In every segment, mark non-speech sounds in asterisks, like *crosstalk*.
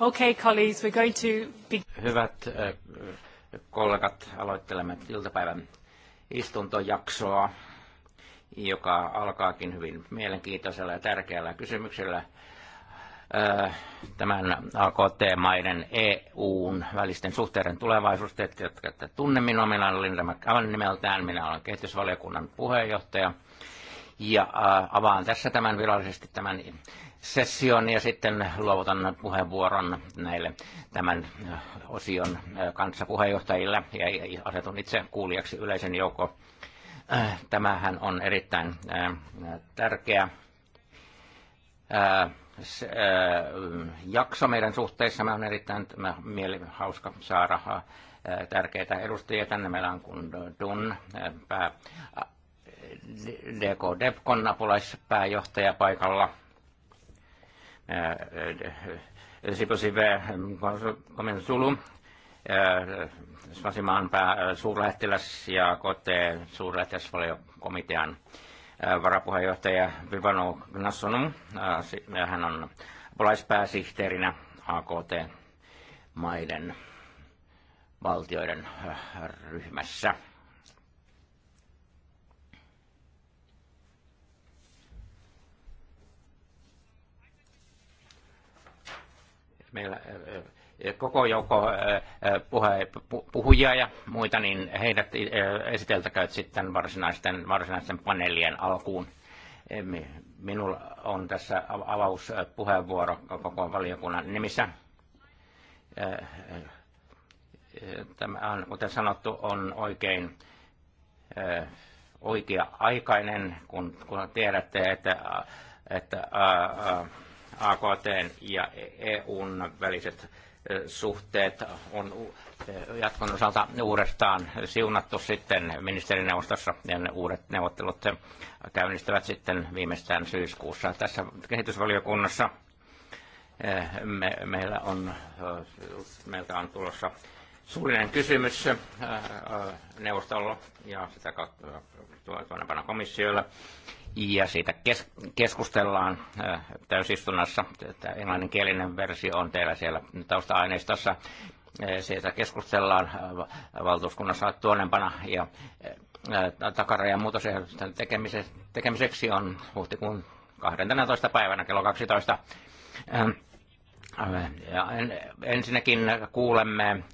Okay, colleagues, we're going to be... Hyvät äh, kollegat, aloittelemme iltapäivän istuntojaksoa, joka alkaakin hyvin mielenkiintoisella ja tärkeällä kysymyksellä äh, tämän AKT-maiden EUn välisten suhteiden tulevaisuus. Te, jotka ette tunne minua, minä olen Linda McCallan nimeltään, minä olen kehitysvaliokunnan puheenjohtaja. Ja äh, avaan tässä tämän virallisesti tämän session ja sitten luovutan puheenvuoron näille tämän äh, osion äh, kanssa puheenjohtajille ja asetun itse kuulijaksi yleisen joukko. Äh, tämähän on erittäin tärkeä jakso meidän Me on erittäin mieli, hauska saada tärkeitä edustajia tänne. Meillä on kun Dun, pää, DK Defcon apulaispääjohtaja paikalla – si posive come Zulu, Svasimaan pää, suurlähettiläs ja kote suurlähettiläsvaliokomitean varapuheenjohtaja Vivano Gnassonum. Hän on apulaispääsihteerinä AKT-maiden valtioiden ryhmässä. meillä koko joukko puhe, puhujia ja muita, niin heidät esiteltäkööt sitten varsinaisten, varsinaisten paneelien alkuun. Minulla on tässä avauspuheenvuoro koko valiokunnan nimissä. Tämä on, kuten sanottu, on oikein oikea-aikainen, kun, kun tiedätte, että, että ää, ää, AKT ja EUn väliset suhteet on jatkon osalta uudestaan siunattu sitten ministerineuvostossa ja ne uudet neuvottelut käynnistävät sitten viimeistään syyskuussa. Tässä kehitysvaliokunnassa me, meillä on, meiltä on tulossa suullinen kysymys neuvostolla ja sitä kautta tuonnepana komissiolla ja siitä kes- keskustellaan täysistunnassa. Tämä englanninkielinen versio on teillä siellä tausta-aineistossa. Siitä keskustellaan valtuuskunnassa tuonempana ja takarajan muutosehdotusten tekemiseksi on huhtikuun 12. päivänä kello 12. Ja ensinnäkin kuulemme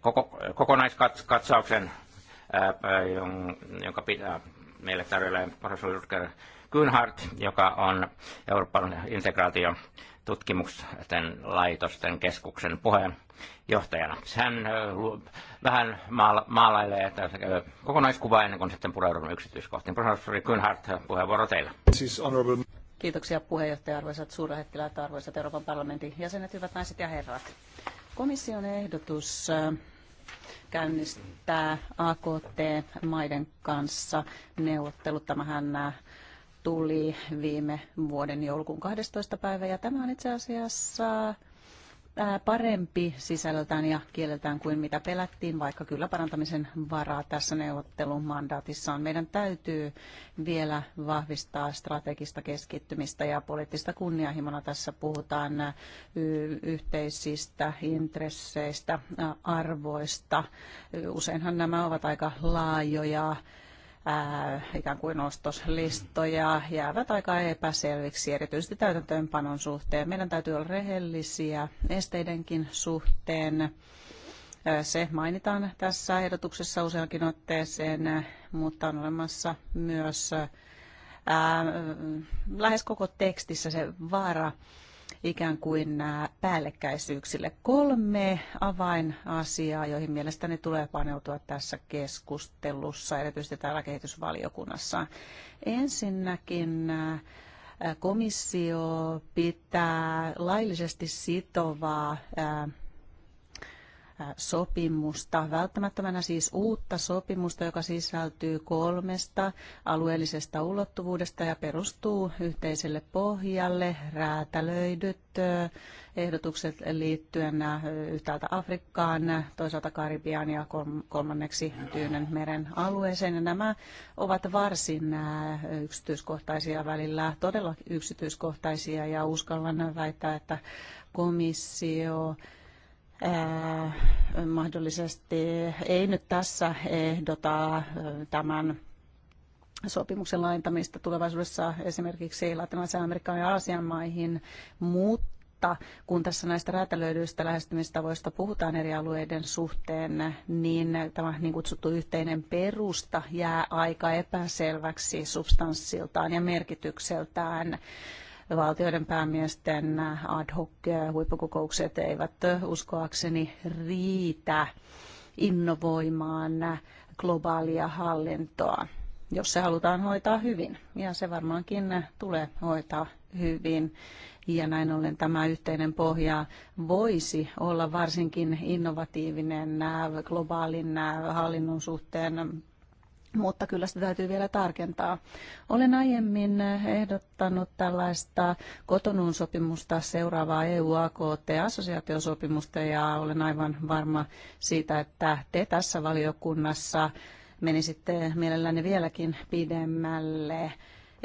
koko, kokonaiskatsauksen, jonka pitää meille tarjoilee professori Rutger Kynhardt, joka on Euroopan integraation tutkimusten laitosten keskuksen puheenjohtajana. Siis hän vähän maalailee että kokonaiskuvaa ennen kuin sitten pureudumme yksityiskohtiin. Professori Kynhart, puheenvuoro teillä. Siis Kiitoksia puheenjohtaja, arvoisat suurlähettiläät, arvoisat Euroopan parlamentin jäsenet, hyvät naiset ja herrat. Komission ehdotus käynnistää AKT-maiden kanssa neuvottelut. Tämähän äh, tuli viime vuoden joulukuun 12. päivä ja tämä on itse asiassa parempi sisällöltään ja kieleltään kuin mitä pelättiin, vaikka kyllä parantamisen varaa tässä neuvottelun mandaatissa on. Meidän täytyy vielä vahvistaa strategista keskittymistä ja poliittista kunnianhimona. Tässä puhutaan yhteisistä intresseistä, arvoista. Useinhan nämä ovat aika laajoja ikään kuin ostoslistoja jäävät aika epäselviksi, erityisesti täytäntöönpanon suhteen. Meidän täytyy olla rehellisiä esteidenkin suhteen. Se mainitaan tässä ehdotuksessa useankin otteeseen, mutta on olemassa myös ää, lähes koko tekstissä se vaara, ikään kuin päällekkäisyyksille. Kolme avainasiaa, joihin mielestäni tulee paneutua tässä keskustelussa, erityisesti täällä kehitysvaliokunnassa. Ensinnäkin komissio pitää laillisesti sitovaa sopimusta, välttämättömänä siis uutta sopimusta, joka sisältyy kolmesta alueellisesta ulottuvuudesta ja perustuu yhteiselle pohjalle, räätälöidyt ehdotukset liittyen yhtäältä Afrikkaan, toisaalta Karibiaan ja kolmanneksi Tyynen meren alueeseen. Ja nämä ovat varsin yksityiskohtaisia välillä, todella yksityiskohtaisia ja uskallan väittää, että komissio mahdollisesti ei nyt tässä ehdota tämän sopimuksen laajentamista tulevaisuudessa esimerkiksi Latinalaisen Amerikan ja Aasian maihin, mutta kun tässä näistä räätälöidyistä lähestymistavoista puhutaan eri alueiden suhteen, niin tämä niin kutsuttu yhteinen perusta jää aika epäselväksi substanssiltaan ja merkitykseltään valtioiden päämiesten ad hoc huippukokoukset eivät uskoakseni riitä innovoimaan globaalia hallintoa, jos se halutaan hoitaa hyvin. Ja se varmaankin tulee hoitaa hyvin. Ja näin ollen tämä yhteinen pohja voisi olla varsinkin innovatiivinen globaalin hallinnon suhteen mutta kyllä sitä täytyy vielä tarkentaa. Olen aiemmin ehdottanut tällaista kotonuun sopimusta seuraavaa EU-AKT-assosiaatiosopimusta ja olen aivan varma siitä, että te tässä valiokunnassa menisitte mielelläni vieläkin pidemmälle,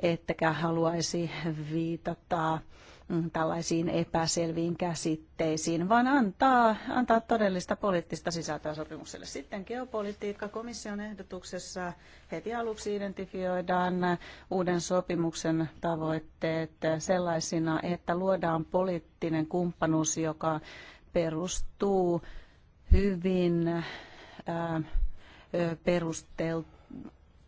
ettekä haluaisi viitata Mm, tällaisiin epäselviin käsitteisiin, vaan antaa, antaa todellista poliittista sisältöä sopimukselle. Sitten geopolitiikka komission ehdotuksessa heti aluksi identifioidaan uuden sopimuksen tavoitteet sellaisina, että luodaan poliittinen kumppanuus, joka perustuu hyvin perusteltuun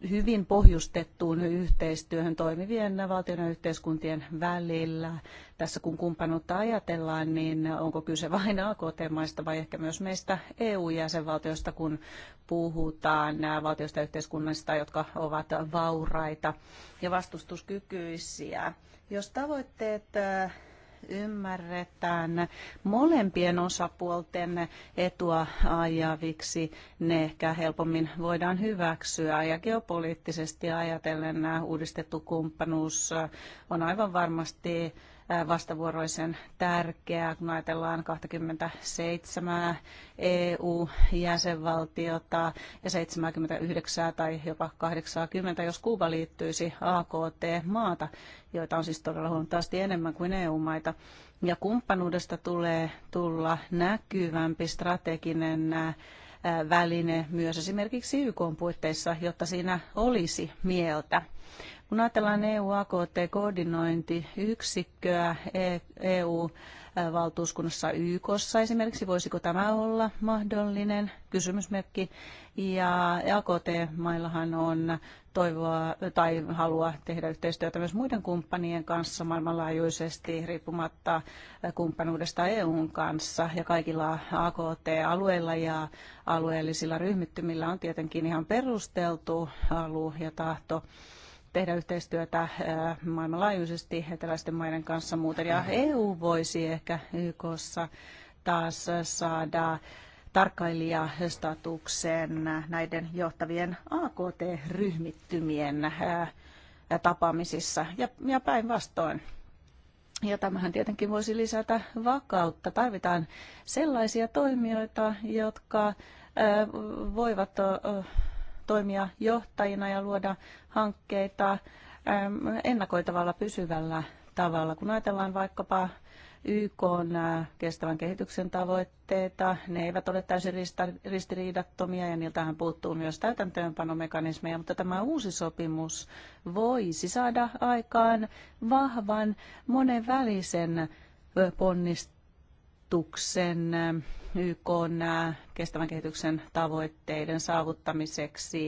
hyvin pohjustettuun yhteistyöhön toimivien valtion ja yhteiskuntien välillä. Tässä kun kumppanuutta ajatellaan, niin onko kyse vain AKT-maista vai ehkä myös meistä EU-jäsenvaltioista, kun puhutaan valtioista ja yhteiskunnista, jotka ovat vauraita ja vastustuskykyisiä. Jos tavoitteet ymmärretään molempien osapuolten etua ajaviksi, ne ehkä helpommin voidaan hyväksyä. Ja geopoliittisesti ajatellen nämä uudistettu kumppanuus on aivan varmasti vastavuoroisen tärkeää, kun ajatellaan 27 EU-jäsenvaltiota ja 79 tai jopa 80, jos Kuuba liittyisi AKT-maata, joita on siis todella huomattavasti enemmän kuin EU-maita. Ja kumppanuudesta tulee tulla näkyvämpi strateginen väline myös esimerkiksi YK puitteissa, jotta siinä olisi mieltä. Kun ajatellaan EU-AKT-koordinointiyksikköä EU-valtuuskunnassa e YKssa esimerkiksi, voisiko tämä olla mahdollinen kysymysmerkki? Ja AKT-maillahan on toivoa tai halua tehdä yhteistyötä myös muiden kumppanien kanssa maailmanlaajuisesti riippumatta kumppanuudesta EUn kanssa. Ja kaikilla AKT-alueilla ja alueellisilla ryhmittymillä on tietenkin ihan perusteltu halu ja tahto tehdä yhteistyötä maailmanlaajuisesti eteläisten maiden kanssa muuten. Ja EU voisi ehkä YKssa taas saada tarkkailijastatuksen näiden johtavien AKT-ryhmittymien tapaamisissa ja, ja päinvastoin. Ja tämähän tietenkin voisi lisätä vakautta. Tarvitaan sellaisia toimijoita, jotka voivat toimia johtajina ja luoda hankkeita ähm, ennakoitavalla pysyvällä tavalla. Kun ajatellaan vaikkapa YK on äh, kestävän kehityksen tavoitteita. Ne eivät ole täysin ristiriidattomia ja niiltähän puuttuu myös täytäntöönpanomekanismeja, mutta tämä uusi sopimus voisi saada aikaan vahvan monenvälisen ponnistelun hallituksen eh, YK eh, kestävän kehityksen tavoitteiden saavuttamiseksi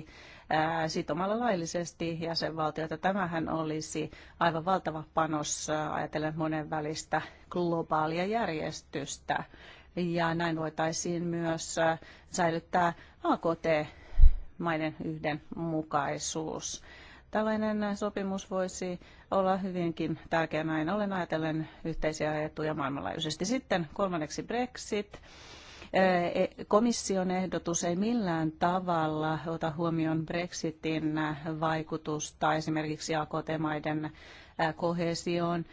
eh, sitomalla laillisesti jäsenvaltioita. Tämähän olisi aivan valtava panos ajatellen monenvälistä globaalia järjestystä. Ja näin voitaisiin myös säilyttää AKT-maiden yhdenmukaisuus. Tällainen sopimus voisi olla hyvinkin tärkeä näin ollen ajatellen yhteisiä etuja maailmanlaajuisesti. Sitten kolmanneksi Brexit. E, komission ehdotus ei millään tavalla ota huomioon Brexitin vaikutusta esimerkiksi AKT-maiden kohesioon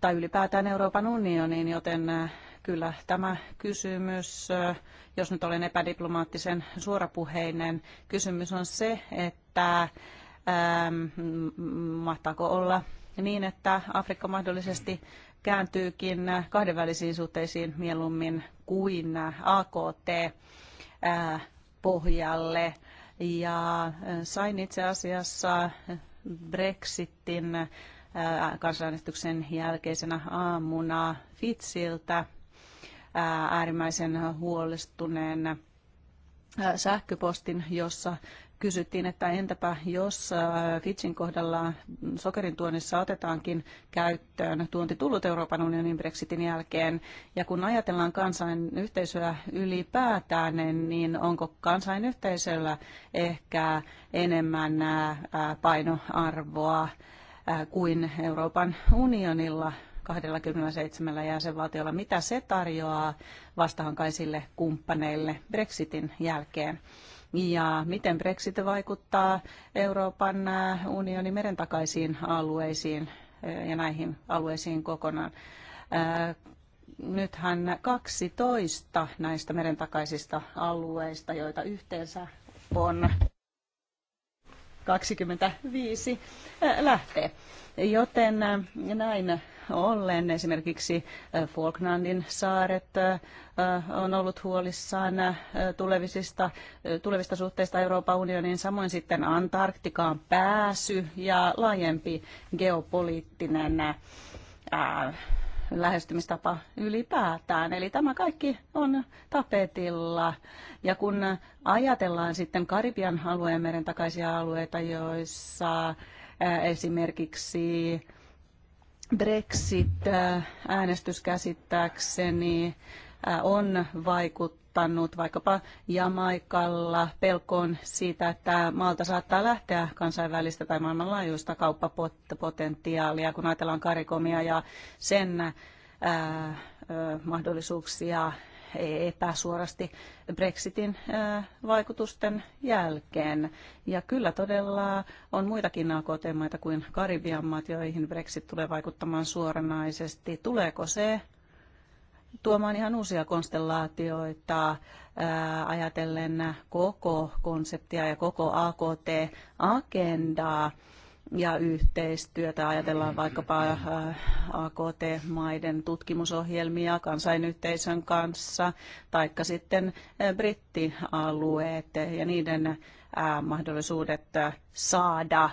tai ylipäätään Euroopan unioniin, joten kyllä tämä kysymys, jos nyt olen epädiplomaattisen suorapuheinen, kysymys on se, että Ähm, mahtaako olla niin, että Afrikka mahdollisesti kääntyykin kahdenvälisiin suhteisiin mieluummin kuin AKT-pohjalle. Äh, ja äh, sain itse asiassa Brexitin äh, kansanäänestyksen jälkeisenä aamuna Fitsiltä äärimmäisen huolestuneen sähköpostin, jossa kysyttiin, että entäpä jos äh, Fitchin kohdalla sokerin tuonnissa otetaankin käyttöön tullut Euroopan unionin Brexitin jälkeen, ja kun ajatellaan kansainyhteisöä ylipäätään, niin onko kansainyhteisöllä ehkä enemmän äh, painoarvoa äh, kuin Euroopan unionilla 27 jäsenvaltiolla, mitä se tarjoaa vastahankaisille kumppaneille Brexitin jälkeen ja miten Brexit vaikuttaa Euroopan äh, unionin merentakaisiin alueisiin äh, ja näihin alueisiin kokonaan. Äh, nythän 12 näistä merentakaisista alueista, joita yhteensä on 25 lähtee. Joten näin ollen. Esimerkiksi äh, Falklandin saaret äh, on ollut huolissaan äh, tulevista, tulevista suhteista Euroopan unioniin, samoin sitten Antarktikaan pääsy ja laajempi geopoliittinen ää, lähestymistapa ylipäätään. Eli tämä kaikki on tapetilla. Ja kun ajatellaan sitten Karibian alueen meren takaisia alueita, joissa esimerkiksi Brexit-äänestys äh, käsittääkseni äh, on vaikuttanut vaikkapa Jamaikalla pelkoon siitä, että maalta saattaa lähteä kansainvälistä tai maailmanlaajuista kauppapotentiaalia, kun ajatellaan karikomia ja sen äh, mahdollisuuksia epäsuorasti Brexitin vaikutusten jälkeen. Ja kyllä todella on muitakin AKT-maita kuin Karibian maat, joihin Brexit tulee vaikuttamaan suoranaisesti. Tuleeko se tuomaan ihan uusia konstellaatioita ajatellen koko konseptia ja koko AKT-agendaa? ja yhteistyötä. Ajatellaan vaikkapa äh, AKT-maiden tutkimusohjelmia kansainyhteisön kanssa, taikka sitten äh, brittialueet ja niiden äh, mahdollisuudet saada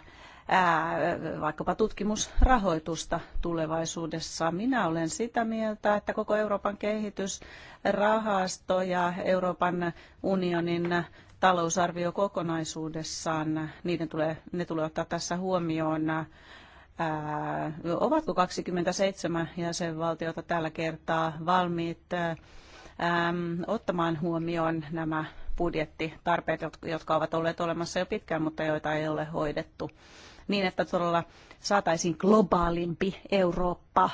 vaikkapa tutkimusrahoitusta tulevaisuudessa. Minä olen sitä mieltä, että koko Euroopan kehitysrahasto ja Euroopan unionin talousarvio kokonaisuudessaan, niiden tulee, ne tulee ottaa tässä huomioon. Ää, ovatko 27 jäsenvaltiota tällä kertaa valmiit ää, ottamaan huomioon nämä budjettitarpeet, jotka ovat olleet olemassa jo pitkään, mutta joita ei ole hoidettu, niin että todella saataisiin globaalimpi Eurooppa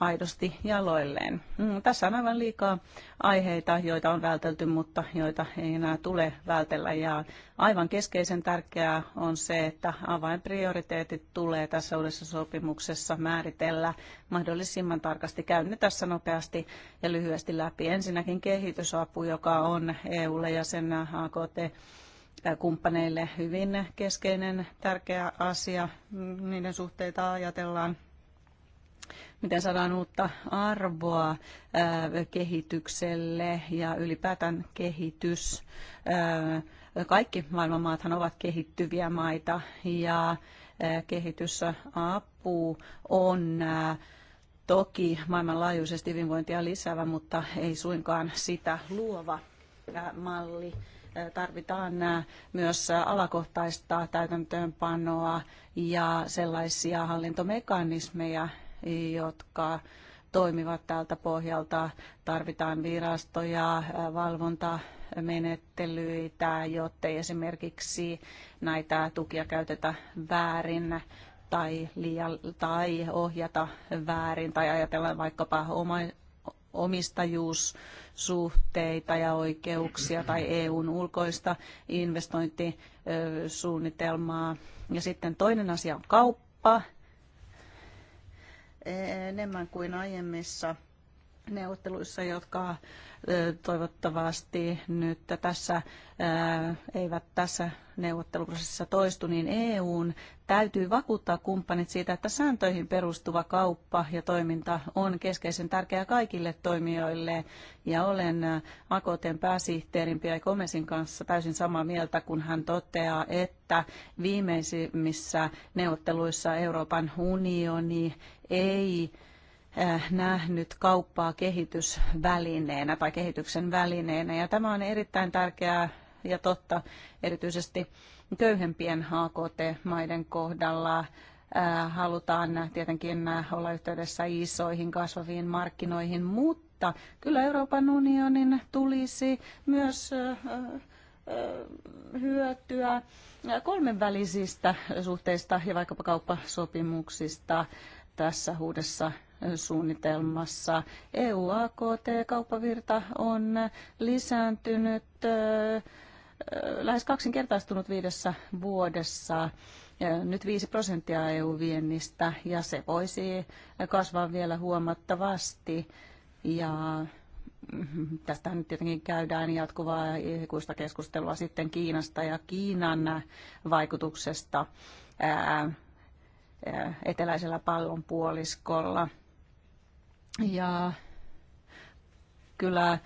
aidosti jaloilleen. Mm, tässä on aivan liikaa aiheita, joita on vältelty, mutta joita ei enää tule vältellä. Ja aivan keskeisen tärkeää on se, että avainprioriteetit tulee tässä uudessa sopimuksessa määritellä mahdollisimman tarkasti. Käyn ne tässä nopeasti ja lyhyesti läpi. Ensinnäkin kehitysapu, joka on EUlle ja sen AKT kumppaneille hyvin keskeinen, tärkeä asia. Niiden suhteita ajatellaan miten saadaan uutta arvoa kehitykselle ja ylipäätään kehitys. Kaikki maailmanmaathan ovat kehittyviä maita ja kehitysapu on toki maailmanlaajuisesti hyvinvointia lisäävä, mutta ei suinkaan sitä luova malli tarvitaan myös alakohtaista täytäntöönpanoa ja sellaisia hallintomekanismeja, jotka toimivat tältä pohjalta. Tarvitaan virastoja, valvontamenettelyitä, jottei esimerkiksi näitä tukia käytetä väärin tai, liian, tai ohjata väärin tai ajatellaan vaikkapa oma, omistajuussuhteita ja oikeuksia tai EUn ulkoista investointisuunnitelmaa. Ja sitten toinen asia on kauppa enemmän kuin aiemmissa neuvotteluissa, jotka toivottavasti nyt tässä, eivät tässä neuvotteluprosessissa toistu, niin EUn täytyy vakuuttaa kumppanit siitä, että sääntöihin perustuva kauppa ja toiminta on keskeisen tärkeää kaikille toimijoille. Ja olen AKTn pääsihteerin Pia Komesin kanssa täysin samaa mieltä, kun hän toteaa, että viimeisimmissä neuvotteluissa Euroopan unioni ei äh, nähnyt kauppaa kehitysvälineenä tai kehityksen välineenä. Ja tämä on erittäin tärkeää ja totta erityisesti köyhempien AKT-maiden kohdalla äh, halutaan tietenkin olla yhteydessä isoihin kasvaviin markkinoihin, mutta kyllä Euroopan unionin tulisi myös äh, hyötyä kolmenvälisistä suhteista ja vaikkapa kauppasopimuksista tässä uudessa suunnitelmassa. EU-AKT-kauppavirta on lisääntynyt lähes kaksinkertaistunut viidessä vuodessa. Nyt 5 prosenttia EU-viennistä ja se voisi kasvaa vielä huomattavasti. Ja mm, tästä nyt tietenkin käydään jatkuvaa ikuista keskustelua sitten Kiinasta ja Kiinan vaikutuksesta Eh, eteläisellä pallonpuoliskolla. Ja kyllä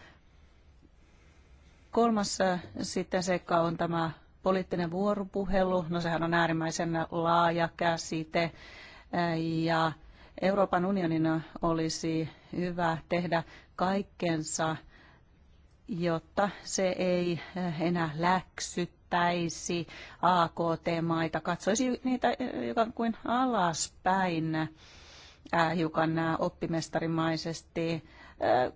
kolmas eh, sitten seikka on tämä poliittinen vuoropuhelu. No sehän on äärimmäisen laaja käsite eh, ja Euroopan unionin olisi hyvä tehdä kaikkensa, jotta se ei enää läksyt käyttäisi AKT-maita, katsoisi niitä eh, joka kuin alaspäin hiukan oppimestarimaisesti.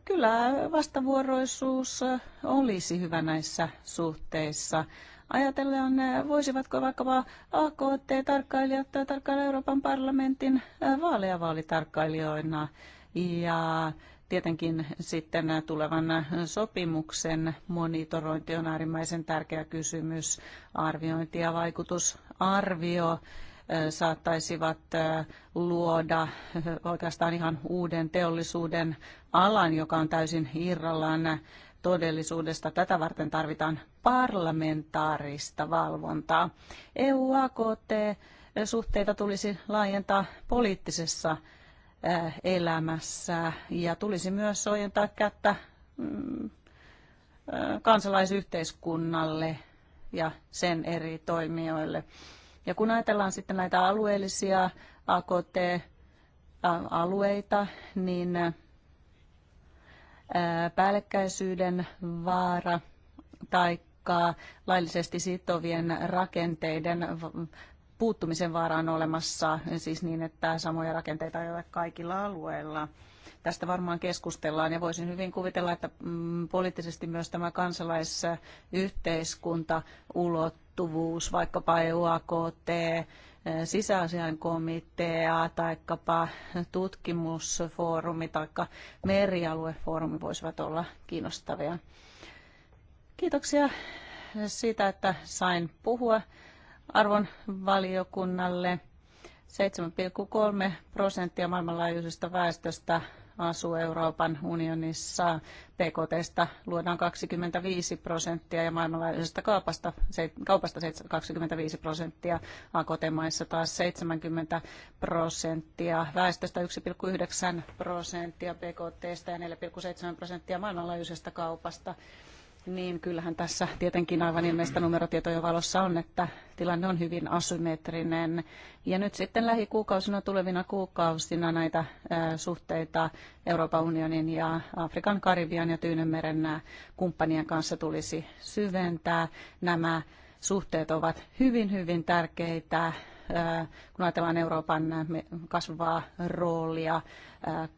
Kyllä vastavuoroisuus olisi hyvä näissä suhteissa. Ajatellaan, voisivatko vaikkapa AKT-tarkkailijat tarkkailla Euroopan parlamentin vaaleja vaalitarkkailijoina ja Tietenkin sitten tulevan sopimuksen monitorointi on äärimmäisen tärkeä kysymys. Arviointi ja vaikutusarvio saattaisivat luoda oikeastaan ihan uuden teollisuuden alan, joka on täysin irrallaan todellisuudesta. Tätä varten tarvitaan parlamentaarista valvontaa. EU-AKT-suhteita tulisi laajentaa poliittisessa elämässä ja tulisi myös ojentaa kättä mm, kansalaisyhteiskunnalle ja sen eri toimijoille. Ja kun ajatellaan sitten näitä alueellisia AKT-alueita, niin päällekkäisyyden vaara tai laillisesti sitovien rakenteiden puuttumisen vaara on olemassa, siis niin, että samoja rakenteita ei ole kaikilla alueilla. Tästä varmaan keskustellaan ja voisin hyvin kuvitella, että mm, poliittisesti myös tämä kansalaisyhteiskunta ulottuvuus, vaikkapa EUAKT, eh, sisäasiainkomitea, taikkapa tutkimusfoorumi tai merialuefoorumi voisivat olla kiinnostavia. Kiitoksia siitä, että sain puhua arvon valiokunnalle. 7,3 prosenttia maailmanlaajuisesta väestöstä asuu Euroopan unionissa. PKTstä luodaan 25 prosenttia ja maailmanlaajuisesta kaupasta, kaupasta 25 prosenttia. AKT-maissa taas 70 prosenttia. Väestöstä 1,9 prosenttia PKTstä ja 4,7 prosenttia maailmanlaajuisesta kaupasta niin kyllähän tässä tietenkin aivan ilmeistä numerotietojen valossa on, että tilanne on hyvin asymmetrinen. Ja nyt sitten lähikuukausina, tulevina kuukausina näitä suhteita Euroopan unionin ja Afrikan, Karibian ja Tyynenmeren kumppanien kanssa tulisi syventää. Nämä suhteet ovat hyvin, hyvin tärkeitä kun ajatellaan Euroopan kasvavaa roolia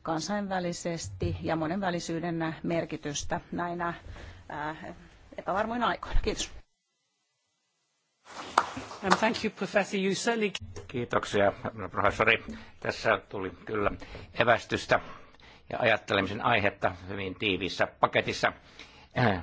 kansainvälisesti ja monenvälisyyden merkitystä näinä epävarmoina aikoina. Kiitos. And thank you, professor. You certainly... Kiitoksia, professori. Tässä tuli kyllä evästystä ja ajattelemisen aihetta hyvin tiiviissä paketissa. Äh, äh,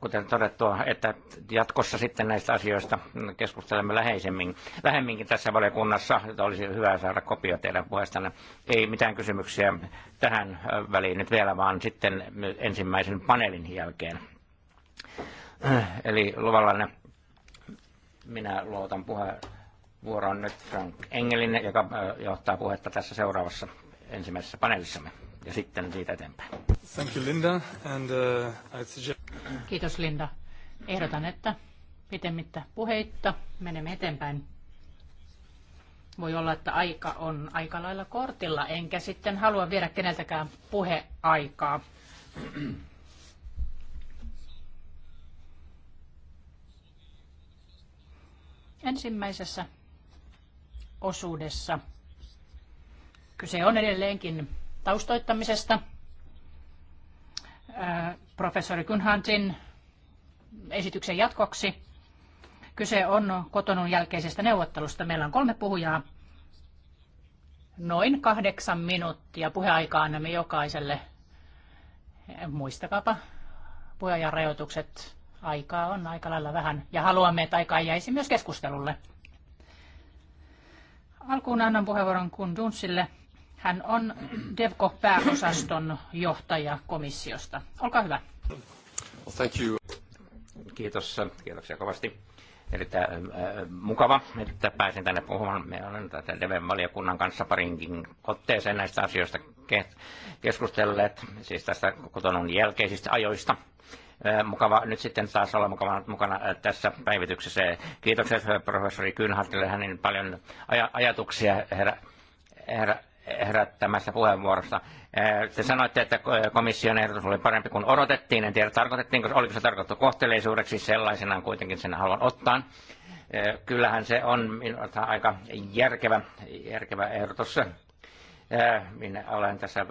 kuten todettua, että jatkossa sitten näistä asioista keskustelemme läheisemmin, lähemminkin tässä valiokunnassa. Että olisi hyvä saada kopio teidän puheestanne. Ei mitään kysymyksiä tähän äh, väliin nyt vielä, vaan sitten ensimmäisen paneelin jälkeen. Eli luvallanne minä luotan puheenvuoron nyt Frank Engelin, joka johtaa puhetta tässä seuraavassa ensimmäisessä paneelissamme ja sitten siitä eteenpäin. Thank you, Linda. And, uh, I suggest... Kiitos Linda. Ehdotan, että pitemmittä puheitta menemme eteenpäin. Voi olla, että aika on aika lailla kortilla, enkä sitten halua viedä keneltäkään puheaikaa. Ensimmäisessä osuudessa kyse on edelleenkin taustoittamisesta. Professori Kunhantin esityksen jatkoksi. Kyse on kotonun jälkeisestä neuvottelusta. Meillä on kolme puhujaa. Noin kahdeksan minuuttia puheaikaa annamme jokaiselle. Muistakaapa puheajan rajoitukset. Aikaa on aika lailla vähän ja haluamme, että aikaa jäisi myös keskustelulle. Alkuun annan puheenvuoron Dunsille, hän on DEVCO-pääosaston johtaja komissiosta. Olkaa hyvä. Well, thank you. Kiitos, kiitoksia kovasti. Erittäin äh, mukava, että pääsin tänne puhumaan. Me olen tätä DEVEN-valiokunnan kanssa parinkin otteeseen näistä asioista keskustelleet, siis tästä kotonon jälkeisistä ajoista äh, mukava nyt sitten taas olla mukana, mukana äh, tässä päivityksessä. Kiitokset äh, professori Kynhartille hänen paljon aj- ajatuksia herra, herra herättämässä puheenvuorossa Te sanoitte, että komission ehdotus oli parempi kuin odotettiin. En tiedä, tarkoitettiinko, oliko se tarkoitettu kohteleisuudeksi sellaisenaan kuitenkin sen haluan ottaa. Kyllähän se on aika järkevä, järkevä ehdotus. Minä olen tässä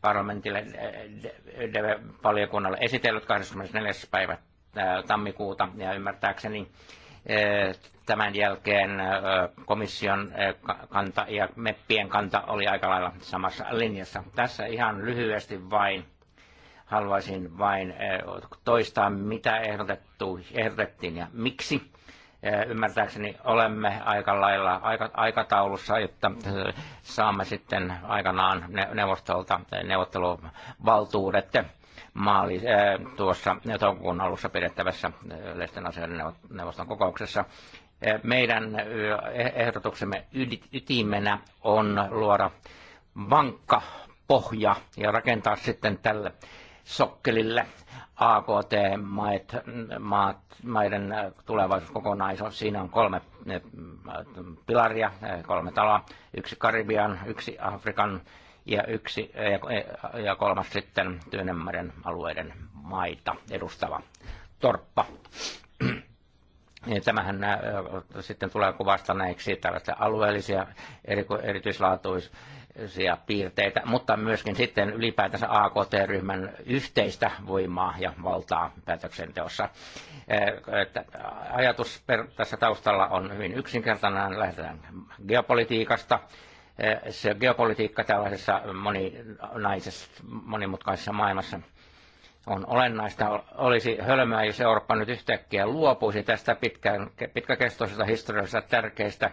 parlamentille valiokunnalle esitellyt 24. päivä tammikuuta ja ymmärtääkseni tämän jälkeen komission kanta ja meppien kanta oli aika lailla samassa linjassa. Tässä ihan lyhyesti vain haluaisin vain toistaa, mitä ehdotettu, ehdotettiin ja miksi. Ymmärtääkseni olemme aika lailla aikataulussa, jotta saamme sitten aikanaan neuvostolta neuvotteluvaltuudet maali, tuossa toukokuun alussa pidettävässä yleisten asioiden neuvoston kokouksessa meidän ehdotuksemme ytimenä on luoda vankka pohja ja rakentaa sitten tälle sokkelille AKT-maat, maat, maiden tulevaisuuskokonaisuus. Siinä on kolme pilaria, kolme taloa, yksi Karibian, yksi Afrikan ja, yksi, ja, kolmas sitten Tyynemeren alueiden maita edustava torppa niin tämähän äh, sitten tulee kuvastaneeksi tällaisia alueellisia erityislaatuisia piirteitä, mutta myöskin sitten ylipäätänsä AKT-ryhmän yhteistä voimaa ja valtaa päätöksenteossa. Äh, ajatus tässä taustalla on hyvin yksinkertainen, lähdetään geopolitiikasta, äh, se geopolitiikka tällaisessa moninaisessa, monimutkaisessa maailmassa – on olennaista. Olisi hölmää, jos Eurooppa nyt yhtäkkiä luopuisi tästä pitkään, pitkäkestoisesta historiallisesta tärkeistä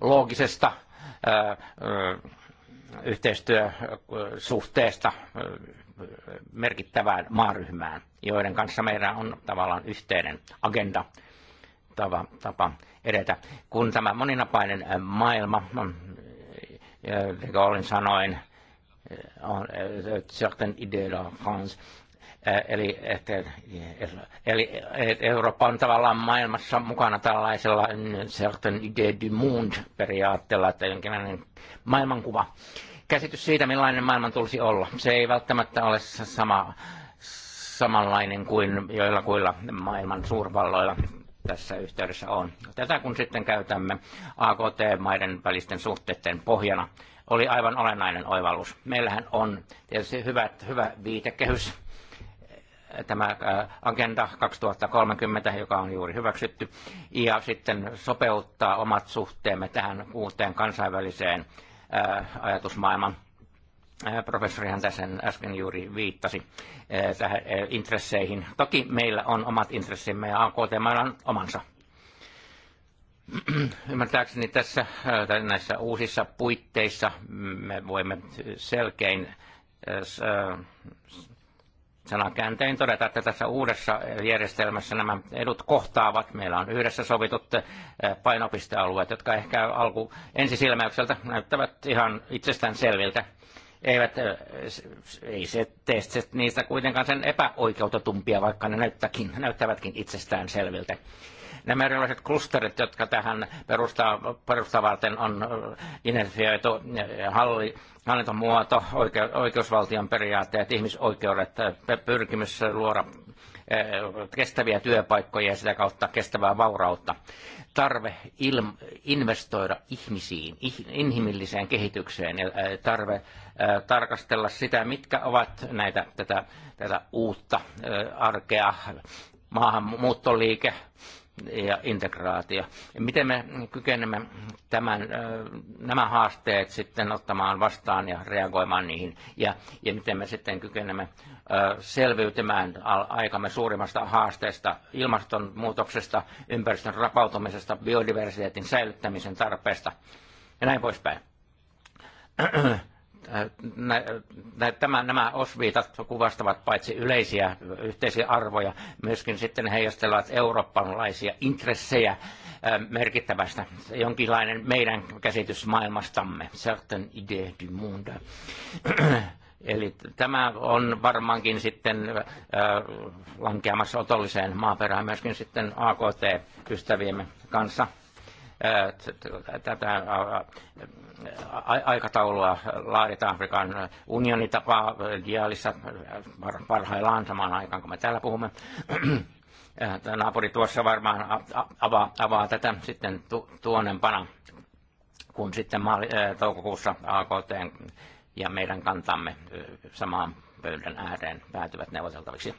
loogisesta yhteistyösuhteesta merkittävään maaryhmään, joiden kanssa meidän on tavallaan yhteinen agenda tapa, tapa edetä. Kun tämä moninapainen maailma, olin sanoin, on on, on, on, on, Eli, et, eli et Eurooppa on tavallaan maailmassa mukana tällaisella mm, certain idea du monde periaatteella, että jonkinlainen maailmankuva. Käsitys siitä, millainen maailman tulisi olla. Se ei välttämättä ole sama, samanlainen kuin joilla kuilla maailman suurvalloilla tässä yhteydessä on. Tätä kun sitten käytämme AKT-maiden välisten suhteiden pohjana, oli aivan olennainen oivallus. Meillähän on tietysti hyvät, hyvä viitekehys tämä äh, Agenda 2030, joka on juuri hyväksytty, ja sitten sopeuttaa omat suhteemme tähän uuteen kansainväliseen äh, ajatusmaailmaan. Äh, professorihan tässä äsken juuri viittasi tähän intresseihin. Toki meillä on omat intressimme ja AKT on omansa. *clears throat* Ymmärtääkseni tässä näissä uusissa puitteissa me voimme selkein sanakääntein todeta, että tässä uudessa järjestelmässä nämä edut kohtaavat. Meillä on yhdessä sovitut eh, painopistealueet, jotka ehkä alku ensisilmäykseltä näyttävät ihan itsestään selviltä. Eivät, eh, ei se tee niistä kuitenkaan sen epäoikeutetumpia, vaikka ne näyttäkin, näyttävätkin itsestään selviltä. Nämä erilaiset klusterit, jotka tähän perustaa, perustaa varten on identifioitu halli, hallintomuoto, oike, oikeusvaltion periaatteet, ihmisoikeudet, pyrkimys luoda kestäviä työpaikkoja ja sitä kautta kestävää vaurautta. Tarve ilm, investoida ihmisiin, inhimilliseen kehitykseen ja tarve tarkastella sitä, mitkä ovat näitä, tätä, tätä uutta arkea, maahanmuuttoliike, ja integraatio. Miten me kykenemme tämän, nämä haasteet sitten ottamaan vastaan ja reagoimaan niihin, ja, ja miten me sitten kykenemme selviytymään aikamme suurimmasta haasteesta, ilmastonmuutoksesta, ympäristön rapautumisesta, biodiversiteetin säilyttämisen tarpeesta ja näin poispäin Tämä, nämä osviitat kuvastavat paitsi yleisiä yhteisiä arvoja, myöskin sitten heijastellaan eurooppalaisia intressejä ähm, merkittävästä. Jonkinlainen meidän käsitys maailmastamme, certain idée du monde. *clears throat* Eli tämä on varmaankin sitten äh, lankeamassa otolliseen maaperään myöskin sitten AKT-ystäviemme kanssa. Äh, tätä äh, aikataulua laaditaan Afrikan unionitapaa tapaa dialissa parhaillaan samaan aikaan, kun me täällä puhumme. *clears throat* Tämä naapuri tuossa varmaan avaa, avaa tätä sitten tuonempana, kun sitten toukokuussa AKT ja meidän kantamme samaan pöydän ääreen päätyvät neuvoteltaviksi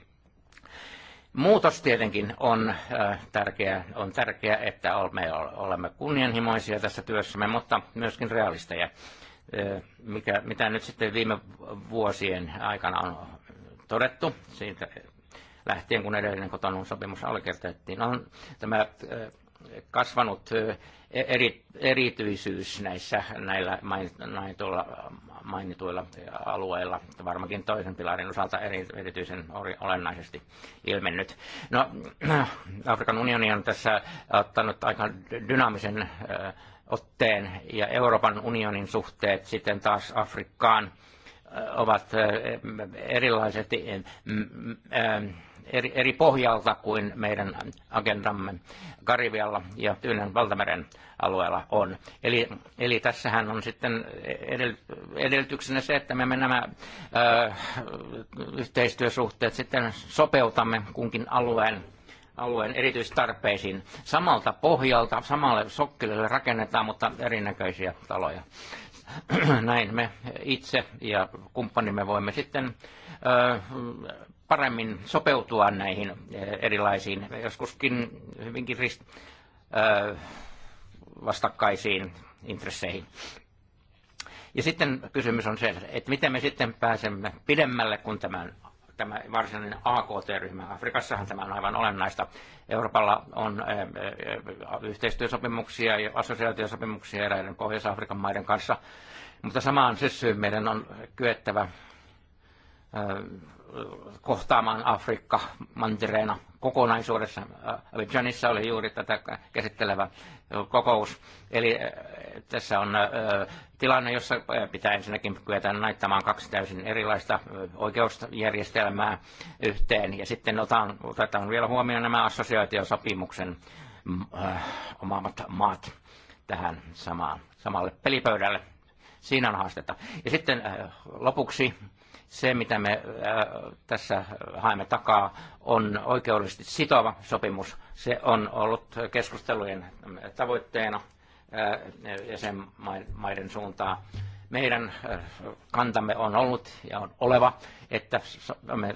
Muutos tietenkin on äh, tärkeää, on tärkeä, että me olemme kunnianhimoisia tässä työssämme, mutta myöskin realisteja. Äh, mikä, mitä nyt sitten viime vuosien aikana on todettu, siitä lähtien kun edellinen kotonun sopimus allekirjoitettiin, on tämä äh, kasvanut eri, erityisyys näissä näillä mainituilla mainituilla eh, alueilla, varmaankin toisen pilarin osalta erityisen olennaisesti ilmennyt. No, *clears throat* Afrikan unioni on tässä ottanut aika dynaamisen eh, otteen ja Euroopan unionin suhteet sitten taas Afrikkaan eh, ovat erilaiset eri, eri pohjalta kuin meidän agendamme Karibialla ja Tyynen valtameren alueella on. Eli, eli tässähän on sitten edellytyksenä se, että me nämä ö, yhteistyösuhteet sitten sopeutamme kunkin alueen alueen erityistarpeisiin. Samalta pohjalta, samalle sokkelille rakennetaan, mutta erinäköisiä taloja. Näin me itse ja kumppanimme voimme sitten ö, paremmin sopeutua näihin eh, erilaisiin, joskuskin hyvinkin rist, vastakkaisiin intresseihin. Ja sitten kysymys on se, että miten me sitten pääsemme pidemmälle kuin tämän, tämä varsinainen AKT-ryhmä. Afrikassahan tämä on aivan olennaista. Euroopalla on eh, eh, yhteistyösopimuksia ja assosiaatiosopimuksia eräiden Pohjois-Afrikan maiden kanssa, mutta samaan syssyyn meidän on kyettävä kohtaamaan Afrikka mantereena kokonaisuudessa. Abidjanissa oli juuri tätä käsittelevä kokous. Eli äh, tässä on äh, tilanne, jossa äh, pitää ensinnäkin kyetä näyttämään kaksi täysin erilaista oikeusjärjestelmää yhteen. Ja sitten otetaan, otetaan vielä huomioon nämä assosiaatiosopimuksen mm, omaamat maat tähän samaan, samalle pelipöydälle. Siinä on haastetta. Ja sitten lopuksi se, mitä me äh, tässä haemme takaa, on oikeudellisesti sitova sopimus. Se on ollut keskustelujen tavoitteena äh, jäsenmaiden suuntaan. Meidän äh, kantamme on ollut ja on oleva, että me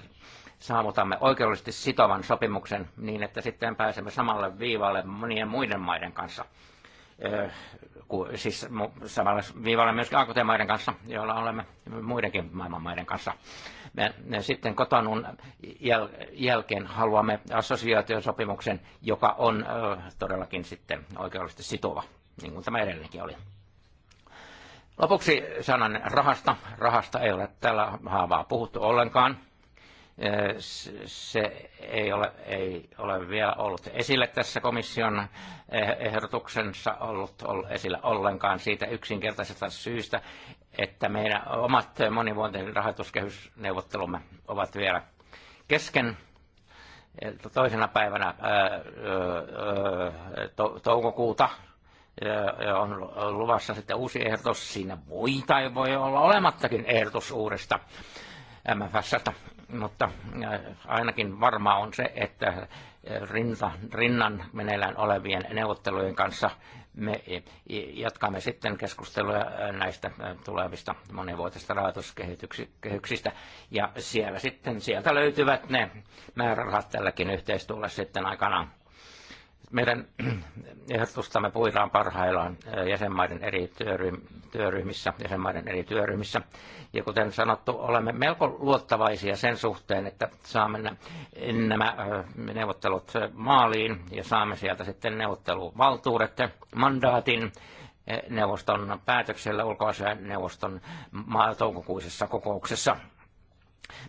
saavutamme oikeudellisesti sitovan sopimuksen niin, että sitten pääsemme samalle viivalle monien muiden maiden kanssa – siis samalla viivalla myös AKT-maiden kanssa, joilla olemme muidenkin maailmanmaiden kanssa. Me, sitten kotonun jäl, jälkeen haluamme assosiaatiosopimuksen, joka on todellakin sitten oikeudellisesti sitova, niin kuin tämä edellinenkin oli. Lopuksi sanan rahasta. Rahasta ei ole tällä haavaa puhuttu ollenkaan se ei ole, ei ole vielä ollut esillä tässä komission eh, ehdotuksensa ollut, ollut esillä ollenkaan siitä yksinkertaisesta syystä, että meidän omat monivuotinen rahoituskehysneuvottelumme ovat vielä kesken. Toisena päivänä toukokuuta on luvassa sitten uusi ehdotus. Siinä voi tai voi olla olemattakin ehdotus uudesta MFSstä mutta äh, ainakin varmaa on se, että äh, rinta, rinnan meneillään olevien neuvottelujen kanssa me äh, jatkamme sitten keskustelua näistä tulevista monivuotista rahoituskehyksistä. Ja siellä sitten, sieltä löytyvät ne määrärahat tälläkin yhteistyöllä sitten aikanaan. Meidän ehdotustamme puidaan parhaillaan jäsenmaiden eri työryhmissä, jäsenmaiden eri työryhmissä. Ja kuten sanottu, olemme melko luottavaisia sen suhteen, että saamme nämä neuvottelut maaliin ja saamme sieltä sitten neuvotteluvaltuudet, mandaatin neuvoston päätöksellä ulkoasiainneuvoston toukokuisessa kokouksessa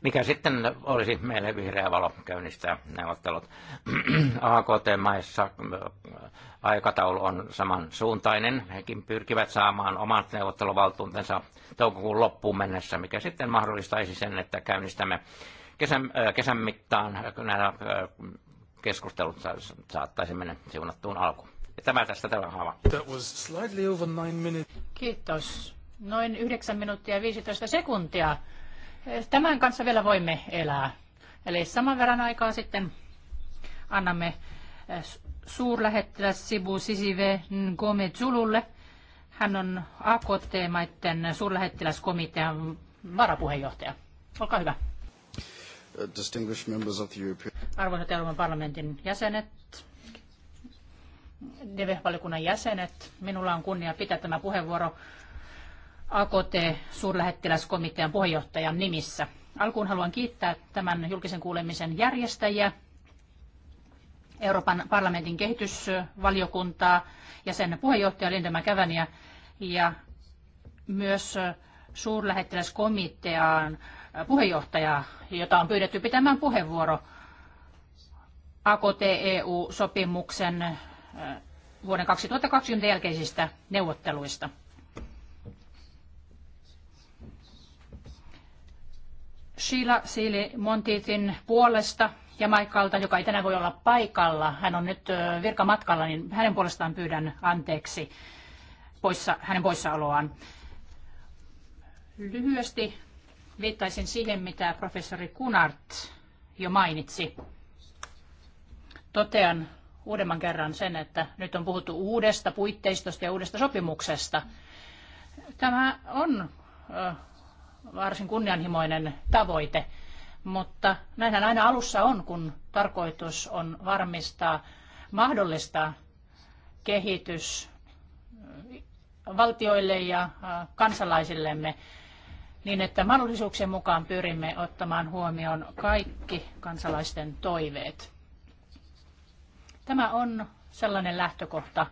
mikä sitten olisi meille vihreä valo käynnistää neuvottelut. AKT-maissa *clears throat* äh, aikataulu on samansuuntainen. Hekin pyrkivät saamaan omat neuvotteluvaltuutensa toukokuun loppuun mennessä, mikä sitten mahdollistaisi sen, että käynnistämme kesän, äh, kesän mittaan nämä äh, keskustelut saattaisi mennä siunattuun alkuun. Ja tämä tästä tällä haava. Kiitos. Noin 9 minuuttia 15 sekuntia Tämän kanssa vielä voimme elää. Eli saman verran aikaa sitten annamme eh, suurlähettiläs Sibu Sisive Ngome Zululle. Hän on AKT-maiden suurlähettiläskomitean varapuheenjohtaja. Olkaa hyvä. Uh, distinguished members of the European... Arvoisat Euroopan parlamentin jäsenet, dv jäsenet, minulla on kunnia pitää tämä puheenvuoro AKT-suurlähettiläskomitean puheenjohtajan nimissä. Alkuun haluan kiittää tämän julkisen kuulemisen järjestäjiä, Euroopan parlamentin kehitysvaliokuntaa ja sen puheenjohtaja Linda Mäkäväniä ja myös suurlähettiläskomitean puheenjohtajaa, jota on pyydetty pitämään puheenvuoro AKT-EU-sopimuksen vuoden 2020 jälkeisistä neuvotteluista. Sheila Siili Montiitin puolesta ja Maikalta, joka ei tänään voi olla paikalla. Hän on nyt virkamatkalla, niin hänen puolestaan pyydän anteeksi poissa, hänen poissaoloaan. Lyhyesti viittaisin siihen, mitä professori Kunart jo mainitsi. Totean uudemman kerran sen, että nyt on puhuttu uudesta puitteistosta ja uudesta sopimuksesta. Tämä on varsin kunnianhimoinen tavoite, mutta näinhän aina alussa on, kun tarkoitus on varmistaa, mahdollistaa kehitys valtioille ja kansalaisillemme niin, että mahdollisuuksien mukaan pyrimme ottamaan huomioon kaikki kansalaisten toiveet. Tämä on sellainen lähtökohta,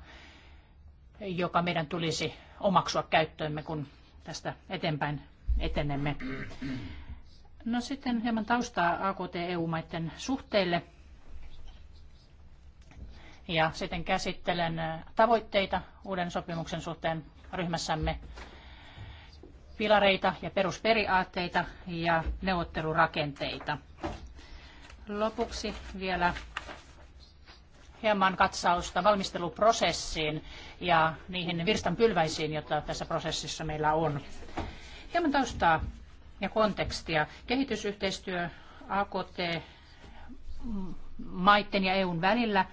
joka meidän tulisi omaksua käyttöömme, kun tästä eteenpäin etenemme. No sitten hieman taustaa AKT-EU-maiden suhteille. Ja sitten käsittelen äh, tavoitteita uuden sopimuksen suhteen ryhmässämme, pilareita ja perusperiaatteita ja neuvottelurakenteita. Lopuksi vielä hieman katsausta valmisteluprosessiin ja niihin virstanpylväisiin, joita tässä prosessissa meillä on. Hieman taustaa ja kontekstia. Kehitysyhteistyö AKT-maiden ja EUn välillä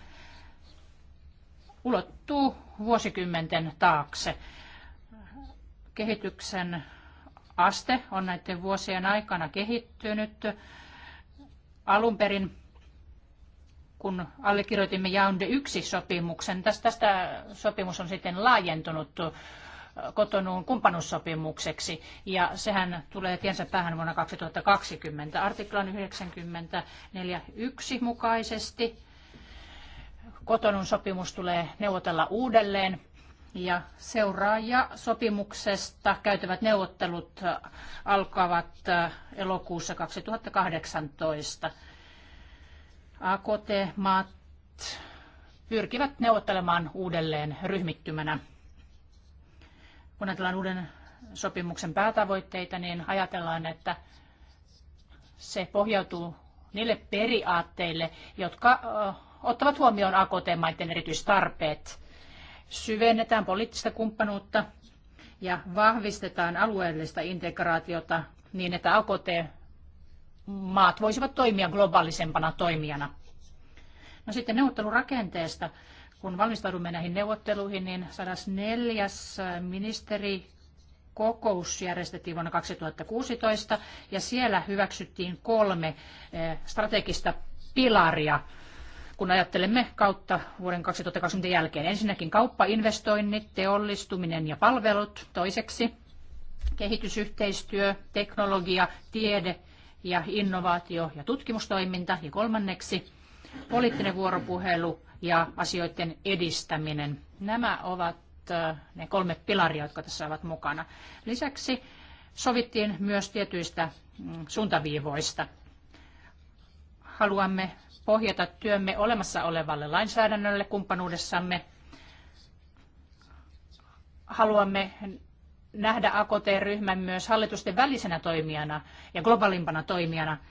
ulottuu vuosikymmenten taakse. Kehityksen aste on näiden vuosien aikana kehittynyt. Alun perin, kun allekirjoitimme Jaunde 1-sopimuksen, tästä, tästä sopimus on sitten laajentunut kotonuun kumppanuussopimukseksi ja sehän tulee tiensä päähän vuonna 2020 artiklan 94.1 mukaisesti. Kotonun sopimus tulee neuvotella uudelleen ja seuraaja sopimuksesta käytävät neuvottelut alkavat elokuussa 2018. AKT-maat pyrkivät neuvottelemaan uudelleen ryhmittymänä kun ajatellaan uuden sopimuksen päätavoitteita, niin ajatellaan, että se pohjautuu niille periaatteille, jotka ottavat huomioon AKT-maiden erityistarpeet. Syvennetään poliittista kumppanuutta ja vahvistetaan alueellista integraatiota niin, että AKT-maat voisivat toimia globaalisempana toimijana. No sitten neuvottelurakenteesta kun valmistaudumme näihin neuvotteluihin, niin 104. kokous järjestettiin vuonna 2016 ja siellä hyväksyttiin kolme eh, strategista pilaria, kun ajattelemme kautta vuoden 2020 jälkeen. Ensinnäkin kauppa, investoinnit, teollistuminen ja palvelut. Toiseksi kehitysyhteistyö, teknologia, tiede ja innovaatio ja tutkimustoiminta. Ja kolmanneksi poliittinen vuoropuhelu ja asioiden edistäminen. Nämä ovat äh, ne kolme pilaria, jotka tässä ovat mukana. Lisäksi sovittiin myös tietyistä mm, suuntaviivoista. Haluamme pohjata työmme olemassa olevalle lainsäädännölle kumppanuudessamme. Haluamme nähdä AKT-ryhmän myös hallitusten välisenä toimijana ja globaalimpana toimijana –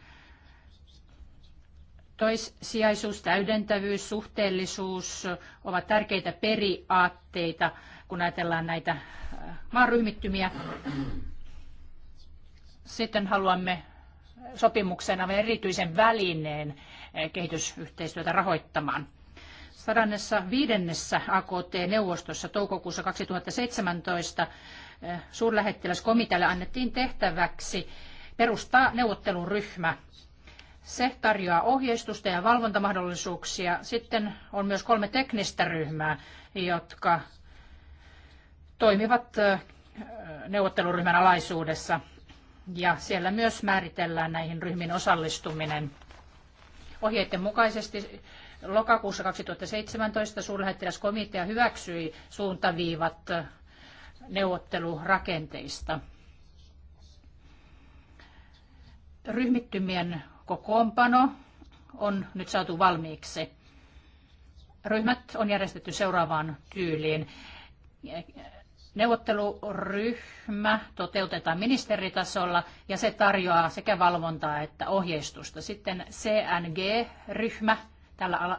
Toissijaisuus, täydentävyys, suhteellisuus ovat tärkeitä periaatteita, kun ajatellaan näitä äh, maaryhmittymiä. Sitten haluamme sopimuksena erityisen välineen äh, kehitysyhteistyötä rahoittamaan. 105. AKT-neuvostossa toukokuussa 2017 äh, suurlähettiläskomitealle annettiin tehtäväksi perustaa neuvotteluryhmä se tarjoaa ohjeistusta ja valvontamahdollisuuksia. Sitten on myös kolme teknistä ryhmää, jotka toimivat neuvotteluryhmän alaisuudessa. Ja siellä myös määritellään näihin ryhmiin osallistuminen. Ohjeiden mukaisesti lokakuussa 2017 suurlähettiläskomitea hyväksyi suuntaviivat neuvottelurakenteista. Ryhmittymien kokoonpano on nyt saatu valmiiksi. Ryhmät on järjestetty seuraavaan tyyliin. Neuvotteluryhmä toteutetaan ministeritasolla ja se tarjoaa sekä valvontaa että ohjeistusta. Sitten CNG-ryhmä, tällä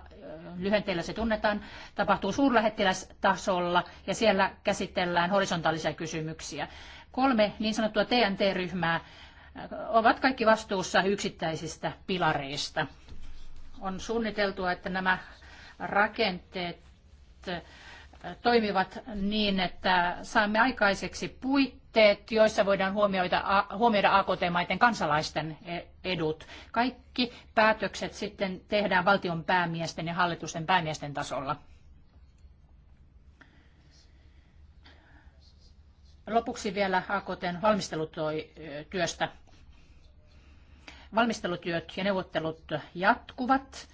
lyhenteellä se tunnetaan, tapahtuu suurlähettilästasolla ja siellä käsitellään horisontaalisia kysymyksiä. Kolme niin sanottua TNT-ryhmää ovat kaikki vastuussa yksittäisistä pilareista. On suunniteltu, että nämä rakenteet toimivat niin, että saamme aikaiseksi puitteet, joissa voidaan huomioida, huomioida AKT-maiden kansalaisten e, edut. Kaikki päätökset sitten tehdään valtion päämiesten ja hallitusten päämiesten tasolla. Lopuksi vielä AKTn valmistelutyöstä. Valmistelutyöt ja neuvottelut jatkuvat.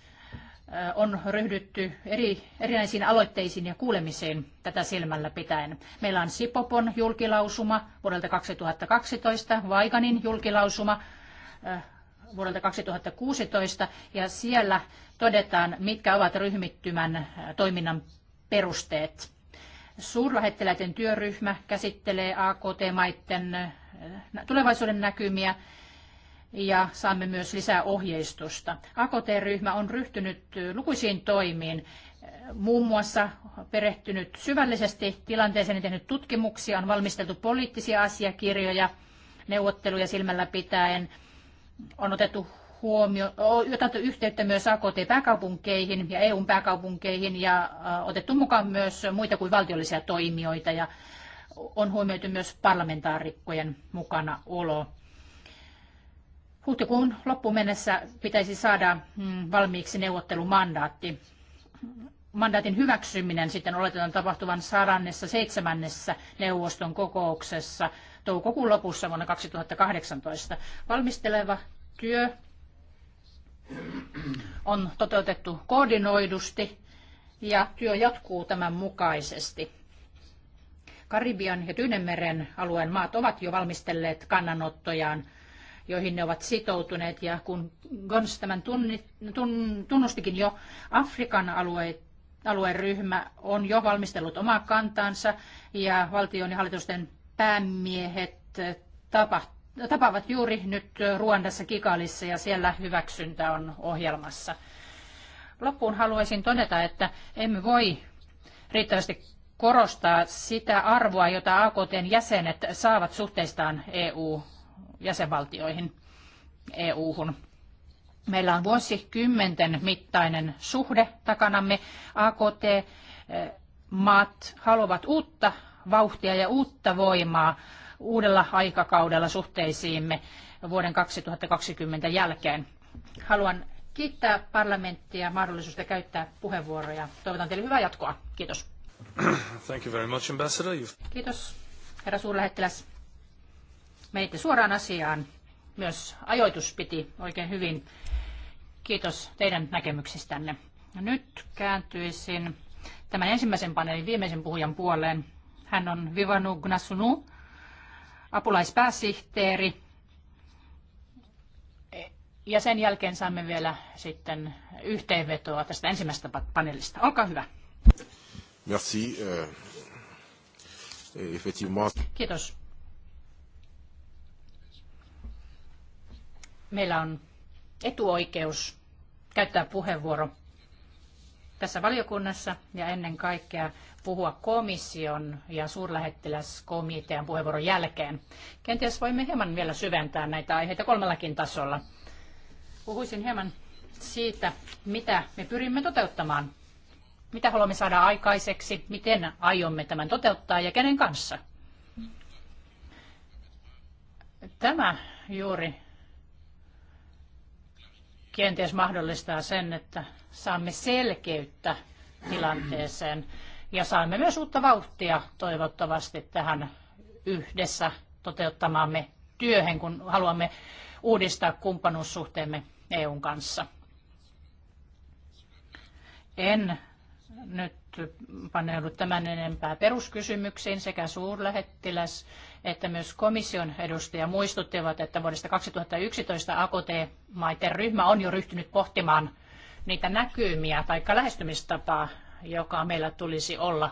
On ryhdytty eri, erinäisiin aloitteisiin ja kuulemisiin tätä silmällä pitäen. Meillä on Sipopon julkilausuma vuodelta 2012, Vaiganin julkilausuma vuodelta 2016 ja siellä todetaan, mitkä ovat ryhmittymän toiminnan perusteet. Suurlähettiläiden työryhmä käsittelee AKT-maiden äh, tulevaisuuden näkymiä ja saamme myös lisää ohjeistusta. AKT-ryhmä on ryhtynyt äh, lukuisiin toimiin, äh, muun muassa perehtynyt syvällisesti tilanteeseen ja tehnyt tutkimuksia, on valmisteltu poliittisia asiakirjoja neuvotteluja silmällä pitäen, on otettu huomio, otettu yhteyttä myös AKT-pääkaupunkeihin ja EUn pääkaupunkeihin ja otettu mukaan myös muita kuin valtiollisia toimijoita ja on huomioitu myös parlamentaarikkojen mukana olo. Huhtikuun loppuun mennessä pitäisi saada mm, valmiiksi neuvottelumandaatti. Mandaatin hyväksyminen sitten oletetaan tapahtuvan sadannessa seitsemännessä neuvoston kokouksessa toukokuun lopussa vuonna 2018. Valmisteleva työ on toteutettu koordinoidusti ja työ jatkuu tämän mukaisesti. Karibian ja Tyynemeren alueen maat ovat jo valmistelleet kannanottojaan, joihin ne ovat sitoutuneet. Ja kun Gons tämän tunnustikin jo, Afrikan alueen ryhmä on jo valmistellut omaa kantaansa ja valtion ja hallitusten päämiehet tapahtuvat tapaavat juuri nyt Ruandassa Kigalissa ja siellä hyväksyntä on ohjelmassa. Loppuun haluaisin todeta, että emme voi riittävästi korostaa sitä arvoa, jota AKTn jäsenet saavat suhteistaan EU-jäsenvaltioihin, EU-hun. Meillä on vuosikymmenten mittainen suhde takanamme. AKT-maat eh, haluavat uutta vauhtia ja uutta voimaa uudella aikakaudella suhteisiimme vuoden 2020 jälkeen. Haluan kiittää parlamenttia mahdollisuudesta käyttää puheenvuoroja. Toivotan teille hyvää jatkoa. Kiitos. *clears throat* Thank you very much, Ambassador. You've... Kiitos, herra suurlähettiläs. Menitte suoraan asiaan. Myös ajoitus piti oikein hyvin. Kiitos teidän näkemyksistänne. Nyt kääntyisin tämän ensimmäisen paneelin viimeisen puhujan puoleen. Hän on Vivanu Gnasunu, apulaispääsihteeri. Ja sen jälkeen saamme vielä sitten yhteenvetoa tästä ensimmäisestä paneelista. Olkaa hyvä. Merci. Euh, effectivement. Kiitos. Meillä on etuoikeus käyttää puheenvuoro tässä valiokunnassa ja ennen kaikkea puhua komission ja suurlähettiläskomitean puheenvuoron jälkeen. Kenties voimme hieman vielä syventää näitä aiheita kolmellakin tasolla. Puhuisin hieman siitä, mitä me pyrimme toteuttamaan. Mitä haluamme saada aikaiseksi, miten aiomme tämän toteuttaa ja kenen kanssa. Tämä juuri kenties mahdollistaa sen, että saamme selkeyttä tilanteeseen. Ja saamme myös uutta vauhtia toivottavasti tähän yhdessä toteuttamaamme työhön, kun haluamme uudistaa kumppanuussuhteemme EUn kanssa. En nyt paneudu tämän enempää peruskysymyksiin. Sekä suurlähettiläs että myös komission edustaja muistuttivat, että vuodesta 2011 AKT-maiden ryhmä on jo ryhtynyt pohtimaan niitä näkymiä tai lähestymistapaa, joka meillä tulisi olla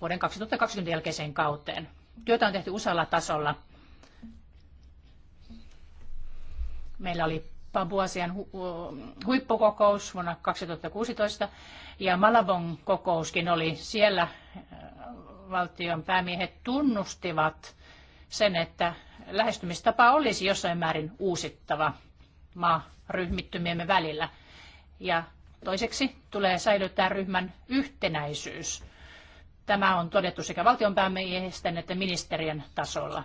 vuoden 2020 jälkeiseen kauteen. Työtä on tehty usealla tasolla. Meillä oli Pabuasian huippukokous vuonna 2016 ja Malabon kokouskin oli siellä. Valtion päämiehet tunnustivat sen, että lähestymistapa olisi jossain määrin uusittava maaryhmittymiemme välillä. Ja Toiseksi tulee säilyttää ryhmän yhtenäisyys. Tämä on todettu sekä valtionpäämiehisten että ministerien tasolla.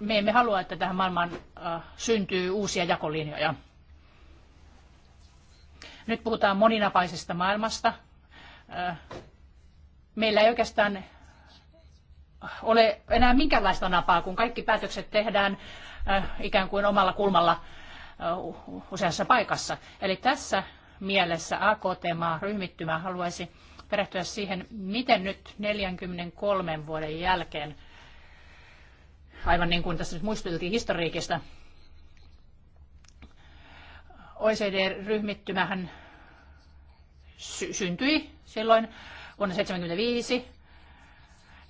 Me emme halua, että tähän maailmaan äh, syntyy uusia jakolinjoja. Nyt puhutaan moninapaisesta maailmasta. Äh, meillä ei oikeastaan ole enää minkäänlaista napaa, kun kaikki päätökset tehdään äh, ikään kuin omalla kulmalla – Uh, useassa paikassa. Eli tässä mielessä AKT-maa ryhmittymä haluaisi perehtyä siihen, miten nyt 43 vuoden jälkeen, aivan niin kuin tässä nyt muisteltiin historiikista, OECD-ryhmittymähän sy- syntyi silloin vuonna 1975,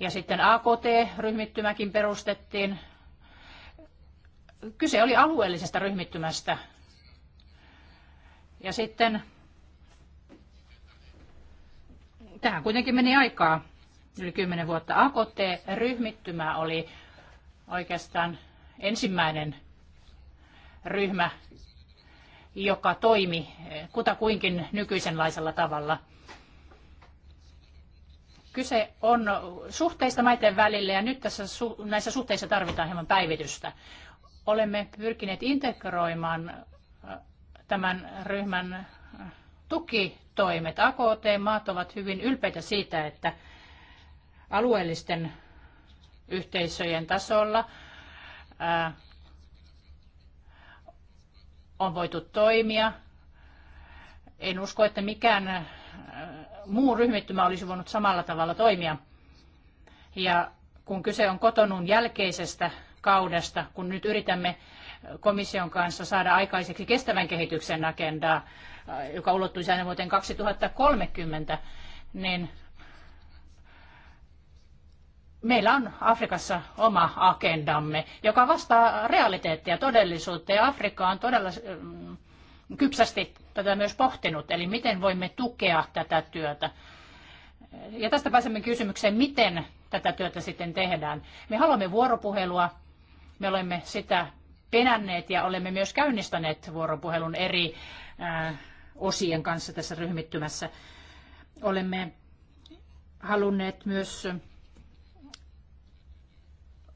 ja sitten AKT-ryhmittymäkin perustettiin kyse oli alueellisesta ryhmittymästä. Ja sitten tähän kuitenkin meni aikaa, yli kymmenen vuotta. AKT-ryhmittymä oli oikeastaan ensimmäinen ryhmä, joka toimi kutakuinkin nykyisenlaisella tavalla. Kyse on suhteista maiden välillä ja nyt tässä, näissä suhteissa tarvitaan hieman päivitystä olemme pyrkineet integroimaan äh, tämän ryhmän äh, tukitoimet. AKT-maat ovat hyvin ylpeitä siitä, että alueellisten yhteisöjen tasolla äh, on voitu toimia. En usko, että mikään muu ryhmittymä olisi voinut samalla tavalla toimia. Ja kun kyse on kotonun jälkeisestä kaudesta, kun nyt yritämme komission kanssa saada aikaiseksi kestävän kehityksen agendaa, äh, joka ulottuisi aina vuoteen 2030, niin meillä on Afrikassa oma agendamme, joka vastaa realiteettia, todellisuutta, ja Afrikka on todella mm, kypsästi tätä myös pohtinut, eli miten voimme tukea tätä työtä. Ja tästä pääsemme kysymykseen, miten tätä työtä sitten tehdään. Me haluamme vuoropuhelua me olemme sitä penänneet ja olemme myös käynnistäneet vuoropuhelun eri äh, osien kanssa tässä ryhmittymässä. Olemme halunneet myös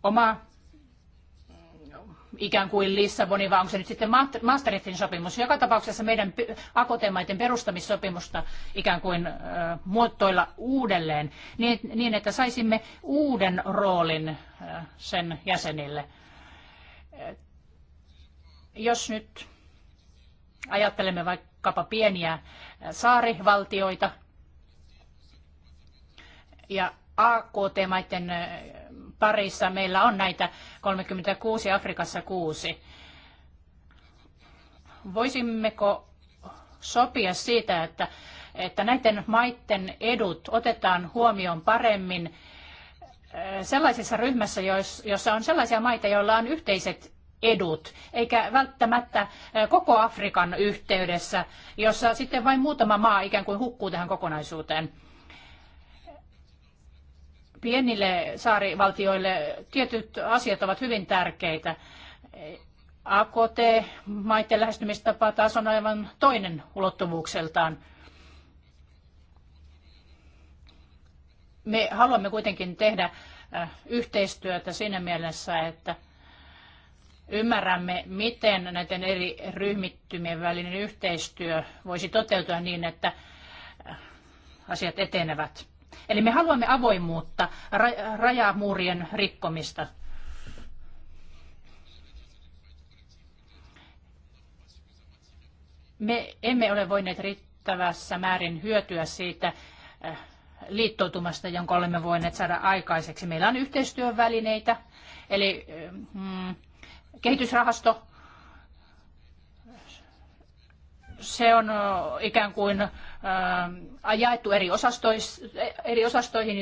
oma mm, ikään kuin Lissabonin, vai onko se nyt sitten Maastrichtin sopimus. Joka tapauksessa meidän akotemaiden perustamissopimusta ikään kuin äh, muotoilla uudelleen niin, niin, että saisimme uuden roolin äh, sen jäsenille. Eh, jos nyt ajattelemme vaikkapa pieniä eh, saarivaltioita ja AKT-maiden eh, parissa meillä on näitä 36 Afrikassa kuusi. Voisimmeko sopia siitä, että, että näiden maiden edut otetaan huomioon paremmin sellaisessa ryhmässä, jossa on sellaisia maita, joilla on yhteiset edut, eikä välttämättä koko Afrikan yhteydessä, jossa sitten vain muutama maa ikään kuin hukkuu tähän kokonaisuuteen. Pienille saarivaltioille tietyt asiat ovat hyvin tärkeitä. AKT-maiden lähestymistapa taas on aivan toinen ulottuvuukseltaan. me haluamme kuitenkin tehdä äh, yhteistyötä siinä mielessä, että ymmärrämme, miten näiden eri ryhmittymien välinen yhteistyö voisi toteutua niin, että äh, asiat etenevät. Eli me haluamme avoimuutta, rajamuurien rikkomista. Me emme ole voineet riittävässä määrin hyötyä siitä äh, liittoutumasta, jonka olemme voineet saada aikaiseksi. Meillä on yhteistyövälineitä, eli mm, kehitysrahasto, se on ikään kuin jaettu eri, eri osastoihin,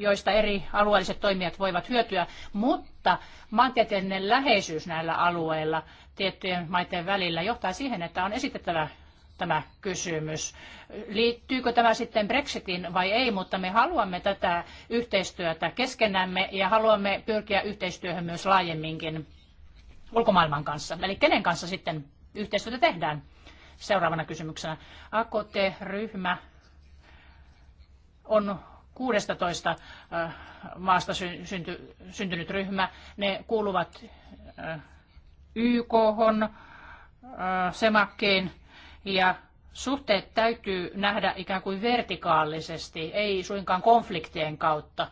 joista eri alueelliset toimijat voivat hyötyä, mutta maantieteellinen läheisyys näillä alueilla tiettyjen maiden välillä johtaa siihen, että on esitettävä tämä kysymys. Liittyykö tämä sitten Brexitin vai ei, mutta me haluamme tätä yhteistyötä keskenämme ja haluamme pyrkiä yhteistyöhön myös laajemminkin ulkomaailman kanssa. Eli kenen kanssa sitten yhteistyötä tehdään? Seuraavana kysymyksenä. AKT-ryhmä on 16 äh, maasta synty, syntynyt ryhmä. Ne kuuluvat äh, YK, äh, SEMAKkiin, ja suhteet täytyy nähdä ikään kuin vertikaalisesti, ei suinkaan konfliktien kautta.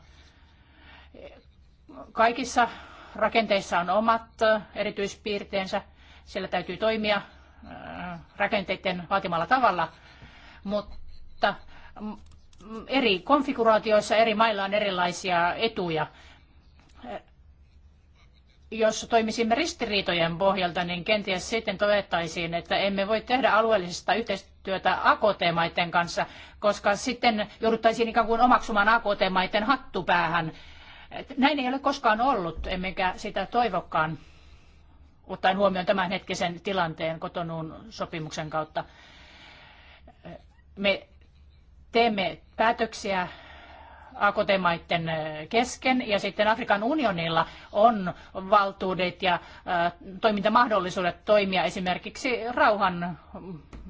Kaikissa rakenteissa on omat erityispiirteensä, siellä täytyy toimia rakenteiden vaatimalla tavalla, mutta eri konfiguraatioissa eri mailla on erilaisia etuja jos toimisimme ristiriitojen pohjalta, niin kenties sitten todettaisiin, että emme voi tehdä alueellisesta yhteistyötä AKT-maiden kanssa, koska sitten jouduttaisiin ikään kuin omaksumaan AKT-maiden hattupäähän. Näin ei ole koskaan ollut, emmekä sitä toivokaan, ottaen huomioon tämänhetkisen tilanteen kotonuun sopimuksen kautta. Me teemme päätöksiä AKT-maiden kesken ja sitten Afrikan unionilla on valtuudet ja toimintamahdollisuudet toimia esimerkiksi rauhan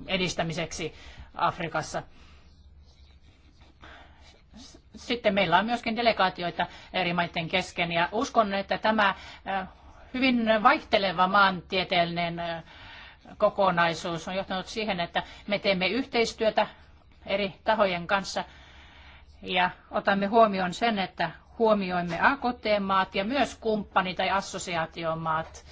edistämiseksi Afrikassa. Sitten meillä on myöskin delegaatioita eri maiden kesken ja uskon, että tämä hyvin vaihteleva maantieteellinen kokonaisuus on johtanut siihen, että me teemme yhteistyötä eri tahojen kanssa – ja otamme huomioon sen, että huomioimme AKT-maat ja myös kumppani- tai assosiaatiomaat.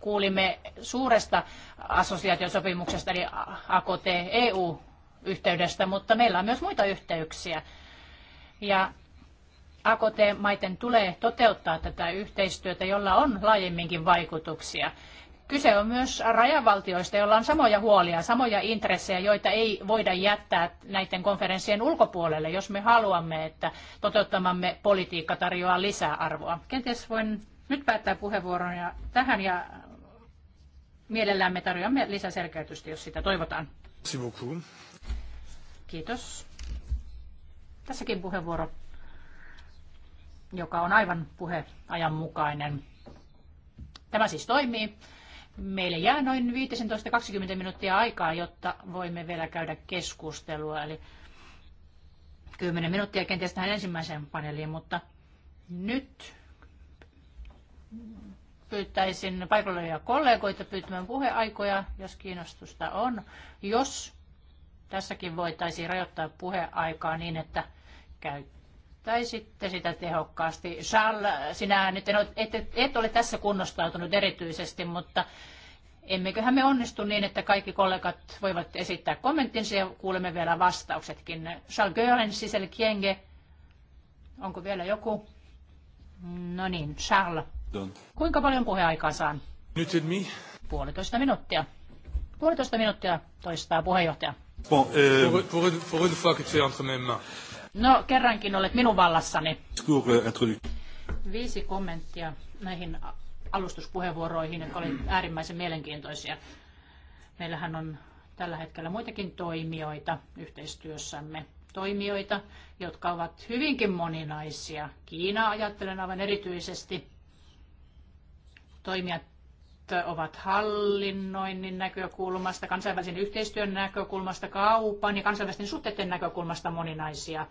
Kuulimme suuresta assosiaatiosopimuksesta eli AKT-EU-yhteydestä, e mutta meillä on myös muita yhteyksiä. Ja AKT-maiden tulee toteuttaa tätä yhteistyötä, jolla on laajemminkin vaikutuksia. Kyse on myös rajavaltioista, joilla on samoja huolia, samoja intressejä, joita ei voida jättää näiden konferenssien ulkopuolelle, jos me haluamme, että toteuttamamme politiikka tarjoaa lisää arvoa. Kenties voin nyt päättää puheenvuoron ja tähän ja mielellämme tarjoamme lisäselkeytystä, jos sitä toivotaan. Kiitos. Tässäkin puheenvuoro, joka on aivan puheajan mukainen. Tämä siis toimii. Meille jää noin 15-20 minuuttia aikaa, jotta voimme vielä käydä keskustelua. Eli 10 minuuttia kenties tähän ensimmäiseen paneeliin, mutta nyt pyytäisin paikalla olevia kollegoita pyytämään puheaikoja, jos kiinnostusta on. Jos tässäkin voitaisiin rajoittaa puheaikaa niin, että käy tai sitten sitä tehokkaasti. Charles, sinä nyt en ole, et, et ole tässä kunnostautunut erityisesti, mutta emmeköhän me onnistu niin, että kaikki kollegat voivat esittää kommenttinsa ja kuulemme vielä vastauksetkin. Charles Gören, Sisel Kienge, onko vielä joku? No niin, Charles. Don. Kuinka paljon puheaikaa saan? Nyt mi? Puolitoista minuuttia. Puolitoista minuuttia toistaa puheenjohtaja. Bon, euh... pour, pour, pour une fois que tu es entre mes mains. No, kerrankin olet minun vallassani. Euh, Viisi kommenttia näihin alustuspuheenvuoroihin, jotka olivat äärimmäisen mielenkiintoisia. Meillähän on tällä hetkellä muitakin toimijoita yhteistyössämme. Toimijoita, jotka ovat hyvinkin moninaisia. Kiina ajattelen aivan erityisesti. Toimijat ovat hallinnoinnin näkökulmasta, kansainvälisen yhteistyön näkökulmasta, kaupan ja kansainvälisten suhteiden näkökulmasta moninaisia.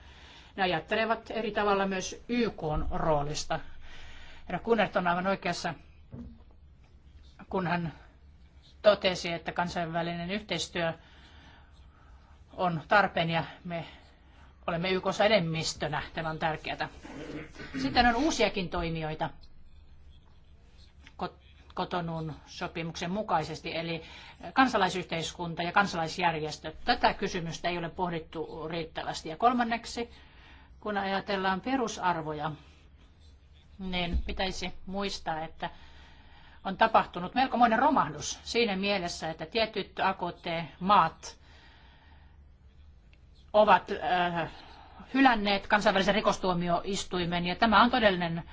Ne ajattelevat eri tavalla myös YK roolista. Herra Kunnert on aivan oikeassa, kun hän totesi, että kansainvälinen yhteistyö on tarpeen ja me olemme YKssa enemmistönä. Tämä on tärkeää. Sitten on uusiakin toimijoita, kotonun sopimuksen mukaisesti, eli kansalaisyhteiskunta ja kansalaisjärjestöt. Tätä kysymystä ei ole pohdittu riittävästi. Ja kolmanneksi, kun ajatellaan perusarvoja, niin pitäisi muistaa, että on tapahtunut melkomoinen romahdus siinä mielessä, että tietyt AKT-maat ovat äh, hylänneet kansainvälisen rikostuomioistuimen, ja tämä on todellinen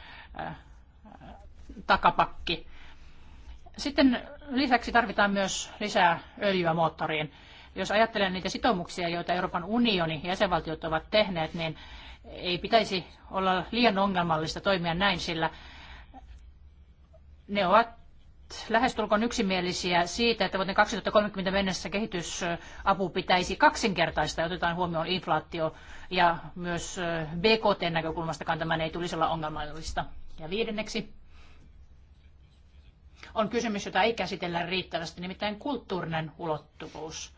äh, takapakki sitten lisäksi tarvitaan myös lisää öljyä moottoriin. Jos ajattelen niitä sitoumuksia, joita Euroopan unioni ja jäsenvaltiot ovat tehneet, niin ei pitäisi olla liian ongelmallista toimia näin, sillä ne ovat lähestulkoon yksimielisiä siitä, että vuoteen 2030 mennessä kehitysapu pitäisi kaksinkertaista ja otetaan huomioon inflaatio ja myös bkt näkökulmasta tämän ei tulisi olla ongelmallista. Ja viidenneksi on kysymys, jota ei käsitellä riittävästi, nimittäin kulttuurinen ulottuvuus.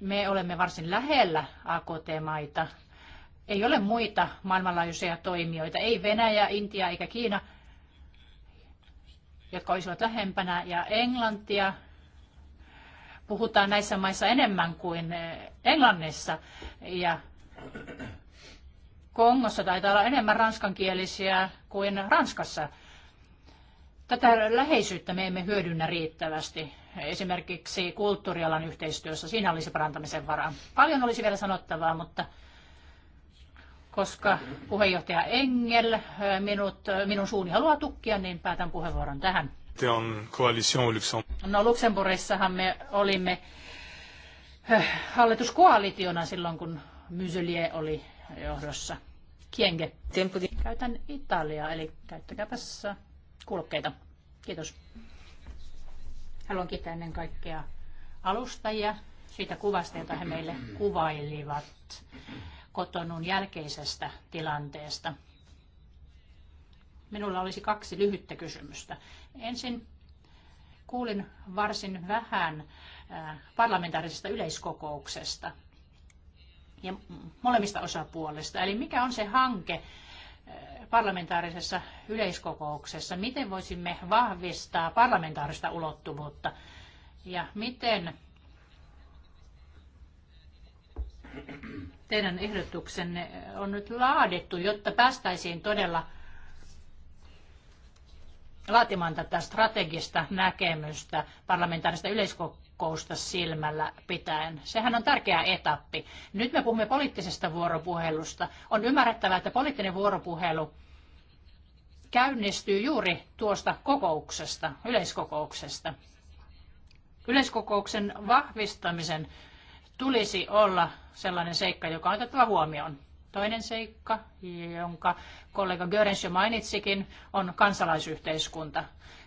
Me olemme varsin lähellä AKT-maita. Ei ole muita maailmanlaajuisia toimijoita, ei Venäjä, Intia eikä Kiina, jotka olisivat lähempänä, ja Englantia, puhutaan näissä maissa enemmän kuin eh, Englannissa. Ja Kongossa taitaa olla enemmän ranskankielisiä kuin Ranskassa. Tätä läheisyyttä me emme hyödynnä riittävästi. Esimerkiksi kulttuurialan yhteistyössä siinä olisi parantamisen varaa. Paljon olisi vielä sanottavaa, mutta koska puheenjohtaja Engel minut, minun suuni haluaa tukkia, niin päätän puheenvuoron tähän. No Luxemburgissahan me olimme eh, hallituskoalitiona silloin, kun Myselier oli johdossa. Kienge. Käytän Italiaa, eli käyttäkääpä kuulokkeita. Kiitos. Haluan kiittää ennen kaikkea alustajia siitä kuvasta, jota he meille kuvailivat kotonun jälkeisestä tilanteesta. Minulla olisi kaksi lyhyttä kysymystä. Ensin kuulin varsin vähän äh, parlamentaarisesta yleiskokouksesta ja molemmista osapuolista. Eli mikä on se hanke, parlamentaarisessa yleiskokouksessa. Miten voisimme vahvistaa parlamentaarista ulottuvuutta ja miten teidän ehdotuksenne on nyt laadittu, jotta päästäisiin todella laatimaan tätä strategista näkemystä parlamentaarista yleiskokousta silmällä pitäen. Sehän on tärkeä etappi. Nyt me puhumme poliittisesta vuoropuhelusta. On ymmärrettävää, että poliittinen vuoropuhelu käynnistyy juuri tuosta kokouksesta, yleiskokouksesta. Yleiskokouksen vahvistamisen tulisi olla sellainen seikka, joka on otettava huomioon. Toinen seikka, jonka kollega Görens jo mainitsikin, on kansalaisyhteiskunta.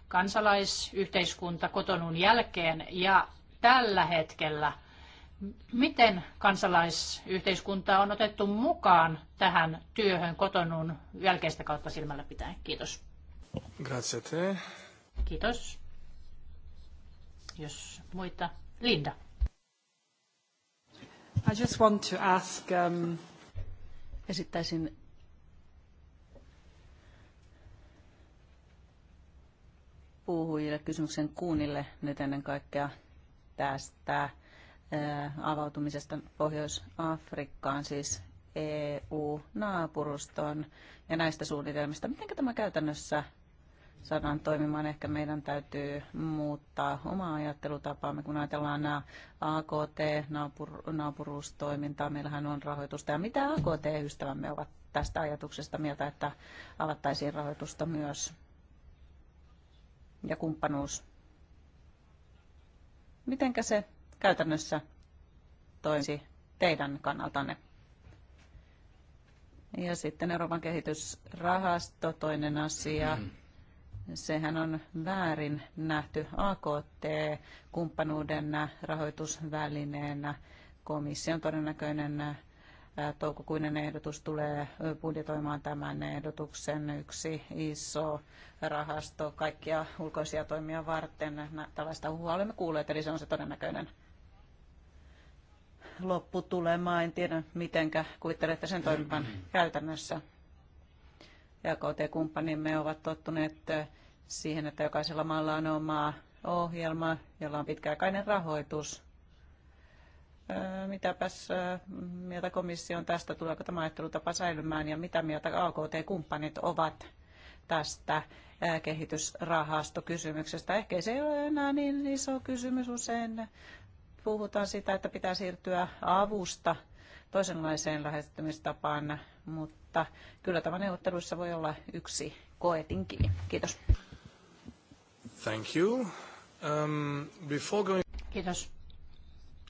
Kansalaisyhteiskunta kotonun jälkeen ja tällä hetkellä, miten kansalaisyhteiskunta on otettu mukaan tähän työhön kotonun jälkeistä kautta silmällä pitäen? Kiitos. Grazie te. Kiitos. Jos muita. Linda. I just want to ask um, Esittäisin puhujille kysymyksen kuunille nyt ennen kaikkea tästä avautumisesta Pohjois-Afrikkaan, siis EU-naapuruston ja näistä suunnitelmista. Miten tämä käytännössä saadaan toimimaan. Ehkä meidän täytyy muuttaa omaa ajattelutapaamme, kun ajatellaan nämä AKT, naapur- naapuruustoimintaa. Meillähän on rahoitusta. Ja mitä AKT-ystävämme ovat tästä ajatuksesta mieltä, että avattaisiin rahoitusta myös ja kumppanuus? Mitenkä se käytännössä toisi teidän kannaltanne? Ja sitten Euroopan kehitysrahasto, toinen asia. Mm-hmm Sehän on väärin nähty AKT-kumppanuuden rahoitusvälineenä. Komission todennäköinen toukokuinen ehdotus tulee budjetoimaan tämän ehdotuksen yksi iso rahasto kaikkia ulkoisia toimia varten. Tällaista huhua olemme kuulleet, eli se on se todennäköinen lopputulema. En tiedä, mitenkä kuvittelette sen toimivan käytännössä. KT-kumppanimme ovat tottuneet siihen, että jokaisella maalla on oma ohjelma, jolla on pitkäaikainen rahoitus. Mitäpäs mieltä komissio on tästä, tuleeko tämä ajattelutapa säilymään ja mitä mieltä AKT-kumppanit ovat tästä kehitysrahastokysymyksestä? Ehkä se ei ole enää niin iso kysymys usein. Puhutaan sitä, että pitää siirtyä avusta toisenlaiseen lähestymistapaan, mutta kyllä tämä neuvotteluissa voi olla yksi koetinkivi. Kiitos. Thank you. Um, before going... Kiitos.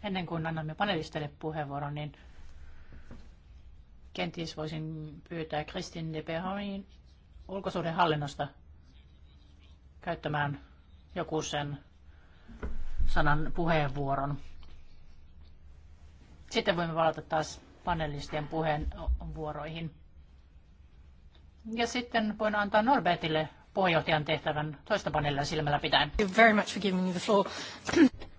Ennen kuin annamme panelisteille puheenvuoron, niin kenties voisin pyytää Kristin de ulkosuuden hallinnosta käyttämään joku sen sanan puheenvuoron. Sitten voimme valata taas panelistien puheenvuoroihin. Ja sitten voin antaa Norbertille puheenjohtajan tehtävän toista paneelia silmällä pitäen. Very much for giving me the floor.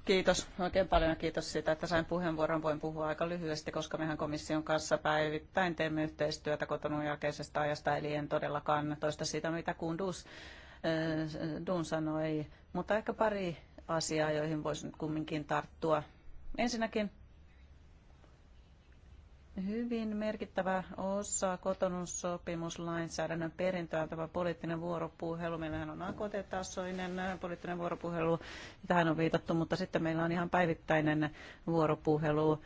Kiitos oikein paljon ja kiitos siitä, että sain puheenvuoron. Voin puhua aika lyhyesti, koska mehän komission kanssa päivittäin teemme yhteistyötä kotonun jälkeisestä ajasta, eli en todellakaan toista siitä, mitä Kundus äh, Dun sanoi, mutta ehkä pari asiaa, joihin voisin kumminkin tarttua. Ensinnäkin Hyvin merkittävä osa kotonun sopimuslainsäädännön perintöä on tämä poliittinen vuoropuhelu. Meillähän on AKT-tasoinen poliittinen vuoropuhelu, tähän on viitattu, mutta sitten meillä on ihan päivittäinen vuoropuhelu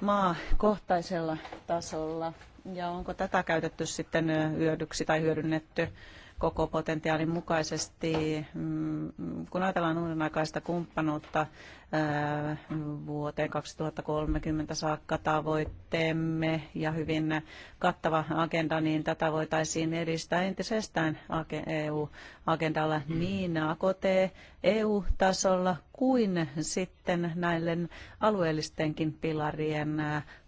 maakohtaisella tasolla. Ja onko tätä käytetty sitten hyödyksi tai hyödynnetty koko potentiaalin mukaisesti. Mm, kun ajatellaan uuden aikaista kumppanuutta vuoteen 2030 saakka tavoitteemme ja hyvin kattava agenda, niin tätä voitaisiin edistää entisestään EU-agendalla e niin AKT-EU-tasolla kuin sitten näiden alueellistenkin pilarien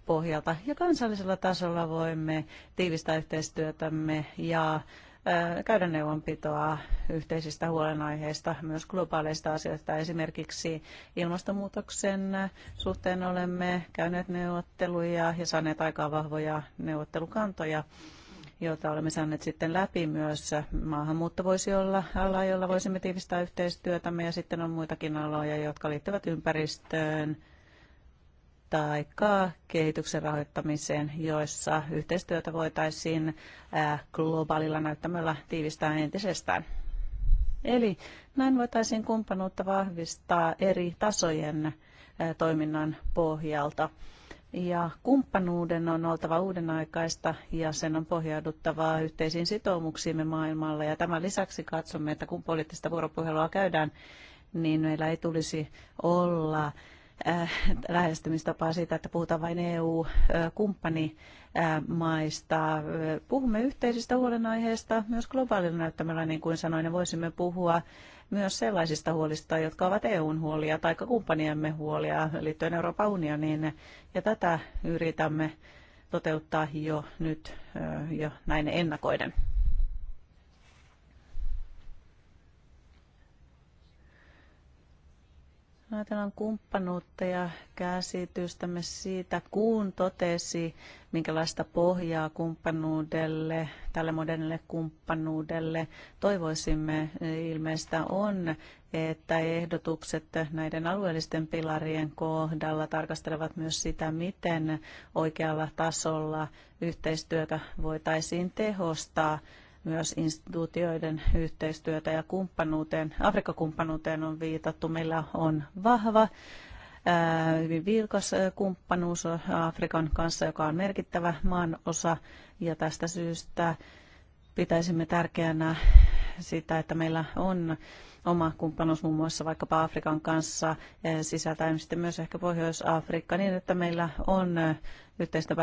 pohjalta. Ja kansallisella tasolla voimme tiivistää yhteistyötämme ja käydä neuvonpitoa yhteisistä huolenaiheista, myös globaaleista asioista. Esimerkiksi ilmastonmuutoksen suhteen olemme käyneet neuvotteluja ja saaneet aikaan vahvoja neuvottelukantoja joita olemme saaneet sitten läpi myös. Maahanmuutto voisi olla ala, jolla voisimme tiivistää yhteistyötämme ja sitten on muitakin aloja, jotka liittyvät ympäristöön, tai kehityksen rahoittamiseen, joissa yhteistyötä voitaisiin globaalilla näyttämällä tiivistää entisestään. Eli näin voitaisiin kumppanuutta vahvistaa eri tasojen toiminnan pohjalta. Ja kumppanuuden on oltava uudenaikaista ja sen on pohjauduttava yhteisiin sitoumuksiimme maailmalla. Ja tämän lisäksi katsomme, että kun poliittista vuoropuhelua käydään, niin meillä ei tulisi olla Äh, lähestymistapaa siitä, että puhutaan vain EU-kumppanimaista. Äh, puhumme yhteisistä huolenaiheista myös globaalilla näyttämällä, niin kuin sanoin, ja voisimme puhua myös sellaisista huolista, jotka ovat EUn huolia tai kumppaniemme huolia liittyen Euroopan unioniin. Ja tätä yritämme toteuttaa jo nyt äh, jo näin ennakoiden. ajatellaan kumppanuutta ja käsitystämme siitä, kun totesi, minkälaista pohjaa kumppanuudelle, tälle modernille kumppanuudelle toivoisimme ilmeistä on, että ehdotukset näiden alueellisten pilarien kohdalla tarkastelevat myös sitä, miten oikealla tasolla yhteistyötä voitaisiin tehostaa myös instituutioiden yhteistyötä ja kumppanuuteen, Afrikkakumppanuuteen on viitattu. Meillä on vahva hyvin vilkas kumppanuus Afrikan kanssa, joka on merkittävä maanosa ja tästä syystä pitäisimme tärkeänä sitä, että meillä on oma kumppanuus muun muassa vaikkapa Afrikan kanssa sisältäen sitten myös ehkä Pohjois-Afrikka niin, että meillä on yhteistä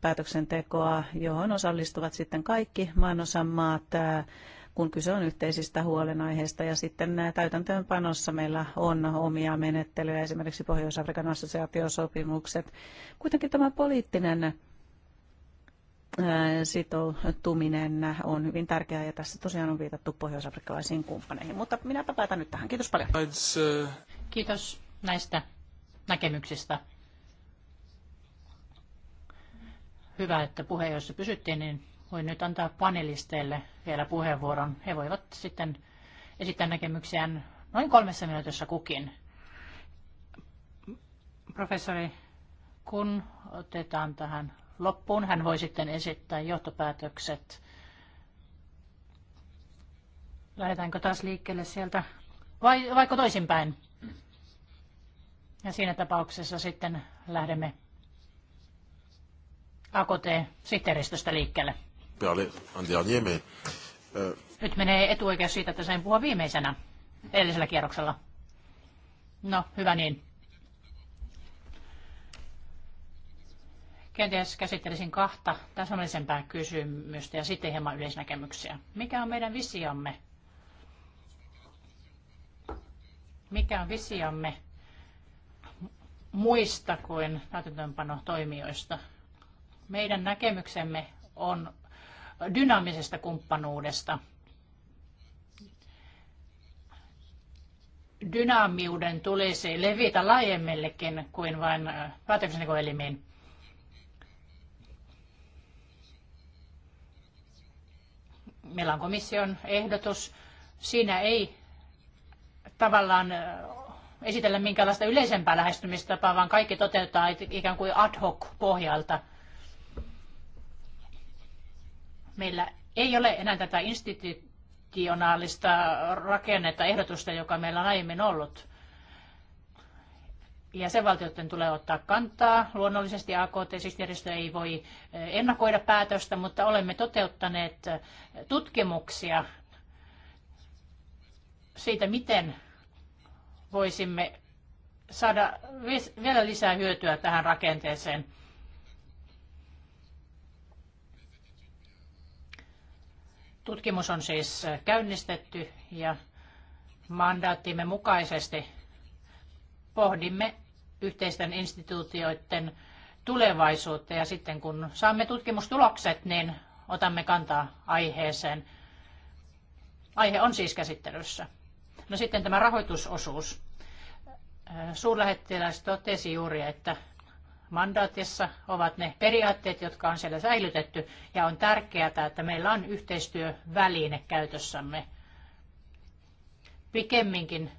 päätöksentekoa, johon osallistuvat sitten kaikki maanosan maat, kun kyse on yhteisistä huolenaiheista. Ja sitten täytäntöönpanossa meillä on omia menettelyjä, esimerkiksi Pohjois-Afrikan assosiaatiosopimukset. Kuitenkin tämä poliittinen sitoutuminen on hyvin tärkeää ja tässä tosiaan on viitattu pohjois-afrikkalaisiin kumppaneihin. Mutta minäpä päätän nyt tähän. Kiitos paljon. Kiitos näistä näkemyksistä. hyvä, että puhe, jossa pysyttiin, niin voin nyt antaa panelisteille vielä puheenvuoron. He voivat sitten esittää näkemyksiään noin kolmessa minuutissa kukin. Professori, kun otetaan tähän loppuun, hän voi sitten esittää johtopäätökset. Lähdetäänkö taas liikkeelle sieltä vai, vaikka toisinpäin? Ja siinä tapauksessa sitten lähdemme AKT-sihteeristöstä liikkeelle. Euh, Nyt menee etuoikeus siitä, että sain puhua viimeisenä edellisellä kierroksella. No, hyvä niin. Kenties käsittelisin kahta täsmällisempää kysymystä ja sitten hieman yleisnäkemyksiä. Mikä on meidän visiomme? Mikä on visiomme muista kuin täytäntöönpano toimijoista? Meidän näkemyksemme on dynaamisesta kumppanuudesta. Dynaamiuden tulisi levitä laajemmillekin kuin vain äh, päätöksentekoelimiin. Meillä on komission ehdotus. Siinä ei tavallaan äh, esitellä minkäänlaista yleisempää lähestymistapaa, vaan kaikki toteutetaan ikään kuin ad hoc pohjalta – Meillä ei ole enää tätä institutionaalista rakennetta, ehdotusta, joka meillä on aiemmin ollut. Jäsenvaltioiden tulee ottaa kantaa. Luonnollisesti AKT, siis järjestö, ei voi eh, ennakoida päätöstä, mutta olemme toteuttaneet eh, tutkimuksia siitä, miten voisimme saada vielä lisää hyötyä tähän rakenteeseen. Tutkimus on siis äh, käynnistetty ja mandaattimme mukaisesti pohdimme yhteisten instituutioiden tulevaisuutta ja sitten kun saamme tutkimustulokset, niin otamme kantaa aiheeseen. Aihe on siis käsittelyssä. No sitten tämä rahoitusosuus. Äh, suurlähettiläs totesi juuri, että mandaatissa ovat ne periaatteet, jotka on siellä säilytetty, ja on tärkeää, että meillä on yhteistyöväline käytössämme. Pikemminkin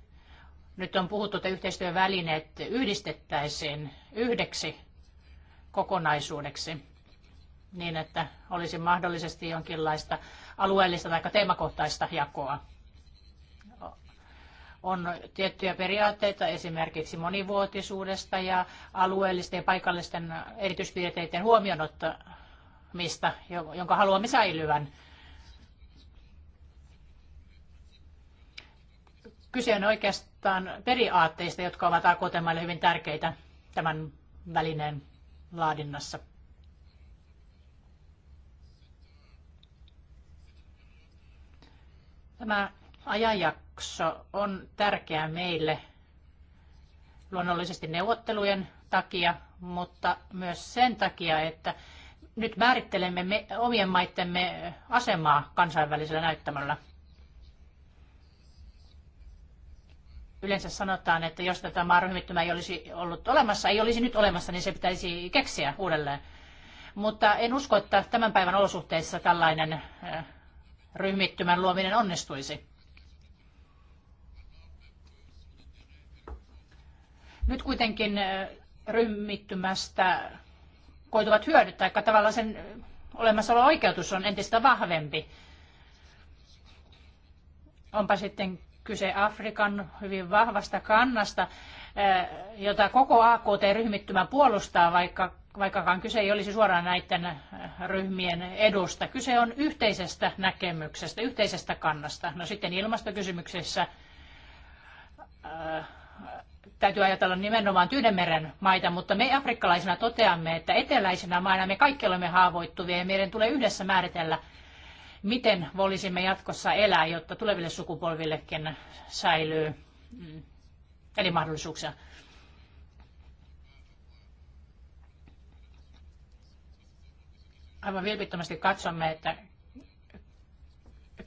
nyt on puhuttu, että yhteistyövälineet yhdistettäisiin yhdeksi kokonaisuudeksi niin, että olisi mahdollisesti jonkinlaista alueellista tai teemakohtaista jakoa on tiettyjä periaatteita esimerkiksi monivuotisuudesta ja alueellisten ja paikallisten erityispiirteiden huomionottamista, jonka haluamme säilyvän. Kyse on oikeastaan periaatteista, jotka ovat AKTMlle hyvin tärkeitä tämän välineen laadinnassa. Tämä ajanjakso on tärkeä meille luonnollisesti neuvottelujen takia, mutta myös sen takia, että nyt määrittelemme me, omien maittemme asemaa kansainvälisellä näyttämällä. Yleensä sanotaan, että jos tätä maaryhmittymää ei olisi ollut olemassa, ei olisi nyt olemassa, niin se pitäisi keksiä uudelleen. Mutta en usko, että tämän päivän olosuhteissa tällainen ryhmittymän luominen onnistuisi. Nyt kuitenkin ryhmittymästä koituvat hyödyt, tai tavallaan sen olemassaolon oikeutus on entistä vahvempi. Onpa sitten kyse Afrikan hyvin vahvasta kannasta, jota koko AKT-ryhmittymä puolustaa, vaikka, vaikkakaan kyse ei olisi suoraan näiden ryhmien edusta. Kyse on yhteisestä näkemyksestä, yhteisestä kannasta. No sitten ilmastokysymyksessä täytyy ajatella nimenomaan Tyynemeren maita, mutta me afrikkalaisina toteamme, että eteläisenä maina me kaikki olemme haavoittuvia ja meidän tulee yhdessä määritellä, miten voisimme jatkossa elää, jotta tuleville sukupolvillekin säilyy mm, elinmahdollisuuksia. Aivan vilpittömästi katsomme, että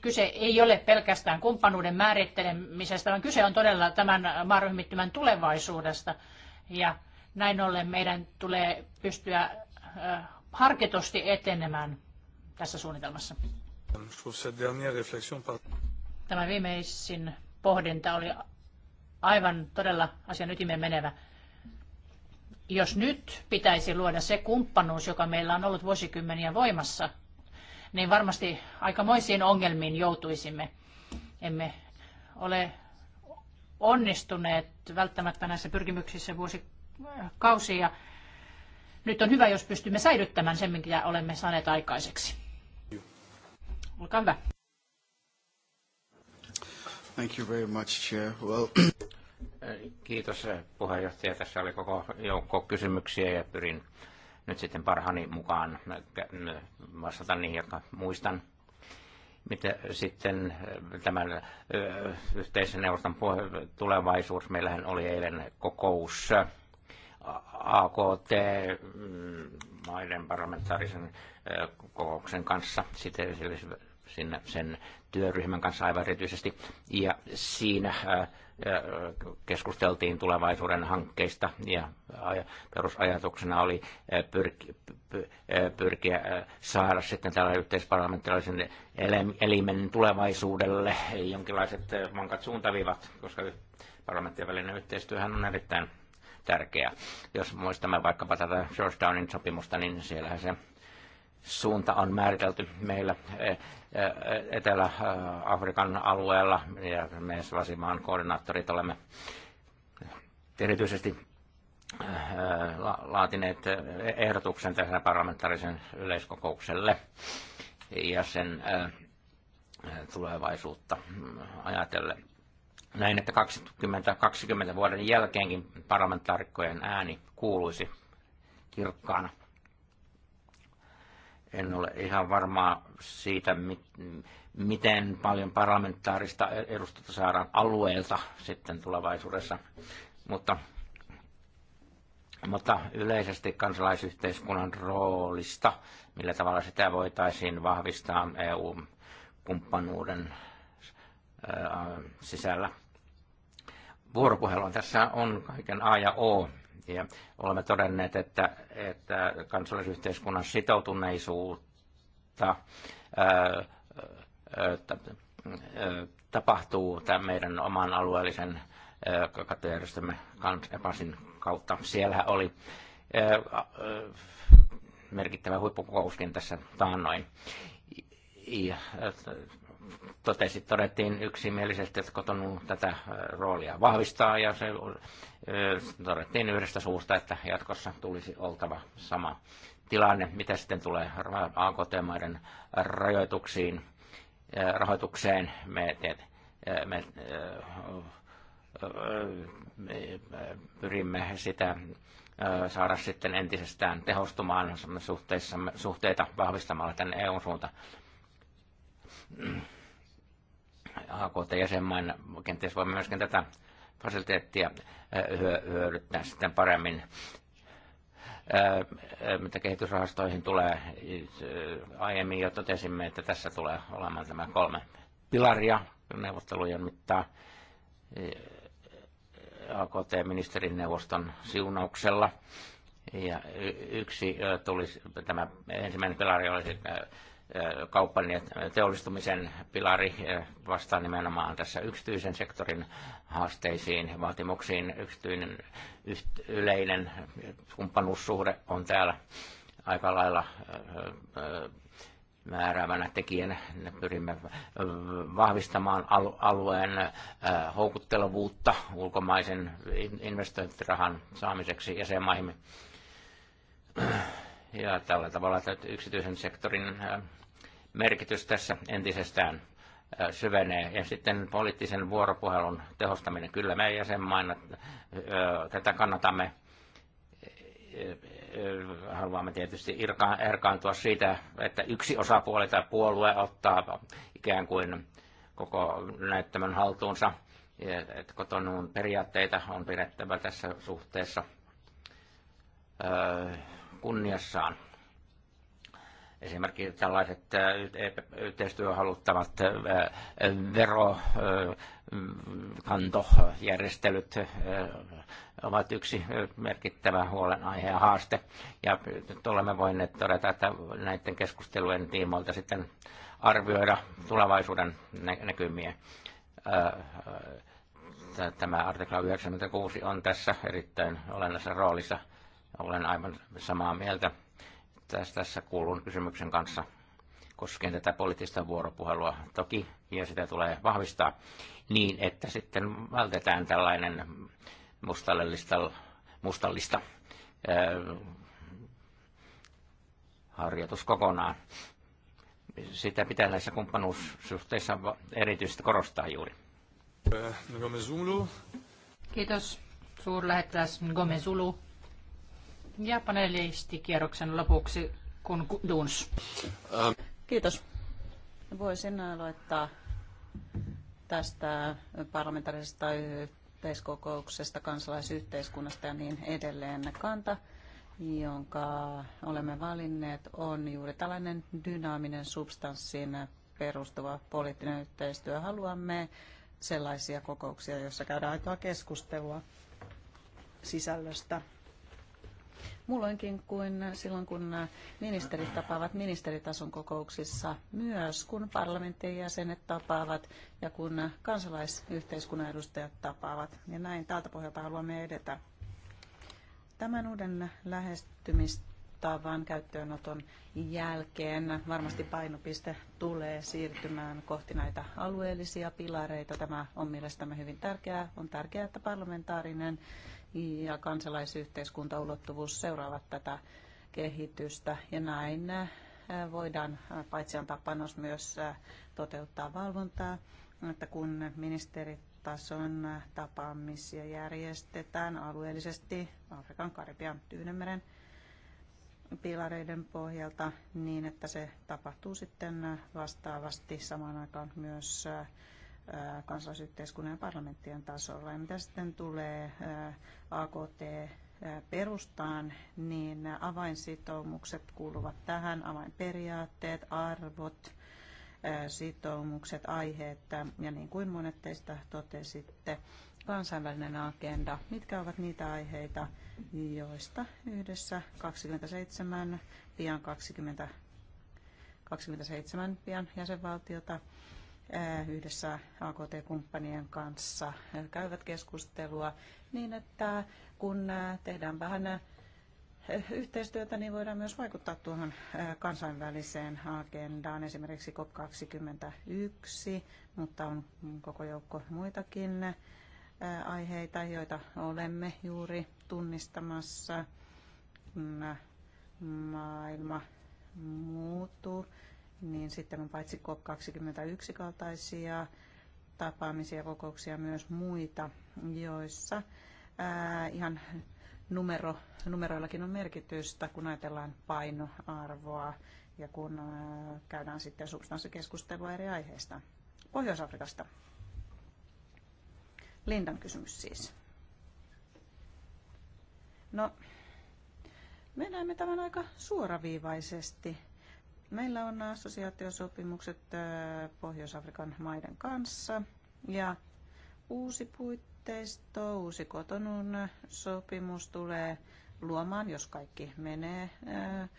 kyse ei ole pelkästään kumppanuuden määrittelemisestä, vaan kyse on todella tämän maaryhmittymän tulevaisuudesta. Ja näin ollen meidän tulee pystyä harkitusti etenemään tässä suunnitelmassa. Tämä viimeisin pohdinta oli aivan todella asian ytimeen menevä. Jos nyt pitäisi luoda se kumppanuus, joka meillä on ollut vuosikymmeniä voimassa – niin varmasti aikamoisiin ongelmiin joutuisimme. Emme ole onnistuneet välttämättä näissä pyrkimyksissä vuosikausia. Nyt on hyvä, jos pystymme säilyttämään sen, mitä olemme saaneet aikaiseksi. Olkaa hyvä. Thank you very much, Chair. Well... Kiitos eh, puheenjohtaja. Tässä oli koko joukko kysymyksiä ja pyrin nyt sitten parhaani mukaan vastata niihin, jotka muistan. Mitä sitten eh, tämän eh, yhteisen neuvoston tulevaisuus? Meillähän oli eilen kokous eh, AKT-maiden mm, parlamentaarisen kokouksen kanssa, sitten sinne sen työryhmän kanssa aivan erityisesti. Ja siinä keskusteltiin tulevaisuuden hankkeista ja perusajatuksena oli pyrkiä saada sitten tällä yhteisparlamentaarisen elimen tulevaisuudelle jonkinlaiset vankat suuntaviivat, koska parlamenttien välinen yhteistyöhän on erittäin tärkeä. Jos muistamme vaikkapa tätä Georgetownin sopimusta, niin siellähän se suunta on määritelty meillä eh, eh, Etelä-Afrikan alueella ja me Svasimaan koordinaattorit olemme erityisesti eh, laatineet ehdotuksen tähän parlamentaarisen yleiskokoukselle ja sen tulevaisuutta mm, ajatellen. Näin, että 20, 20 vuoden jälkeenkin parlamentaarikkojen ääni kuuluisi kirkkaana. En ole ihan varma siitä, miten paljon parlamentaarista edustusta saadaan alueelta sitten tulevaisuudessa. Mutta, mutta yleisesti kansalaisyhteiskunnan roolista, millä tavalla sitä voitaisiin vahvistaa EU-kumppanuuden sisällä. Vuoropuhelu tässä on kaiken A ja O ja olemme todenneet, että, että kansallisyhteiskunnan sitoutuneisuutta ää, ää, tapahtuu tämän meidän oman alueellisen kattojärjestömme EPASin kautta. Siellä oli ää, merkittävä huippukokouskin tässä taannoin. Ja totesi, todettiin yksimielisesti, että kotonu tätä roolia vahvistaa ja se todettiin yhdestä suusta, että jatkossa tulisi oltava sama tilanne, mitä sitten tulee AKT-maiden rajoituksiin, rahoitukseen. Me, me, me pyrimme sitä saada sitten entisestään tehostumaan suhteita vahvistamalla tänne EUn suuntaan akt jäsenmaan kenties voimme myöskin tätä fasiliteettia hyödyttää sitten paremmin mitä kehitysrahastoihin tulee, aiemmin jo totesimme, että tässä tulee olemaan tämä kolme pilaria neuvottelujen mittaa AKT-ministerin neuvoston siunauksella. Ja yksi tulisi, tämä ensimmäinen pilari olisi kauppan teollistumisen pilari eh, vastaa nimenomaan tässä yksityisen sektorin haasteisiin, vaatimuksiin. Yksityinen, yleinen kumppanuussuhde on täällä aika lailla eh, eh, määräävänä tekijänä. Pyrimme vahvistamaan alueen houkuttelevuutta ulkomaisen investointirahan saamiseksi jäsenmaihin. Ja tällä tavalla että yksityisen sektorin merkitys tässä entisestään äh, syvenee. Ja sitten poliittisen vuoropuhelun tehostaminen. Kyllä me jäsenmaina äh, tätä kannatamme. Äh, haluamme tietysti erkaantua siitä, että yksi osapuoli tai puolue ottaa ikään kuin koko näyttämön haltuunsa. Kotonuun periaatteita on pidettävä tässä suhteessa kunniassaan. Esimerkiksi tällaiset yhteistyöhaluttavat verokantojärjestelyt mm, ovat yksi merkittävä huolenaihe ja haaste. Ja nyt olemme voineet todeta, että näiden keskustelujen tiimoilta sitten arvioida tulevaisuuden näkymiä tämä artikla 96 on tässä erittäin olennaisessa roolissa. Olen aivan samaa mieltä tässä kuulun kysymyksen kanssa koskien tätä poliittista vuoropuhelua toki, ja sitä tulee vahvistaa niin, että sitten vältetään tällainen mustallista, mustallista äh, ää, harjoitus kokonaan. Sitä pitää näissä kumppanuussuhteissa erityisesti korostaa juuri. Äh, Kiitos suurlähettiläs Gomezulu. Ja panelistikierroksen lopuksi kun Duns. Kiitos. Voisin aloittaa tästä parlamentaarisesta yhteiskokouksesta, kansalaisyhteiskunnasta ja niin edelleen. Kanta, jonka olemme valinneet, on juuri tällainen dynaaminen substanssiin perustuva poliittinen yhteistyö. Haluamme sellaisia kokouksia, joissa käydään aitoa keskustelua sisällöstä Mulloinkin kuin silloin, kun ministerit tapaavat ministeritason kokouksissa, myös kun parlamentin jäsenet tapaavat ja kun kansalaisyhteiskunnan edustajat tapaavat. Ja näin tältä pohjalta haluamme edetä. Tämän uuden lähestymistavan käyttöönoton jälkeen varmasti painopiste tulee siirtymään kohti näitä alueellisia pilareita. Tämä on mielestämme hyvin tärkeää. On tärkeää, että parlamentaarinen ja kansalaisyhteiskuntaulottuvuus seuraavat tätä kehitystä ja näin äh, voidaan äh, paitsi antaa panos myös äh, toteuttaa valvontaa, että kun ministeritason tapaamisia järjestetään alueellisesti Afrikan, Karibian, Tyynemeren pilareiden pohjalta niin, että se tapahtuu sitten vastaavasti samaan aikaan myös kansalaisyhteiskunnan ja parlamenttien tasolla. Ja mitä sitten tulee AKT perustaan, niin avainsitoumukset kuuluvat tähän, avainperiaatteet, arvot, sitoumukset, aiheet ja niin kuin monet teistä totesitte, kansainvälinen agenda. Mitkä ovat niitä aiheita, joista yhdessä 27, pian 20, 27 pian jäsenvaltiota Äh, yhdessä AKT-kumppanien kanssa käyvät keskustelua niin, että kun äh, tehdään vähän äh, yhteistyötä, niin voidaan myös vaikuttaa tuohon kansainväliseen agendaan, esimerkiksi COP21, mutta on koko joukko muitakin aiheita, joita olemme juuri tunnistamassa, kun maailma muuttuu niin sitten on paitsi COP21 kaltaisia tapaamisia, kokouksia myös muita, joissa ää, ihan numero, numeroillakin on merkitystä, kun ajatellaan painoarvoa ja kun ää, käydään sitten substanssikeskustelua eri aiheista. Pohjois-Afrikasta. Lindan kysymys siis. No, me näemme tämän aika suoraviivaisesti Meillä on assosiaatiosopimukset äh, Pohjois-Afrikan maiden kanssa ja uusi puitteisto, uusi kotonun sopimus tulee luomaan, jos kaikki menee äh,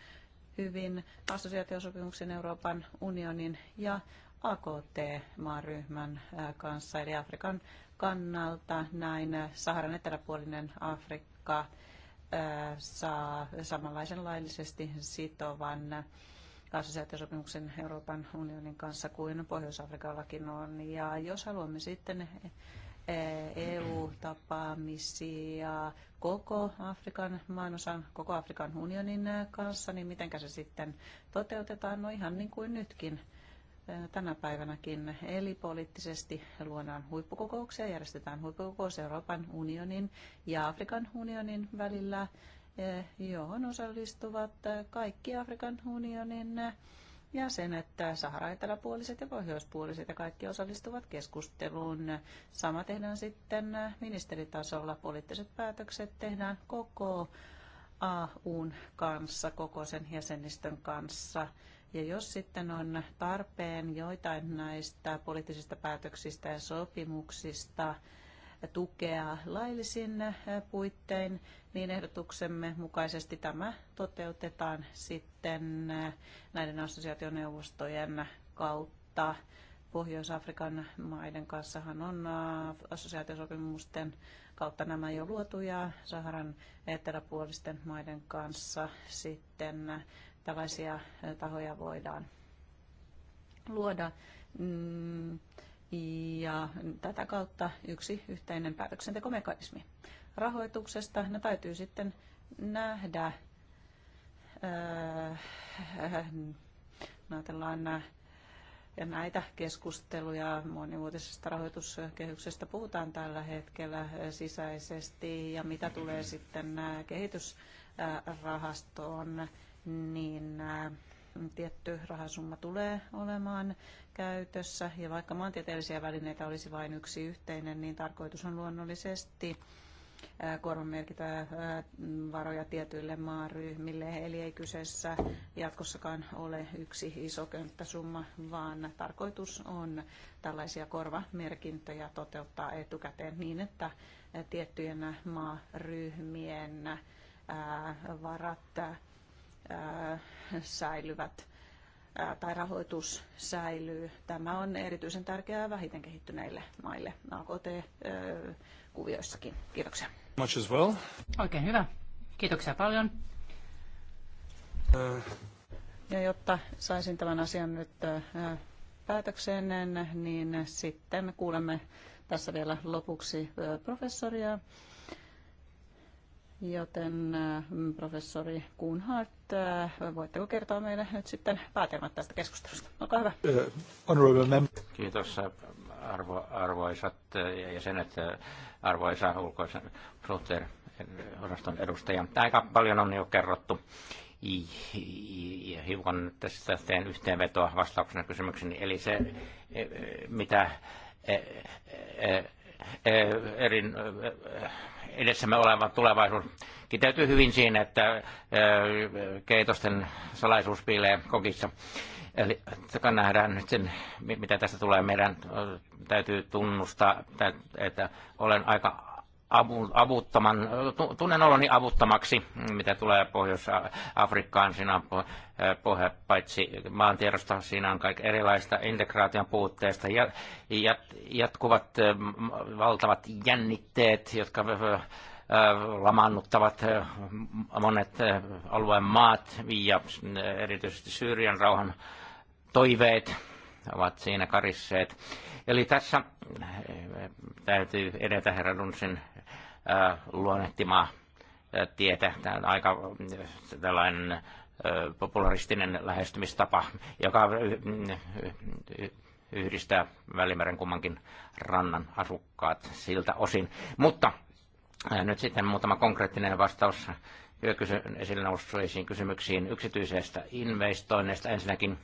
hyvin, assosiaatiosopimuksen Euroopan unionin ja AKT-maaryhmän äh, kanssa, eli Afrikan kannalta näin Saharan eteläpuolinen Afrikka saa samanlaisen laillisesti sitovan assosiaatiosopimuksen Euroopan unionin kanssa kuin Pohjois-Afrikallakin on. Ja jos haluamme sitten eh, EU-tapaamisia koko Afrikan maanosan, koko Afrikan unionin eh, kanssa, niin miten se sitten toteutetaan? No ihan niin kuin nytkin eh, tänä päivänäkin. Eli poliittisesti luodaan huippukokouksia, järjestetään huippukokous Euroopan unionin ja Afrikan unionin välillä Eh, johon osallistuvat eh, kaikki Afrikan unionin eh, jäsenet, Sahara eteläpuoliset ja pohjoispuoliset, ja kaikki osallistuvat keskusteluun. Sama tehdään sitten ministeritasolla. Poliittiset päätökset tehdään koko AUn kanssa, koko sen jäsenistön kanssa. Ja jos sitten on tarpeen joitain näistä poliittisista päätöksistä ja sopimuksista, tukea laillisin puittein, niin ehdotuksemme mukaisesti tämä toteutetaan sitten näiden assosiaationeuvostojen kautta. Pohjois-Afrikan maiden kanssahan on assosiaatiosopimusten kautta nämä jo luotu ja Saharan eteläpuolisten maiden kanssa sitten tällaisia tahoja voidaan luoda. Mm, ja tätä kautta yksi yhteinen päätöksentekomekanismi. Rahoituksesta no, täytyy sitten nähdä, öö, ajatellaan ja äh, näitä keskusteluja monivuotisesta rahoituskehyksestä puhutaan tällä hetkellä sisäisesti ja mitä tulee sitten äh, kehitysrahastoon, niin tietty rahasumma tulee olemaan käytössä. Ja vaikka maantieteellisiä välineitä olisi vain yksi yhteinen, niin tarkoitus on luonnollisesti korvamerkitä varoja tietyille maaryhmille. Eli ei kyseessä jatkossakaan ole yksi iso könttäsumma, vaan tarkoitus on tällaisia korvamerkintöjä toteuttaa etukäteen niin, että tiettyjen maaryhmien varat säilyvät tai rahoitus säilyy. Tämä on erityisen tärkeää vähiten kehittyneille maille AKT-kuvioissakin. Kiitoksia. Much as well. Oikein hyvä. Kiitoksia paljon. Uh. Ja jotta saisin tämän asian nyt päätökseen, niin sitten kuulemme tässä vielä lopuksi professoria. Joten äh, professori Kuhnhardt, äh, voitteko kertoa meille nyt sitten päätelmät tästä keskustelusta? Olkaa hyvä. Kiitos arvo, arvoisat äh, jäsenet, arvoisa ulkoisen suhteen osaston edustaja. Aika paljon on jo kerrottu. Hiukan tästä teen yhteenvetoa vastauksena kysymykseen, Eli se, e, e, mitä e, erin edessämme oleva tulevaisuus kiteytyy hyvin siinä, että keitosten salaisuus piilee kokissa. Eli nähdään nyt sen, mitä tästä tulee. Meidän täytyy tunnustaa, että olen aika avuttoman, tunnen oloni avuttamaksi, mitä tulee Pohjois-Afrikkaan. Siinä on eh, pohja, paitsi maantiedosta, siinä on kaikki erilaista integraation puutteesta. Ja, jat, jatkuvat eh, valtavat jännitteet, jotka eh, lamannuttavat monet alueen maat ja erityisesti Syyrian rauhan toiveet ovat siinä karisseet. Eli tässä eh, täytyy edetä herra Dunsin eh, luonnehtimaa eh, tietä. Tämä on aika tällainen popularistinen lähestymistapa, joka yhdistää Välimeren kummankin rannan asukkaat siltä osin. Mutta nyt sitten muutama konkreettinen vastaus esille nousseisiin kysymyksiin yksityisestä investoinneista. Ensinnäkin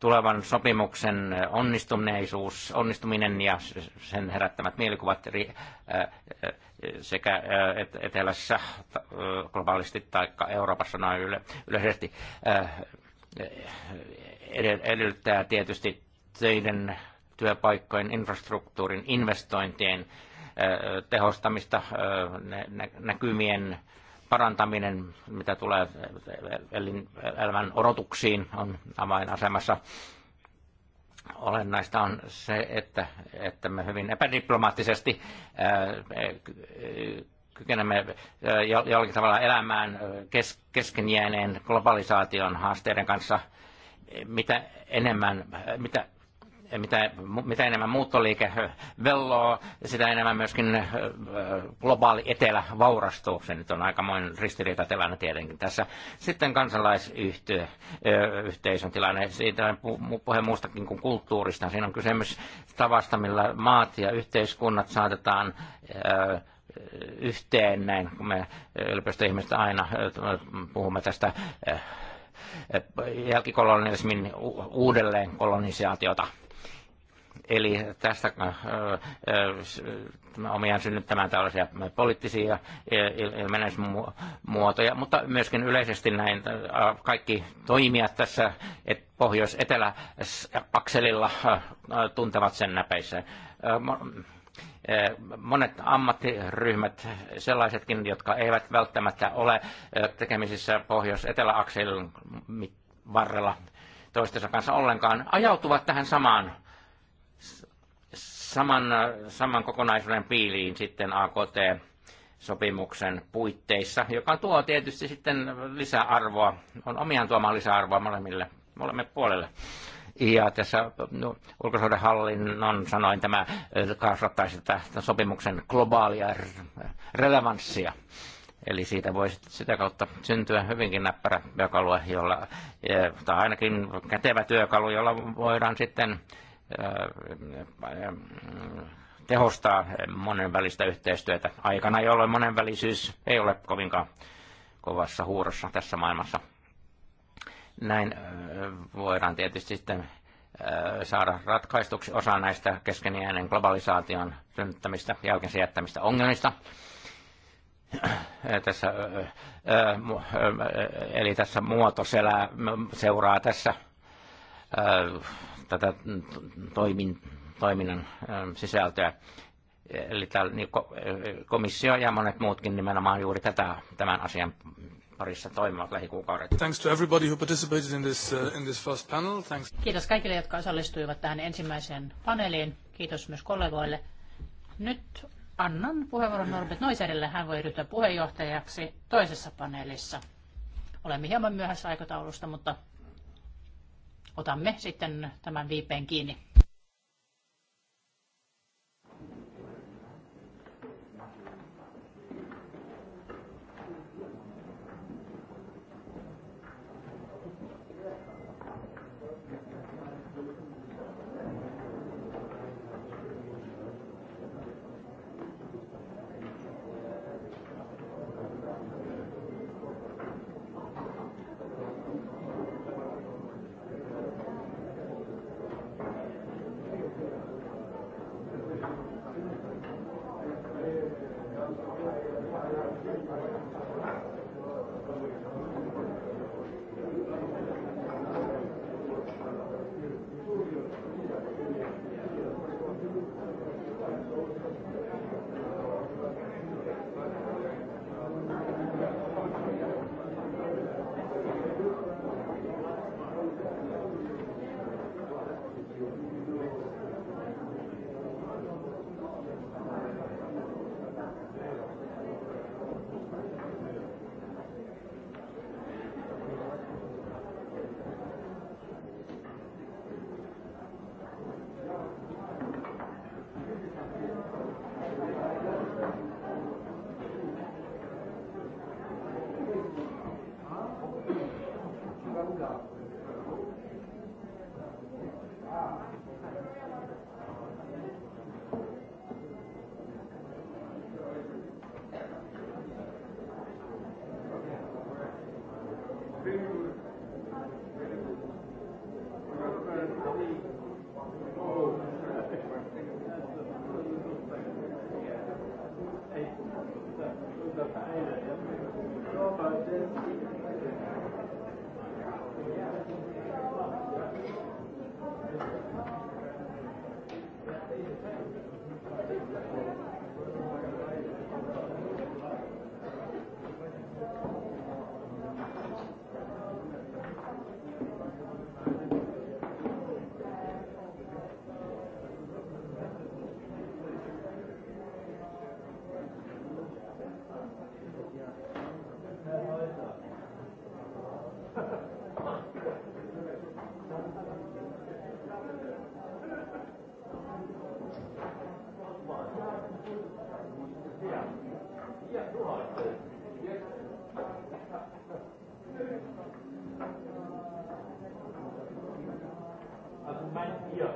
tulevan sopimuksen onnistuneisuus, onnistuminen ja sen herättämät mielikuvat äh, äh, sekä äh, etelässä globaalisti tai Euroopassa noin yle, yleisesti edellyttää tietysti teidän työpaikkojen, infrastruktuurin, investointien tehostamista, näkymien parantaminen, mitä tulee elämän odotuksiin, on avainasemassa. Olennaista on se, että, että me hyvin epädiplomaattisesti äh, kykenemme äh, jollakin tavalla elämään äh, kes, kesken jääneen globalisaation haasteiden kanssa. Mitä enemmän, mitä mitä, mitä enemmän muuttoliike velloo, sitä enemmän myöskin globaali etelä vaurastuu. Se nyt on aikamoinen tilanne tietenkin tässä. Sitten kansalaisyhteisön tilanne, siitä on puhe muustakin kuin kulttuurista. Siinä on kysymys tavasta, millä maat ja yhteiskunnat saatetaan yhteen näin, kun me yliopistoihmiset aina puhumme tästä jälkikolonialismin uudelleen kolonisaatiota Eli tästä äh, äh, äh, omiaan synnyttämään tällaisia poliittisia ilmenemismuotoja, mutta myöskin yleisesti näin kaikki toimijat tässä pohjois-etelä-akselilla tuntevat sen näpeissä monet ammattiryhmät, sellaisetkin, jotka eivät välttämättä ole tekemisissä pohjois akselin varrella toistensa kanssa ollenkaan, ajautuvat tähän samaan saman, saman kokonaisuuden piiliin sitten AKT sopimuksen puitteissa, joka tuo tietysti sitten lisäarvoa, on omiaan tuomaan lisäarvoa molemmille, molemmille puolelle. Ja tässä no, ulkosuhdehallinnon sanoin tämä eh, kasvattaisi tätä sopimuksen globaalia relevanssia. Eli siitä voi sitä kautta syntyä hyvinkin näppärä työkalu, jolla, eh, tai ainakin kätevä työkalu, jolla voidaan sitten tehostaa monenvälistä yhteistyötä aikana, jolloin monenvälisyys ei ole kovinkaan kovassa huurossa tässä maailmassa. Näin voidaan tietysti sitten saada ratkaistuksi osa näistä keskeniäinen globalisaation synnyttämistä, jälkensä jättämistä ongelmista. tässä, eli tässä muoto seuraa tässä tätä toimin, toiminnan ähm, sisältöä. Eli niin komissio ja monet muutkin nimenomaan juuri tätä, tämän asian parissa toimivat lähikuukaudet. Thanks to everybody who participated in this, uh, in this first panel. Thanks. Kiitos kaikille, jotka osallistuivat tähän ensimmäiseen paneeliin. Kiitos myös kollegoille. Nyt annan puheenvuoron Norbert Noiserille. Hän voi ryhtyä puheenjohtajaksi toisessa paneelissa. Olemme hieman myöhässä aikataulusta, mutta otamme sitten tämän viipeen kiinni. Thank you.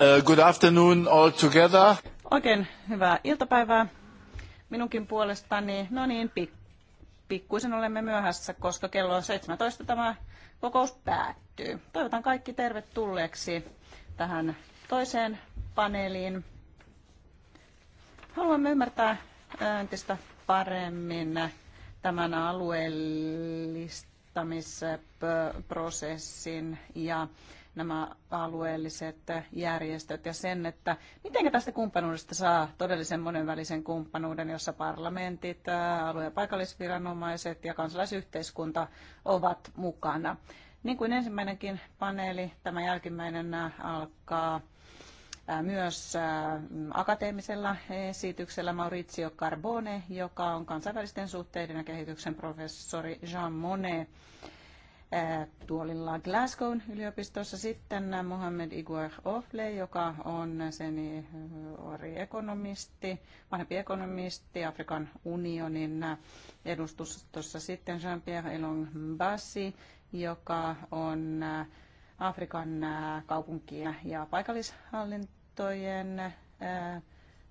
Uh, good afternoon all together. Oikein hyvää iltapäivää minunkin puolestani. No niin, pikkuisen olemme myöhässä, koska kello on 17 tämä kokous päättyy. Toivotan kaikki tervetulleeksi tähän toiseen paneeliin. Haluamme ymmärtää entistä paremmin tämän alueellistamisprosessin ja nämä alueelliset järjestöt ja sen, että miten tästä kumppanuudesta saa todellisen monenvälisen kumppanuuden, jossa parlamentit, alue- ja paikallisviranomaiset ja kansalaisyhteiskunta ovat mukana. Niin kuin ensimmäinenkin paneeli, tämä jälkimmäinen alkaa myös akateemisella esityksellä Maurizio Carbone, joka on kansainvälisten suhteiden ja kehityksen professori Jean Monnet tuolilla Glasgown yliopistossa. Sitten Mohamed Igor Ofle, joka on seni ekonomisti, vanhempi ekonomisti Afrikan unionin edustustossa. Sitten Jean-Pierre Elon Bassi, joka on Afrikan kaupunkien ja paikallishallintojen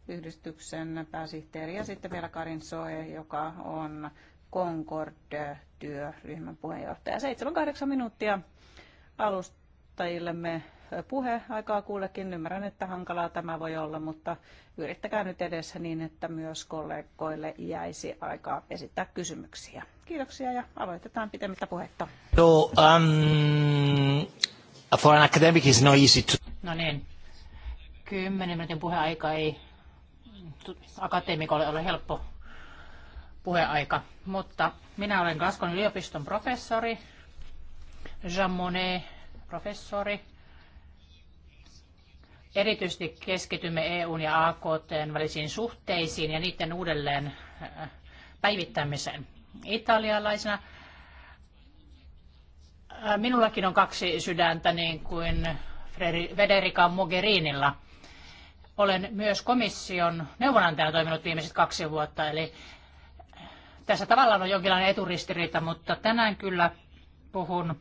yhdistyksen pääsihteeri ja sitten vielä Karin Soe, joka on Concord-työryhmän puheenjohtaja. 7-8 minuuttia alustajillemme puheaikaa kuullekin. Ymmärrän, että hankalaa tämä voi olla, mutta yrittäkää nyt edessä niin, että myös kollegoille jäisi aikaa esittää kysymyksiä. Kiitoksia ja aloitetaan pitemmittä puhetta. So, um, for an academic is no easy to... No niin, kymmenen minuutin puheaika ei akateemikolle ole helppo puheaika, mutta minä olen Glasgown yliopiston professori, Jean Monnet professori. Erityisesti keskitymme EUn ja AKTn välisiin suhteisiin ja niiden uudelleen äh, päivittämiseen. Italialaisena äh, minullakin on kaksi sydäntä niin kuin Federica Mogherinilla. Olen myös komission neuvonantajana toiminut viimeiset kaksi vuotta, eli tässä tavallaan on jonkinlainen eturistiriita, mutta tänään kyllä puhun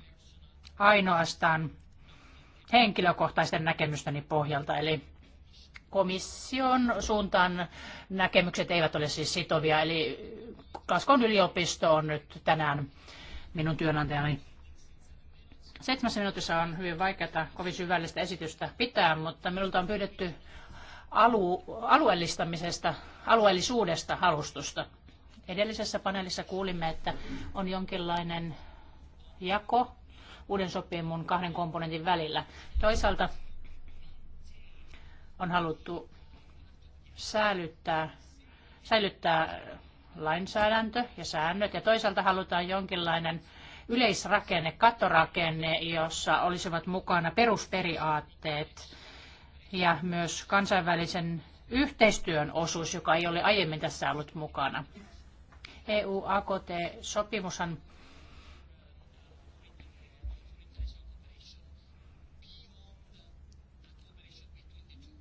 ainoastaan henkilökohtaisten näkemysteni pohjalta. Eli komission suuntaan näkemykset eivät ole siis sitovia. Eli Kaskon yliopisto on nyt tänään minun työnantajani. Seitsemässä minuutissa on hyvin vaikeaa kovin syvällistä esitystä pitää, mutta minulta on pyydetty alu, alueellistamisesta, alueellisuudesta halustusta. Edellisessä paneelissa kuulimme, että on jonkinlainen jako uuden sopimun kahden komponentin välillä. Toisaalta on haluttu säilyttää, säilyttää lainsäädäntö ja säännöt ja toisaalta halutaan jonkinlainen yleisrakenne, kattorakenne, jossa olisivat mukana perusperiaatteet ja myös kansainvälisen yhteistyön osuus, joka ei ole aiemmin tässä ollut mukana. EU-AKT-sopimushan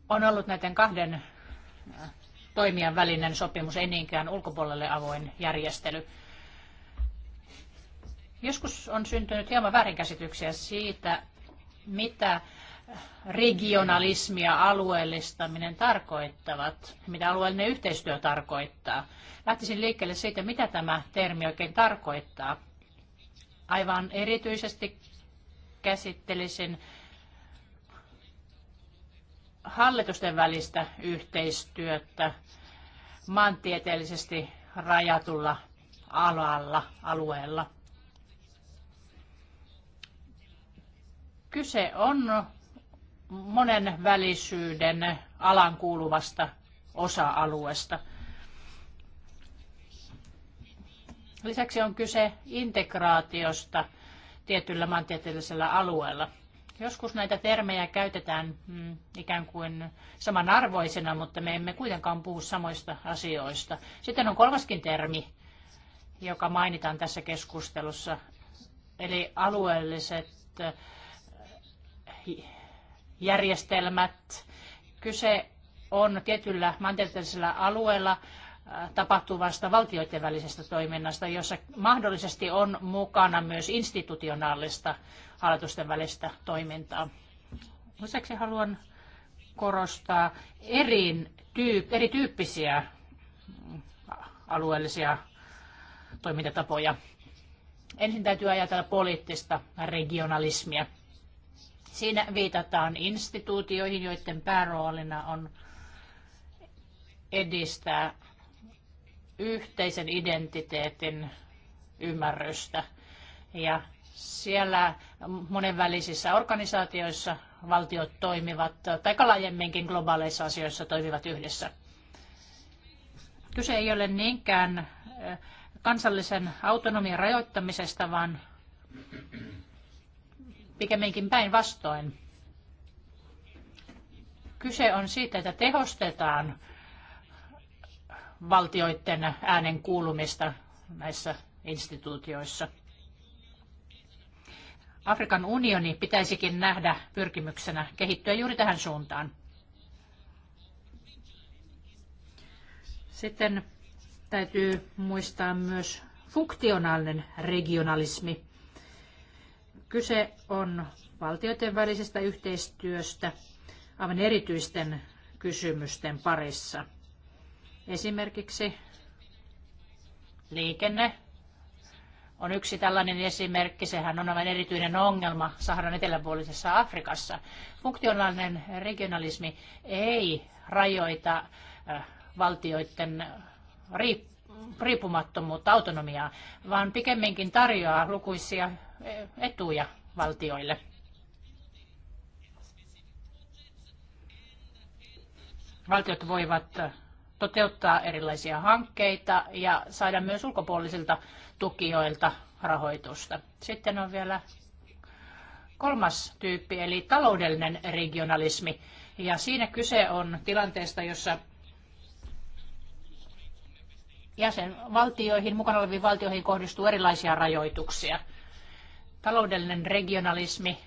on ollut näiden kahden äh, toimijan välinen sopimus, ei niinkään ulkopuolelle avoin järjestely. Joskus on syntynyt hieman väärinkäsityksiä siitä, mitä regionalismi ja alueellistaminen tarkoittavat, mitä alueellinen yhteistyö tarkoittaa. Lähtisin liikkeelle siitä, mitä tämä termi oikein tarkoittaa. Aivan erityisesti käsittelisin hallitusten välistä yhteistyötä maantieteellisesti rajatulla alalla, alueella. Kyse on monen välisyyden alan kuuluvasta osa-alueesta. Lisäksi on kyse integraatiosta tietyllä maantieteellisellä alueella. Joskus näitä termejä käytetään mm, ikään kuin samanarvoisena, mutta me emme kuitenkaan puhu samoista asioista. Sitten on kolmaskin termi, joka mainitaan tässä keskustelussa, eli alueelliset eh, järjestelmät. Kyse on tietyllä maantieteellisellä alueella äh, tapahtuvasta valtioiden välisestä toiminnasta, jossa mahdollisesti on mukana myös institutionaalista hallitusten välistä toimintaa. Lisäksi haluan korostaa erityyp, erityyppisiä alueellisia toimintatapoja. Ensin täytyy ajatella poliittista regionalismia. Siinä viitataan instituutioihin, joiden pääroolina on edistää yhteisen identiteetin ymmärrystä. Ja siellä monenvälisissä organisaatioissa valtiot toimivat, tai laajemminkin globaaleissa asioissa toimivat yhdessä. Kyse ei ole niinkään eh, kansallisen autonomian rajoittamisesta, vaan pikemminkin päinvastoin. Kyse on siitä, että tehostetaan valtioiden äänen kuulumista näissä instituutioissa. Afrikan unioni pitäisikin nähdä pyrkimyksenä kehittyä juuri tähän suuntaan. Sitten täytyy muistaa myös funktionaalinen regionalismi. Kyse on valtioiden välisestä yhteistyöstä aivan erityisten kysymysten parissa. Esimerkiksi liikenne on yksi tällainen esimerkki. Sehän on aivan erityinen ongelma Saharan eteläpuolisessa Afrikassa. Funktionaalinen regionalismi ei rajoita äh, valtioiden riippumattomuutta, autonomiaa, vaan pikemminkin tarjoaa lukuisia etuja valtioille. Valtiot voivat toteuttaa erilaisia hankkeita ja saada myös ulkopuolisilta tukijoilta rahoitusta. Sitten on vielä kolmas tyyppi, eli taloudellinen regionalismi. Ja siinä kyse on tilanteesta, jossa jäsenvaltioihin, mukana oleviin valtioihin kohdistuu erilaisia rajoituksia – Taloudellinen regionalismi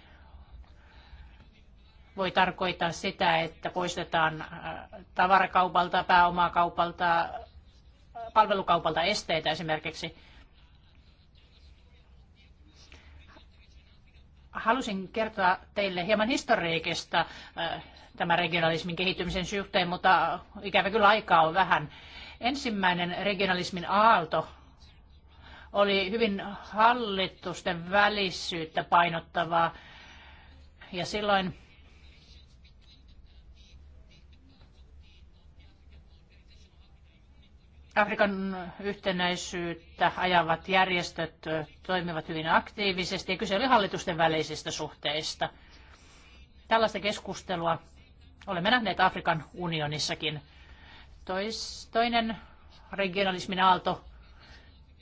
voi tarkoittaa sitä, että poistetaan äh, tavarakaupalta, pääomakaupalta, palvelukaupalta esteitä esimerkiksi. Halusin kertoa teille hieman historiikista äh, tämän regionalismin kehittymisen suhteen, mutta ikävä kyllä aikaa on vähän. Ensimmäinen regionalismin aalto oli hyvin hallitusten välisyyttä painottavaa. Ja silloin Afrikan yhtenäisyyttä ajavat järjestöt toimivat hyvin aktiivisesti ja kyse oli hallitusten välisistä suhteista. Tällaista keskustelua olemme nähneet Afrikan unionissakin. Tois, toinen regionalismin aalto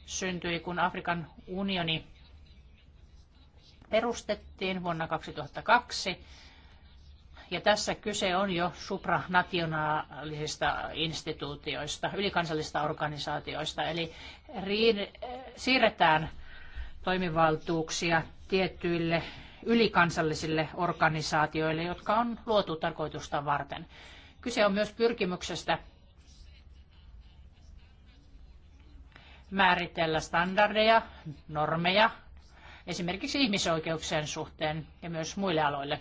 syntyi, kun Afrikan unioni perustettiin vuonna 2002. Ja tässä kyse on jo supranationaalisista instituutioista, ylikansallisista organisaatioista. Eli riin, siirretään toimivaltuuksia tiettyille ylikansallisille organisaatioille, jotka on luotu tarkoitusta varten. Kyse on myös pyrkimyksestä määritellä standardeja, normeja, esimerkiksi ihmisoikeuksien suhteen ja myös muille aloille.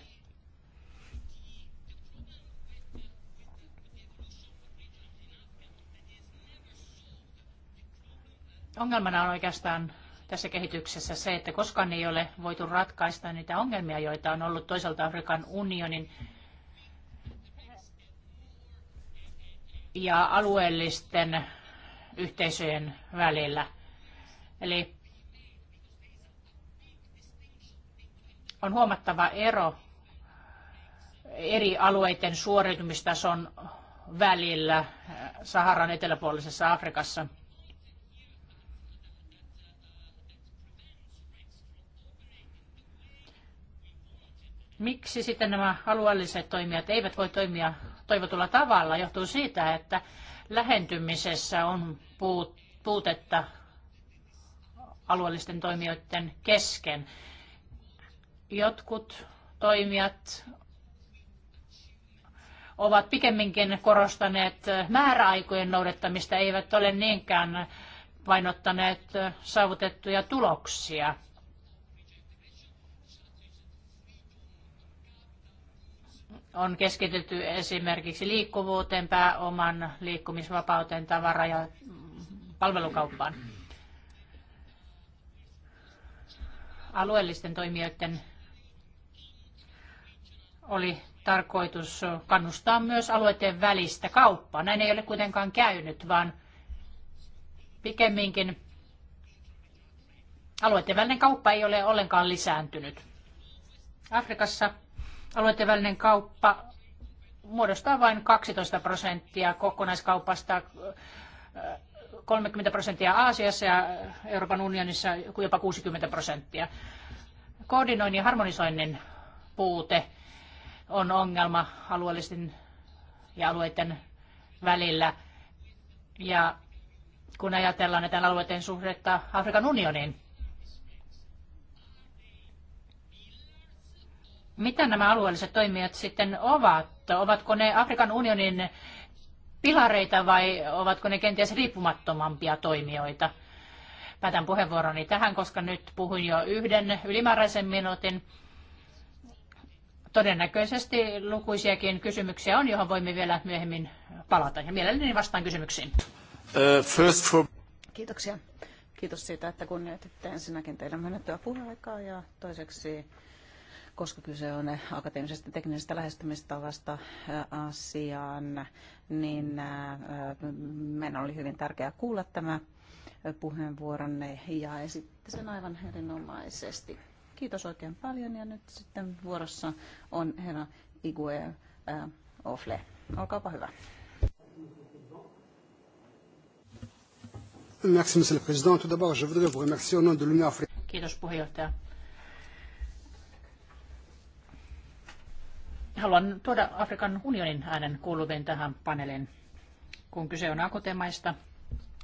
Ongelmana on oikeastaan tässä kehityksessä se, että koskaan ei ole voitu ratkaista niitä ongelmia, joita on ollut toisaalta Afrikan unionin ja alueellisten yhteisöjen välillä. Eli on huomattava ero eri alueiden suoriutumistason välillä eh, Saharan eteläpuolisessa Afrikassa. Miksi sitten nämä alueelliset toimijat eivät voi toimia toivotulla tavalla? Johtuu siitä, että lähentymisessä on puutetta alueellisten toimijoiden kesken. Jotkut toimijat ovat pikemminkin korostaneet määräaikojen noudattamista, eivät ole niinkään painottaneet saavutettuja tuloksia. On keskitytty esimerkiksi liikkuvuuteen, pääoman liikkumisvapauteen, tavara- ja palvelukauppaan. Alueellisten toimijoiden oli tarkoitus kannustaa myös alueiden välistä kauppaa. Näin ei ole kuitenkaan käynyt, vaan pikemminkin alueiden välinen kauppa ei ole ollenkaan lisääntynyt. Afrikassa alueiden välinen kauppa muodostaa vain 12 prosenttia kokonaiskaupasta 30 prosenttia Aasiassa ja Euroopan unionissa jopa 60 prosenttia. Koordinoinnin ja harmonisoinnin puute on ongelma alueellisten ja alueiden välillä. Ja kun ajatellaan näiden alueiden suhdetta Afrikan unioniin, mitä nämä alueelliset toimijat sitten ovat? Ovatko ne Afrikan unionin pilareita vai ovatko ne kenties riippumattomampia toimijoita? Päätän puheenvuoroni tähän, koska nyt puhuin jo yhden ylimääräisen minuutin. Todennäköisesti lukuisiakin kysymyksiä on, johon voimme vielä myöhemmin palata. Ja mielelläni vastaan kysymyksiin. Uh, first for... Kiitoksia. Kiitos siitä, että kunnioititte ensinnäkin teidän myönnettyä puheenaikaa ja toiseksi koska kyse on akateemisesta teknisestä lähestymistavasta asiaan, niin meidän oli hyvin tärkeää kuulla tämä puheenvuoronne ja esitti sen aivan erinomaisesti. Kiitos oikein paljon ja nyt sitten vuorossa on herra Igue Ofle. Olkaapa hyvä. Merci, monsieur le président. Tout d'abord, je voudrais vous remercier au nom de l'Union africaine. Kiitos puheenjohtaja. haluan tuoda Afrikan unionin äänen kuuluviin tähän paneeliin, kun kyse on akutemaista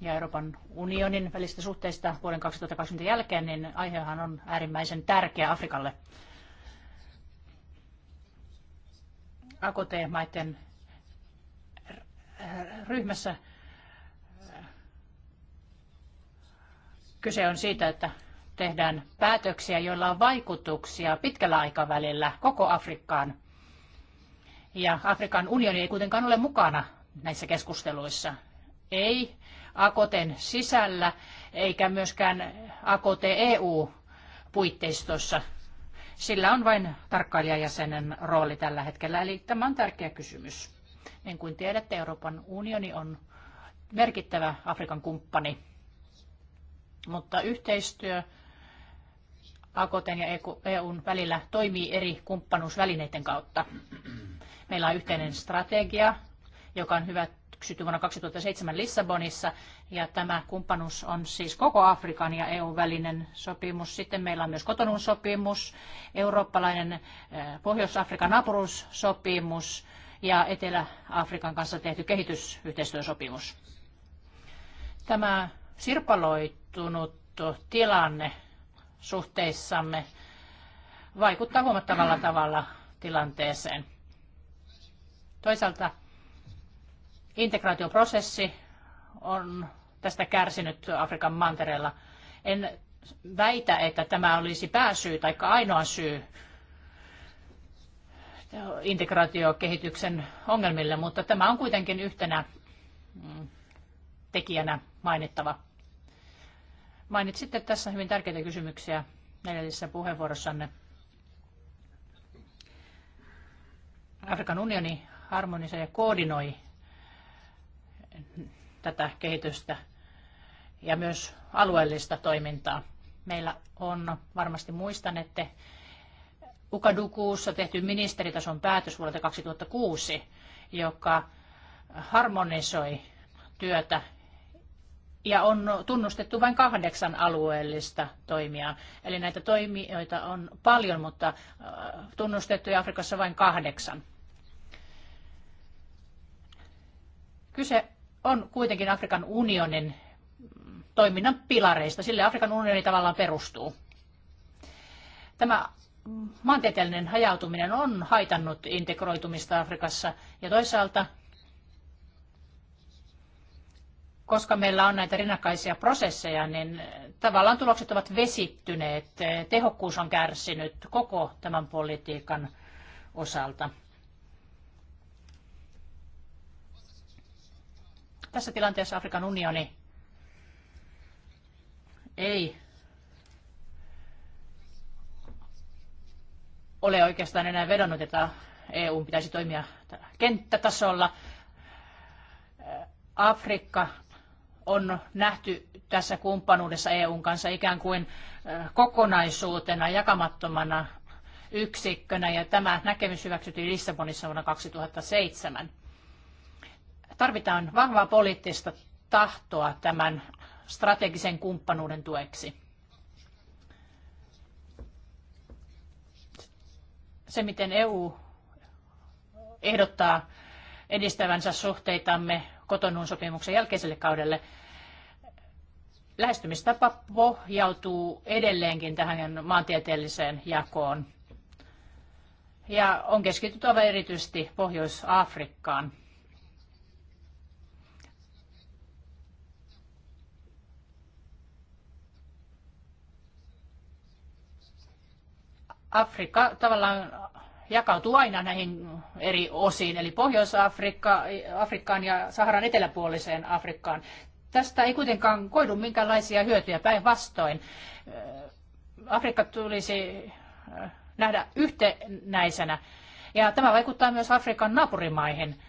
ja Euroopan unionin välisistä suhteista vuoden 2020 jälkeen, niin aihehan on äärimmäisen tärkeä Afrikalle. AKT-maiden ryhmässä kyse on siitä, että tehdään päätöksiä, joilla on vaikutuksia pitkällä aikavälillä koko Afrikkaan – ja Afrikan unioni ei kuitenkaan ole mukana näissä keskusteluissa. Ei AKTn sisällä eikä myöskään AKT-EU-puitteistossa. E Sillä on vain tarkkailijajäsenen rooli tällä hetkellä, eli tämä on tärkeä kysymys. Niin kuin tiedätte, Euroopan unioni on merkittävä Afrikan kumppani, mutta yhteistyö AKTn ja EUn e välillä toimii eri kumppanuusvälineiden kautta. Meillä on yhteinen strategia, joka on syty vuonna 2007 Lissabonissa, ja tämä kumppanuus on siis koko Afrikan ja EU välinen sopimus. Sitten meillä on myös kotonun sopimus, eurooppalainen eh, Pohjois-Afrikan naapuruussopimus ja Etelä-Afrikan kanssa tehty kehitysyhteistyösopimus. Tämä sirpaloitunut tilanne suhteissamme vaikuttaa huomattavalla tavalla tilanteeseen. Toisaalta integraatioprosessi on tästä kärsinyt Afrikan mantereella. En väitä, että tämä olisi pääsyy tai ainoa syy integraatiokehityksen ongelmille, mutta tämä on kuitenkin yhtenä mm, tekijänä mainittava. Mainitsitte tässä hyvin tärkeitä kysymyksiä neljällisessä puheenvuorossanne. Afrikan unioni harmonisoi ja koordinoi tätä kehitystä ja myös alueellista toimintaa. Meillä on, varmasti muistan, että Ukadukuussa tehty ministeritason päätös vuodelta 2006, joka harmonisoi työtä ja on tunnustettu vain kahdeksan alueellista toimijaa. Eli näitä toimijoita on paljon, mutta äh, tunnustettuja Afrikassa vain kahdeksan. Kyse on kuitenkin Afrikan unionin toiminnan pilareista. Sille Afrikan unioni tavallaan perustuu. Tämä maantieteellinen hajautuminen on haitannut integroitumista Afrikassa ja toisaalta koska meillä on näitä rinnakkaisia prosesseja, niin tavallaan tulokset ovat vesittyneet, tehokkuus on kärsinyt koko tämän politiikan osalta. Tässä tilanteessa Afrikan unioni ei ole oikeastaan enää vedonnut, että EU pitäisi toimia kenttätasolla. Afrikka on nähty tässä kumppanuudessa EUn kanssa ikään kuin kokonaisuutena, jakamattomana yksikkönä, ja tämä näkemys hyväksyttiin Lissabonissa vuonna 2007. Tarvitaan vahvaa poliittista tahtoa tämän strategisen kumppanuuden tueksi. Se, miten EU ehdottaa edistävänsä suhteitamme kotonun sopimuksen jälkeiselle kaudelle, lähestymistapa pohjautuu edelleenkin tähän maantieteelliseen jakoon. Ja on keskityttävä erityisesti Pohjois-Afrikkaan. Afrikka tavallaan jakautuu aina näihin eri osiin, eli Pohjois-Afrikkaan ja Saharan eteläpuoliseen Afrikkaan. Tästä ei kuitenkaan koidu minkäänlaisia hyötyjä päinvastoin. Afrikka tulisi äh, nähdä yhtenäisenä. Ja tämä vaikuttaa myös Afrikan naapurimaihin.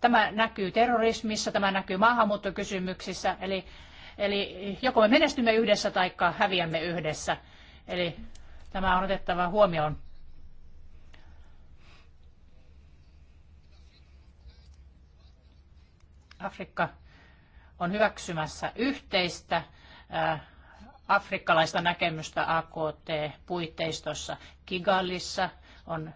Tämä näkyy terrorismissa, tämä näkyy maahanmuuttokysymyksissä. Eli, eli joko me menestymme yhdessä tai häviämme yhdessä. Eli Tämä on otettava huomioon. Afrikka on hyväksymässä yhteistä äh, afrikkalaista näkemystä AKT-puitteistossa. Kigalissa on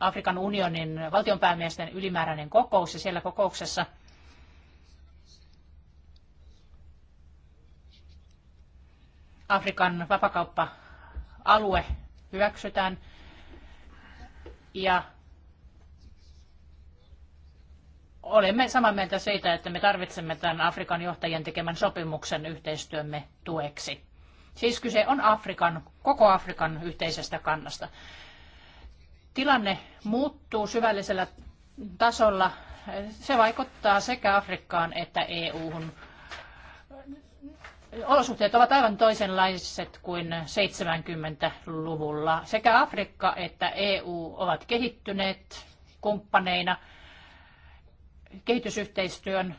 Afrikan unionin valtionpäämiesten ylimääräinen kokous ja siellä kokouksessa Afrikan vapakauppa alue hyväksytään. Ja olemme samaa mieltä siitä, että me tarvitsemme tämän Afrikan johtajien tekemän sopimuksen yhteistyömme tueksi. Siis kyse on Afrikan, koko Afrikan yhteisestä kannasta. Tilanne muuttuu syvällisellä tasolla. Se vaikuttaa sekä Afrikkaan että EU-hun olosuhteet ovat aivan toisenlaiset kuin 70-luvulla. Sekä Afrikka että EU ovat kehittyneet kumppaneina. Kehitysyhteistyön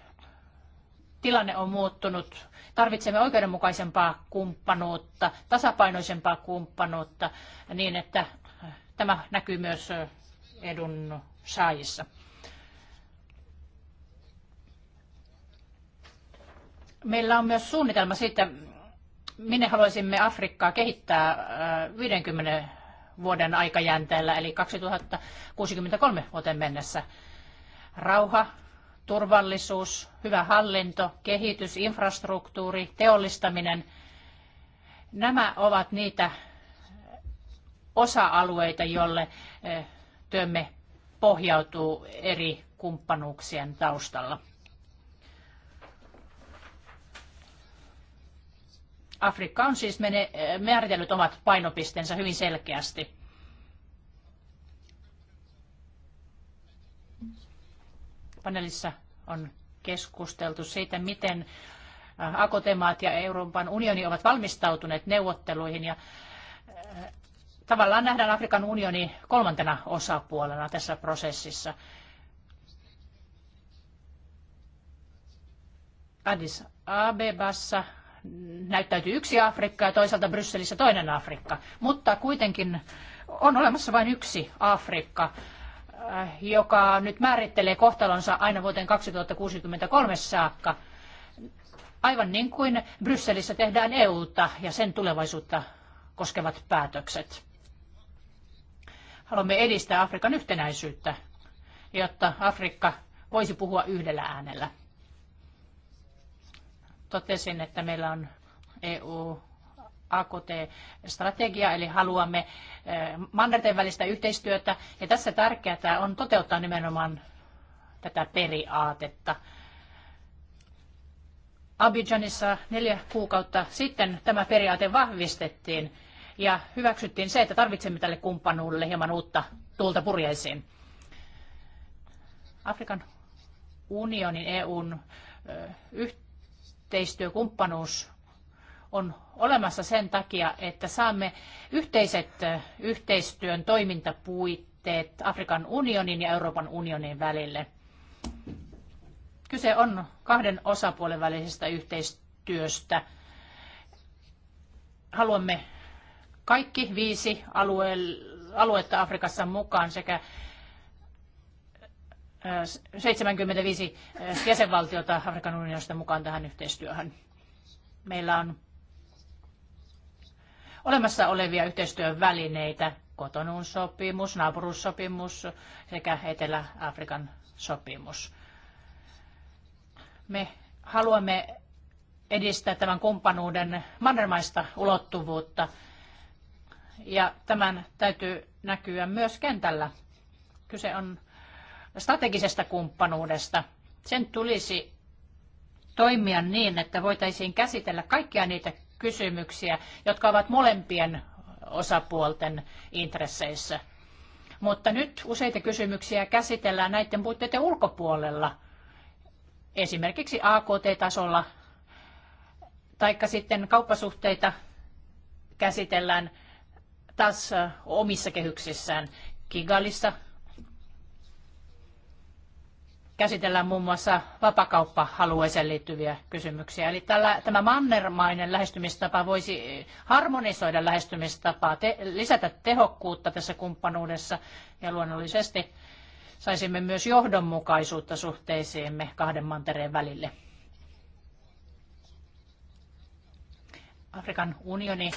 tilanne on muuttunut. Tarvitsemme oikeudenmukaisempaa kumppanuutta, tasapainoisempaa kumppanuutta niin, että tämä näkyy myös edun saajissa. Meillä on myös suunnitelma siitä, minne haluaisimme Afrikkaa kehittää 50 äh, vuoden aikajänteellä, eli 2063 vuoteen mennessä. Rauha, turvallisuus, hyvä hallinto, kehitys, infrastruktuuri, teollistaminen. Nämä ovat niitä osa-alueita, jolle äh, työmme pohjautuu eri kumppanuuksien taustalla. Afrikka on siis eh, määritellyt omat painopistensä hyvin selkeästi. Panelissa on keskusteltu siitä, miten eh, akotemaat ja Euroopan unioni ovat valmistautuneet neuvotteluihin ja eh, tavallaan nähdään Afrikan unioni kolmantena osapuolena tässä prosessissa. Addis Abebassa näyttäytyy yksi Afrikka ja toisaalta Brysselissä toinen Afrikka. Mutta kuitenkin on olemassa vain yksi Afrikka, äh, joka nyt määrittelee kohtalonsa aina vuoteen 2063 saakka. Aivan niin kuin Brysselissä tehdään ta ja sen tulevaisuutta koskevat päätökset. Haluamme edistää Afrikan yhtenäisyyttä, jotta Afrikka voisi puhua yhdellä äänellä totesin, että meillä on EU AKT-strategia, eli haluamme eh, mannerten välistä yhteistyötä. Ja tässä tärkeää on toteuttaa nimenomaan tätä periaatetta. Abidjanissa neljä kuukautta sitten tämä periaate vahvistettiin ja hyväksyttiin se, että tarvitsemme tälle kumppanuudelle hieman uutta tuulta purjeisiin. Afrikan unionin EUn eh, yhteistyö yhteistyökumppanuus on olemassa sen takia, että saamme yhteiset yhteistyön toimintapuitteet Afrikan unionin ja Euroopan unionin välille. Kyse on kahden osapuolen välisestä yhteistyöstä. Haluamme kaikki viisi aluetta Afrikassa mukaan sekä 75 jäsenvaltiota Afrikan unionista mukaan tähän yhteistyöhön. Meillä on olemassa olevia yhteistyön välineitä, kotonuun sopimus, naapuruussopimus sekä Etelä-Afrikan sopimus. Me haluamme edistää tämän kumppanuuden mannermaista ulottuvuutta ja tämän täytyy näkyä myös kentällä. Kyse on strategisesta kumppanuudesta. Sen tulisi toimia niin, että voitaisiin käsitellä kaikkia niitä kysymyksiä, jotka ovat molempien osapuolten intresseissä. Mutta nyt useita kysymyksiä käsitellään näiden puitteiden ulkopuolella, esimerkiksi AKT-tasolla, taikka sitten kauppasuhteita käsitellään taas omissa kehyksissään Kigalissa käsitellään muun muassa vapakauppa-alueeseen liittyviä kysymyksiä. Eli tällä, tämä mannermainen lähestymistapa voisi harmonisoida lähestymistapaa, te, lisätä tehokkuutta tässä kumppanuudessa ja luonnollisesti saisimme myös johdonmukaisuutta suhteisiimme kahden mantereen välille. Afrikan unioni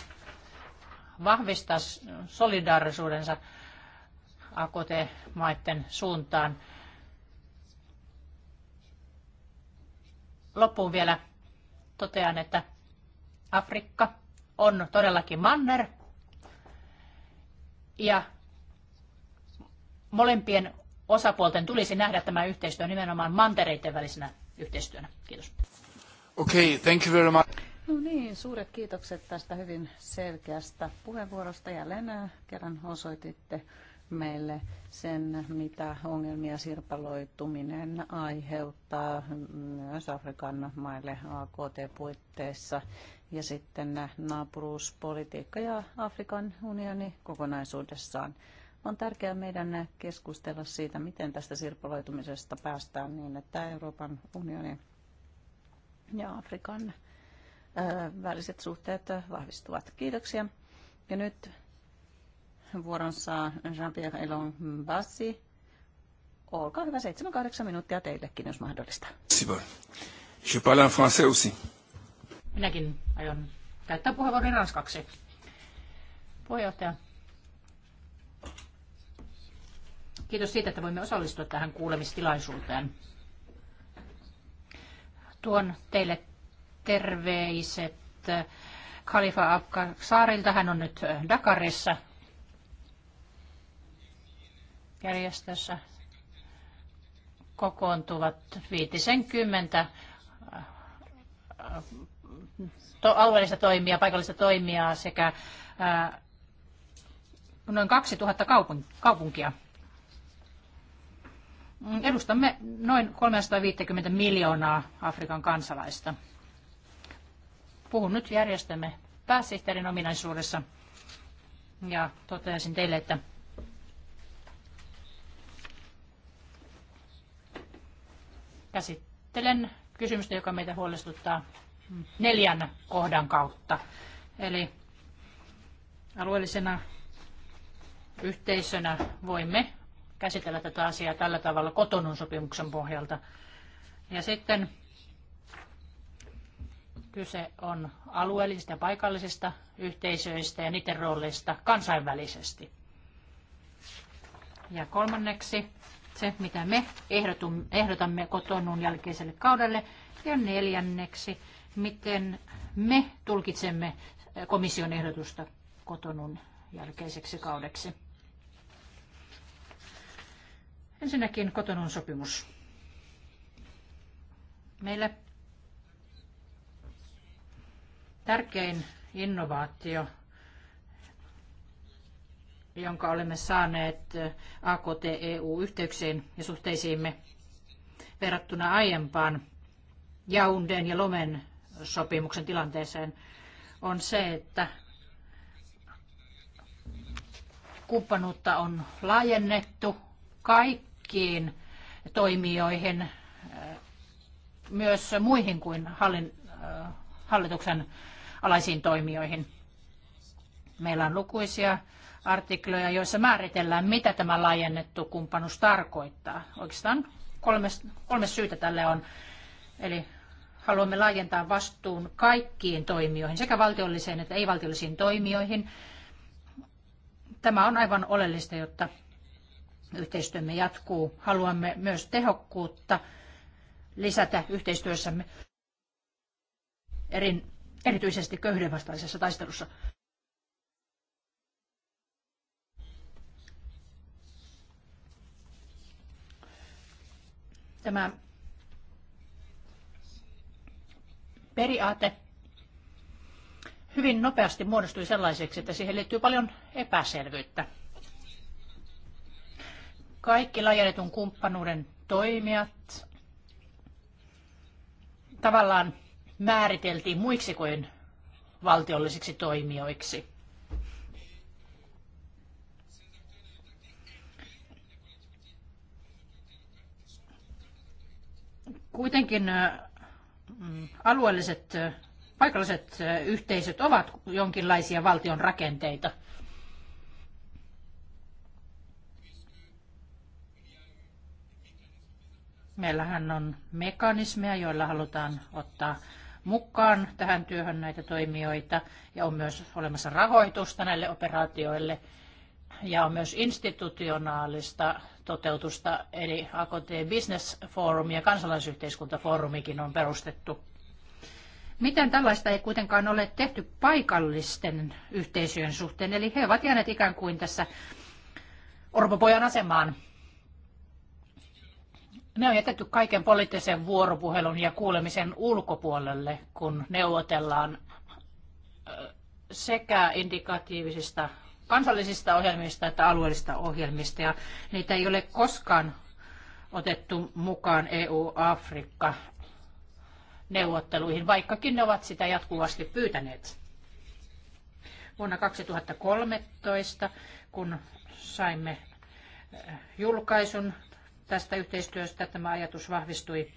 vahvistaa solidaarisuudensa AKT-maiden suuntaan. loppuun vielä totean, että Afrikka on todellakin manner. Ja molempien osapuolten tulisi nähdä tämä yhteistyö nimenomaan mantereiden välisenä yhteistyönä. Kiitos. Okay, thank you very much. No niin, suuret kiitokset tästä hyvin selkeästä puheenvuorosta. Jälleen äh, kerran osoititte meille sen, mitä ongelmia sirpaloituminen aiheuttaa myös Afrikan maille AKT-puitteissa. Ja sitten naapuruuspolitiikka ja Afrikan unioni kokonaisuudessaan. On tärkeää meidän keskustella siitä, miten tästä sirpaloitumisesta päästään niin, että Euroopan unioni ja Afrikan väliset suhteet vahvistuvat. Kiitoksia. Ja nyt vuoron saa Jean-Pierre Elon Bassi. Olkaa hyvä, 7-8 minuuttia teillekin, jos mahdollista. Je parle en français aussi. Minäkin aion käyttää puheenvuoron ranskaksi. Puheenjohtaja, kiitos siitä, että voimme osallistua tähän kuulemistilaisuuteen. Tuon teille terveiset äh, Khalifa Abkar saarilta. Hän on nyt Dakarissa kärjestössä kokoontuvat 50 to, alueellista toimia, paikallista toimijaa sekä ää, noin 2000 kaupun, kaupunkia. Edustamme noin 350 miljoonaa Afrikan kansalaista. Puhun nyt järjestämme pääsihteerin ominaisuudessa ja toteaisin teille, että käsittelen kysymystä, joka meitä huolestuttaa neljän kohdan kautta. Eli alueellisena yhteisönä voimme käsitellä tätä asiaa tällä tavalla kotonun sopimuksen pohjalta. Ja sitten kyse on alueellisista ja paikallisista yhteisöistä ja niiden rooleista kansainvälisesti. Ja kolmanneksi se, mitä me ehdotamme kotonun jälkeiselle kaudelle. Ja neljänneksi, miten me tulkitsemme komission ehdotusta kotonun jälkeiseksi kaudeksi. Ensinnäkin kotonun sopimus. Meille tärkein innovaatio jonka olemme saaneet eh, AKT-EU-yhteyksiin ja suhteisiimme verrattuna aiempaan Jaundeen ja Lomen sopimuksen tilanteeseen, on se, että kumppanuutta on laajennettu kaikkiin toimijoihin, eh, myös muihin kuin hallin, eh, hallituksen alaisiin toimijoihin. Meillä on lukuisia artikloja, joissa määritellään, mitä tämä laajennettu kumppanuus tarkoittaa. Oikeastaan kolme, kolme syytä tälle on. Eli haluamme laajentaa vastuun kaikkiin toimijoihin, sekä valtiolliseen että ei-valtiollisiin toimijoihin. Tämä on aivan oleellista, jotta yhteistyömme jatkuu. Haluamme myös tehokkuutta lisätä yhteistyössämme erin, erityisesti köyhdenvastaisessa taistelussa. Tämä periaate hyvin nopeasti muodostui sellaiseksi, että siihen liittyy paljon epäselvyyttä. Kaikki laajennetun kumppanuuden toimijat tavallaan määriteltiin muiksi kuin valtiollisiksi toimijoiksi. Kuitenkin mm, alueelliset paikalliset yhteisöt ovat jonkinlaisia valtion rakenteita. Meillähän on mekanismeja, joilla halutaan ottaa mukaan tähän työhön näitä toimijoita ja on myös olemassa rahoitusta näille operaatioille ja on myös institutionaalista toteutusta, eli AKT Business Forum ja kansalaisyhteiskuntafoorumikin on perustettu. Miten tällaista ei kuitenkaan ole tehty paikallisten yhteisöjen suhteen, eli he ovat jääneet ikään kuin tässä orpopojan asemaan. Ne on jätetty kaiken poliittisen vuoropuhelun ja kuulemisen ulkopuolelle, kun neuvotellaan sekä indikatiivisista kansallisista ohjelmista että alueellisista ohjelmista ja niitä ei ole koskaan otettu mukaan EU-Afrikka neuvotteluihin, vaikkakin ne ovat sitä jatkuvasti pyytäneet. Vuonna 2013, kun saimme eh, julkaisun tästä yhteistyöstä, tämä ajatus vahvistui.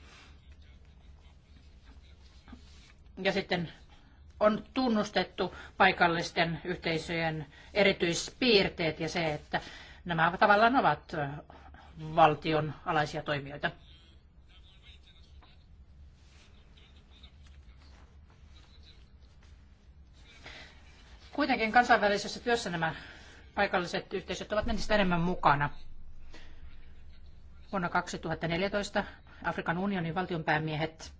Ja sitten on tunnustettu paikallisten yhteisöjen erityispiirteet ja se, että nämä tavallaan ovat valtion alaisia toimijoita. Kuitenkin kansainvälisessä työssä nämä paikalliset yhteisöt ovat entistä enemmän mukana. Vuonna 2014 Afrikan unionin valtionpäämiehet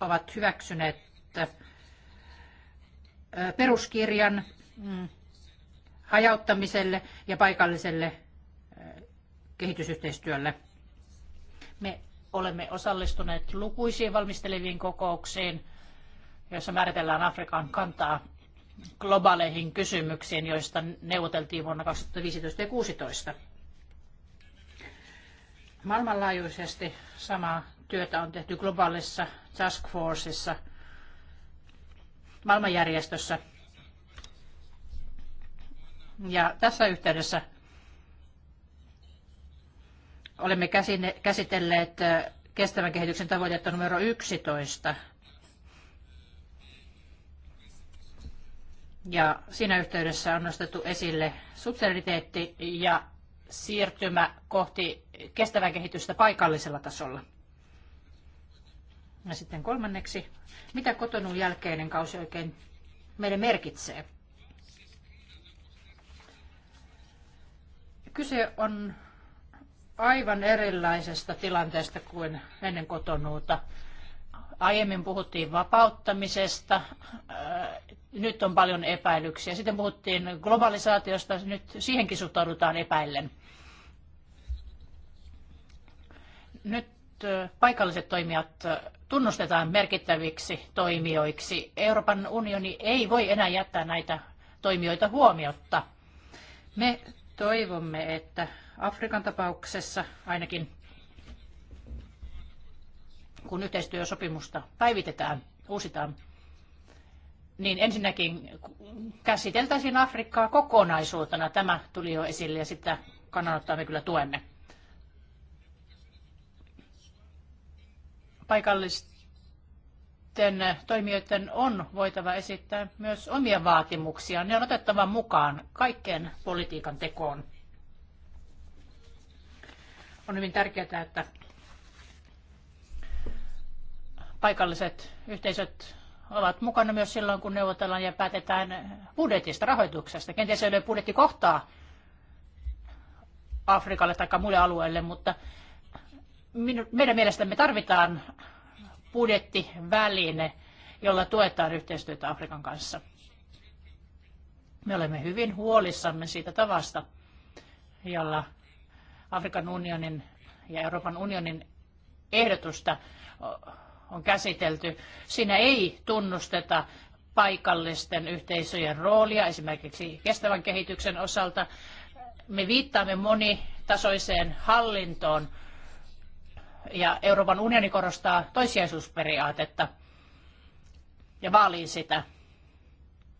ovat hyväksyneet peruskirjan mm, hajauttamiselle ja paikalliselle kehitysyhteistyölle. Me olemme osallistuneet lukuisiin valmisteleviin kokouksiin, joissa määritellään Afrikan kantaa globaaleihin kysymyksiin, joista neuvoteltiin vuonna 2015 ja 2016. Maailmanlaajuisesti samaa työtä on tehty globaalissa task forceissa – maailmanjärjestössä. Ja tässä yhteydessä olemme käsitelleet kestävän kehityksen tavoitetta numero 11. Ja siinä yhteydessä on nostettu esille subsidiariteetti ja siirtymä kohti kestävää kehitystä paikallisella tasolla. Ja sitten kolmanneksi, mitä kotonun jälkeinen kausi oikein meille merkitsee? Kyse on aivan erilaisesta tilanteesta kuin ennen kotonuuta. Aiemmin puhuttiin vapauttamisesta, äh, nyt on paljon epäilyksiä. Sitten puhuttiin globalisaatiosta, nyt siihenkin suhtaudutaan epäillen. Nyt äh, paikalliset toimijat äh, tunnustetaan merkittäviksi toimijoiksi. Euroopan unioni ei voi enää jättää näitä toimijoita huomiotta. Me toivomme, että Afrikan tapauksessa ainakin kun yhteistyösopimusta päivitetään, uusitaan, niin ensinnäkin käsiteltäisiin Afrikkaa kokonaisuutena. Tämä tuli jo esille ja sitä kannanottaa me kyllä tuemme. paikallisten toimijoiden on voitava esittää myös omia vaatimuksiaan. Ne on otettava mukaan kaikkeen politiikan tekoon. On hyvin tärkeää, että paikalliset yhteisöt ovat mukana myös silloin, kun neuvotellaan ja päätetään budjetista, rahoituksesta. Kenties ei ole kohtaa Afrikalle tai muille alueille, mutta meidän mielestämme tarvitaan budjettiväline, jolla tuetaan yhteistyötä Afrikan kanssa. Me olemme hyvin huolissamme siitä tavasta, jolla Afrikan unionin ja Euroopan unionin ehdotusta on käsitelty. Siinä ei tunnusteta paikallisten yhteisöjen roolia esimerkiksi kestävän kehityksen osalta. Me viittaamme monitasoiseen hallintoon, ja Euroopan unioni korostaa toissijaisuusperiaatetta ja vaalii sitä.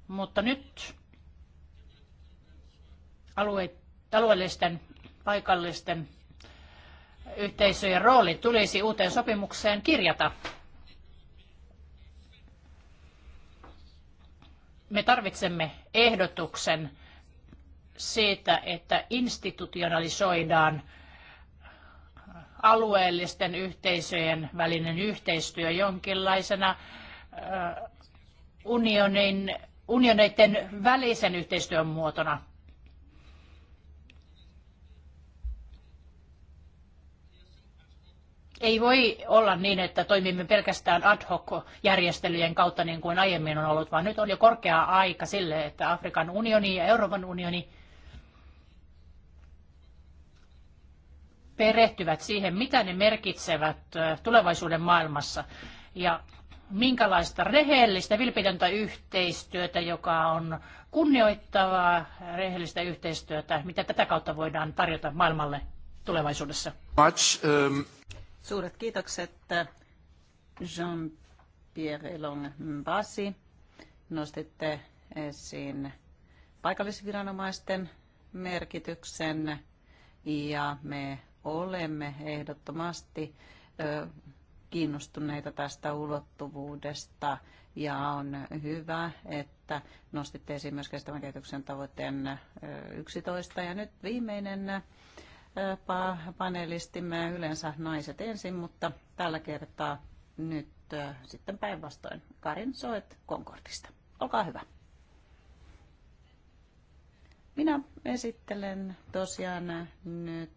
Mutta nyt alue, alueellisten, paikallisten yhteisöjen rooli tulisi uuteen sopimukseen kirjata. Me tarvitsemme ehdotuksen siitä, että institutionalisoidaan alueellisten yhteisöjen välinen yhteistyö jonkinlaisena unionin, unioneiden välisen yhteistyön muotona. Ei voi olla niin, että toimimme pelkästään ad hoc järjestelyjen kautta niin kuin aiemmin on ollut, vaan nyt on jo korkea aika sille, että Afrikan unioni ja Euroopan unioni – perehtyvät siihen, mitä ne merkitsevät tulevaisuuden maailmassa ja minkälaista rehellistä, vilpitöntä yhteistyötä, joka on kunnioittavaa rehellistä yhteistyötä, mitä tätä kautta voidaan tarjota maailmalle tulevaisuudessa. Much, um... Suuret kiitokset Jean-Pierre Long Basi. Nostitte esiin paikallisviranomaisten merkityksen ja me olemme ehdottomasti kiinnostuneita tästä ulottuvuudesta ja on hyvä, että nostitte esiin myös kestävän kehityksen tavoitteen 11. Ja nyt viimeinen panelistimme yleensä naiset ensin, mutta tällä kertaa nyt sitten päinvastoin Karin Soet Concordista. Olkaa hyvä. Minä esittelen tosiaan nyt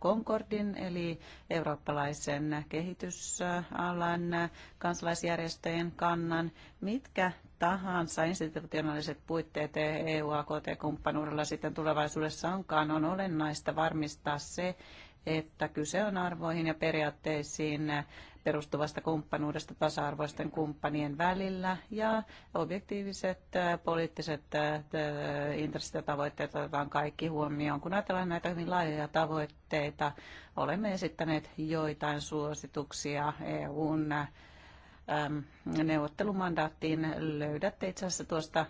Concordin eli eurooppalaisen kehitysalan kansalaisjärjestöjen kannan. Mitkä tahansa institutionaaliset puitteet EU-AKT-kumppanuudella sitten tulevaisuudessa onkaan, on olennaista varmistaa se, että kyse on arvoihin ja periaatteisiin perustuvasta kumppanuudesta tasa-arvoisten kumppanien välillä ja objektiiviset äh, poliittiset äh, äh, intressit ja tavoitteet otetaan kaikki huomioon. Kun ajatellaan näitä hyvin laajoja tavoitteita, olemme esittäneet joitain suosituksia EUn neuvottelumandaattiin. Löydätte itse asiassa tuosta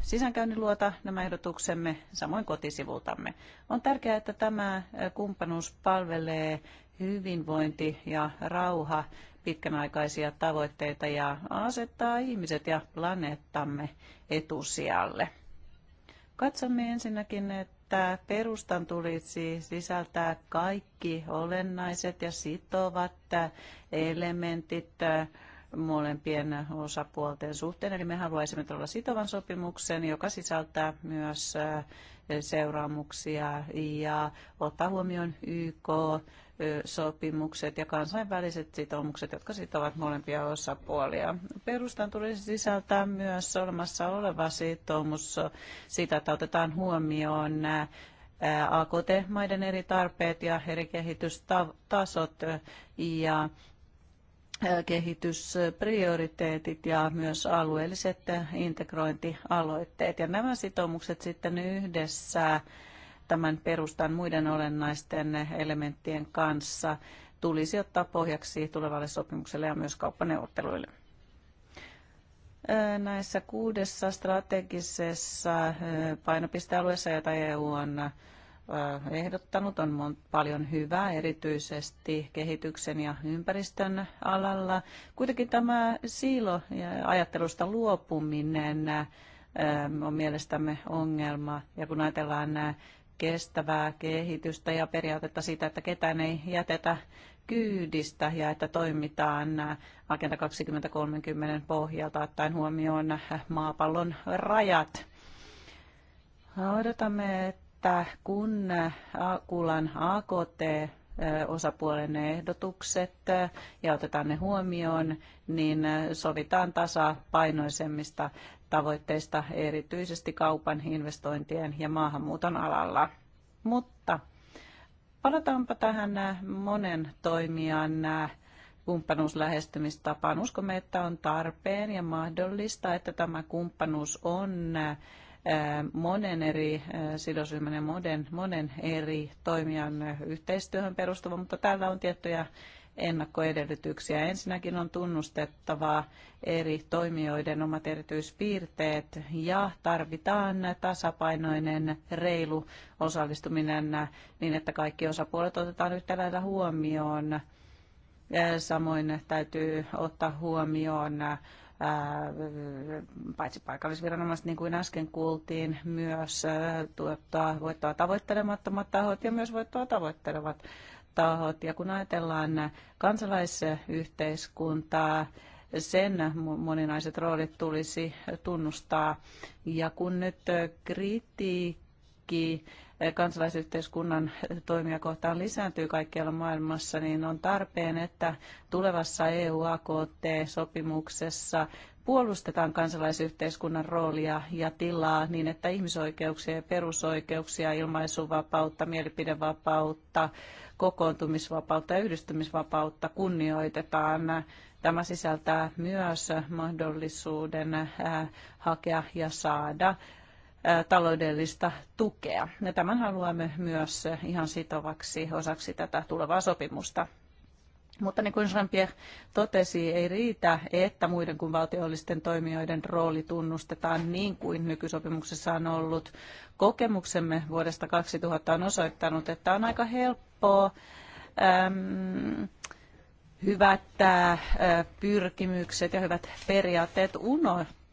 sisäänkäynnin luota nämä ehdotuksemme samoin kotisivultamme. On tärkeää, että tämä kumppanuus palvelee hyvinvointi ja rauha pitkänaikaisia tavoitteita ja asettaa ihmiset ja planeettamme etusijalle. Katsomme ensinnäkin, että perustan tulisi sisältää kaikki olennaiset ja sitovat elementit molempien osapuolten suhteen. Eli me haluaisimme tulla sitovan sopimuksen, joka sisältää myös seuraamuksia ja ottaa huomioon YK sopimukset ja kansainväliset sitoumukset, jotka sitovat molempia osapuolia. Perustan tulisi sisältää myös olemassa oleva sitoumus siitä, että otetaan huomioon AKT-maiden eri tarpeet ja eri kehitystasot ja kehitysprioriteetit ja myös alueelliset integrointialoitteet. Ja nämä sitoumukset sitten yhdessä tämän perustan muiden olennaisten elementtien kanssa tulisi ottaa pohjaksi tulevalle sopimukselle ja myös kauppaneuvotteluille. Näissä kuudessa strategisessa painopistealueessa, jota EU on ehdottanut, on paljon hyvää, erityisesti kehityksen ja ympäristön alalla. Kuitenkin tämä siilo ja ajattelusta luopuminen on mielestämme ongelma. Ja kun ajatellaan kestävää kehitystä ja periaatetta siitä, että ketään ei jätetä kyydistä ja että toimitaan Agenda 2030 pohjalta ottaen huomioon maapallon rajat. Odotamme, että kun Akulan AKT osapuolen ehdotukset ja otetaan ne huomioon, niin sovitaan tasapainoisemmista tavoitteista erityisesti kaupan, investointien ja maahanmuuton alalla. Mutta palataanpa tähän monen toimijan kumppanuuslähestymistapaan. Uskomme, että on tarpeen ja mahdollista, että tämä kumppanuus on monen eri sidosryhmän ja monen, monen eri toimijan yhteistyöhön perustuva, mutta täällä on tiettyjä ennakkoedellytyksiä. Ensinnäkin on tunnustettava eri toimijoiden omat erityispiirteet ja tarvitaan tasapainoinen reilu osallistuminen niin, että kaikki osapuolet otetaan yhtä lailla huomioon. Samoin täytyy ottaa huomioon paitsi paikallisviranomaiset, niin kuin äsken kuultiin, myös tuottaa voittoa tavoittelemattomat tahot ja myös voittoa tavoittelevat tahot. Ja kun ajatellaan kansalaisyhteiskuntaa, sen moninaiset roolit tulisi tunnustaa. Ja kun nyt kritiikki kansalaisyhteiskunnan toimia kohtaan lisääntyy kaikkialla maailmassa, niin on tarpeen, että tulevassa EU-AKT-sopimuksessa puolustetaan kansalaisyhteiskunnan roolia ja tilaa niin, että ihmisoikeuksia ja perusoikeuksia, ilmaisuvapautta, mielipidevapautta, kokoontumisvapautta ja yhdistymisvapautta kunnioitetaan. Tämä sisältää myös mahdollisuuden äh, hakea ja saada äh, taloudellista tukea. Ja tämän haluamme myös ihan sitovaksi osaksi tätä tulevaa sopimusta. Mutta niin kuin Jean-Pierre totesi, ei riitä, että muiden kuin valtiollisten toimijoiden rooli tunnustetaan niin kuin nykysopimuksessa on ollut. Kokemuksemme vuodesta 2000 on osoittanut, että on aika helppo helppoa. Äm, hyvät pyrkimykset ja hyvät periaatteet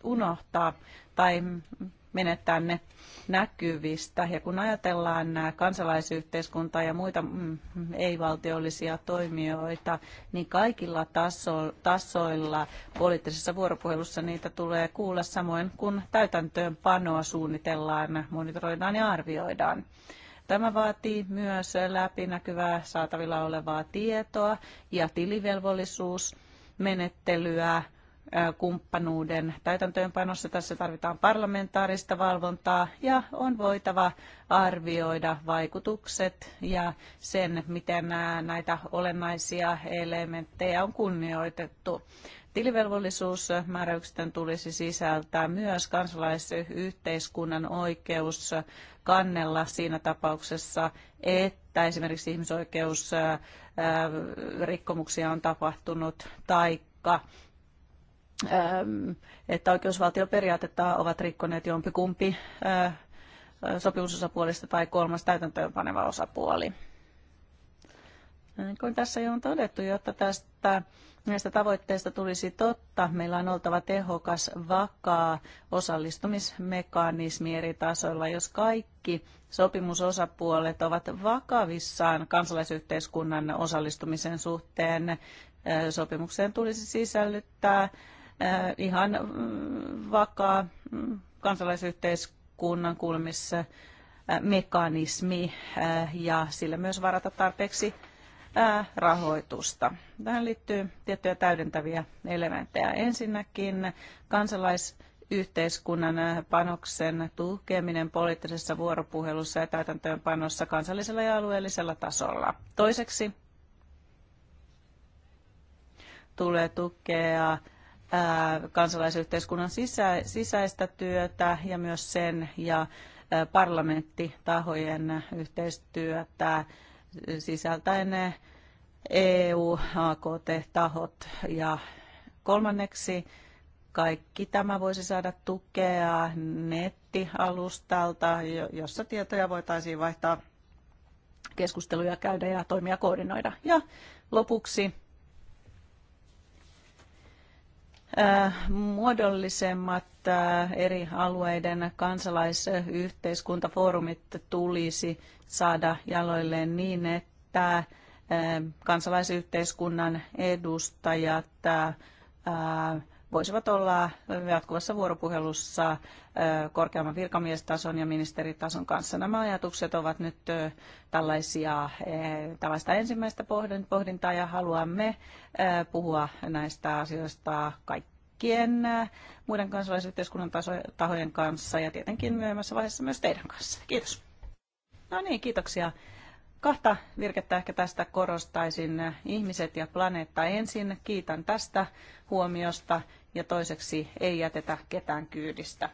unohtaa tai menettää ne näkyvistä. Ja kun ajatellaan kansalaisyhteiskuntaa ja muita mm, ei-valtiollisia toimijoita, niin kaikilla taso- tasoilla poliittisessa vuoropuhelussa niitä tulee kuulla samoin, kun täytäntöönpanoa suunnitellaan, monitoroidaan ja arvioidaan. Tämä vaatii myös läpinäkyvää saatavilla olevaa tietoa ja tilivelvollisuusmenettelyä kumppanuuden täytäntöönpanossa. Tässä tarvitaan parlamentaarista valvontaa ja on voitava arvioida vaikutukset ja sen, miten näitä olennaisia elementtejä on kunnioitettu. Tilivelvollisuusmääräyksen tulisi sisältää myös kansalaisyhteiskunnan oikeus kannella siinä tapauksessa, että esimerkiksi ihmisoikeusrikkomuksia on tapahtunut taikka että oikeusvaltioperiaatetta ovat rikkoneet jompikumpi sopimusosapuolista tai kolmas täytäntöönpaneva osapuoli. Niin kuin tässä jo on todettu, jotta tästä näistä tavoitteista tulisi totta, meillä on oltava tehokas, vakaa osallistumismekanismi eri tasoilla. Jos kaikki sopimusosapuolet ovat vakavissaan kansalaisyhteiskunnan osallistumisen suhteen, sopimukseen tulisi sisällyttää ihan mm, vakaa mm, kansalaisyhteiskunnan kulmissa mekanismi ja sillä myös varata tarpeeksi rahoitusta. Tähän liittyy tiettyjä täydentäviä elementtejä. Ensinnäkin kansalais yhteiskunnan panoksen tukeminen poliittisessa vuoropuhelussa ja täytäntöönpanossa kansallisella ja alueellisella tasolla. Toiseksi tulee tukea kansalaisyhteiskunnan sisä, sisäistä työtä ja myös sen ja parlamenttitahojen yhteistyötä sisältäen EU, AKT-tahot ja kolmanneksi kaikki tämä voisi saada tukea nettialustalta, jossa tietoja voitaisiin vaihtaa, keskusteluja käydä ja toimia koordinoida. Ja lopuksi muodollisemmat eri alueiden kansalaisyhteiskuntafoorumit tulisi saada jaloilleen niin, että kansalaisyhteiskunnan edustajat voisivat olla jatkuvassa vuoropuhelussa korkeamman virkamiestason ja ministeritason kanssa. Nämä ajatukset ovat nyt tällaisia, tällaista ensimmäistä pohdintaa ja haluamme puhua näistä asioista kaikkien muiden kansalaisyhteiskunnan tahojen kanssa ja tietenkin myöhemmässä vaiheessa myös teidän kanssa. Kiitos. No niin, kiitoksia kahta virkettä ehkä tästä korostaisin. Ihmiset ja planeetta ensin. Kiitän tästä huomiosta ja toiseksi ei jätetä ketään kyydistä.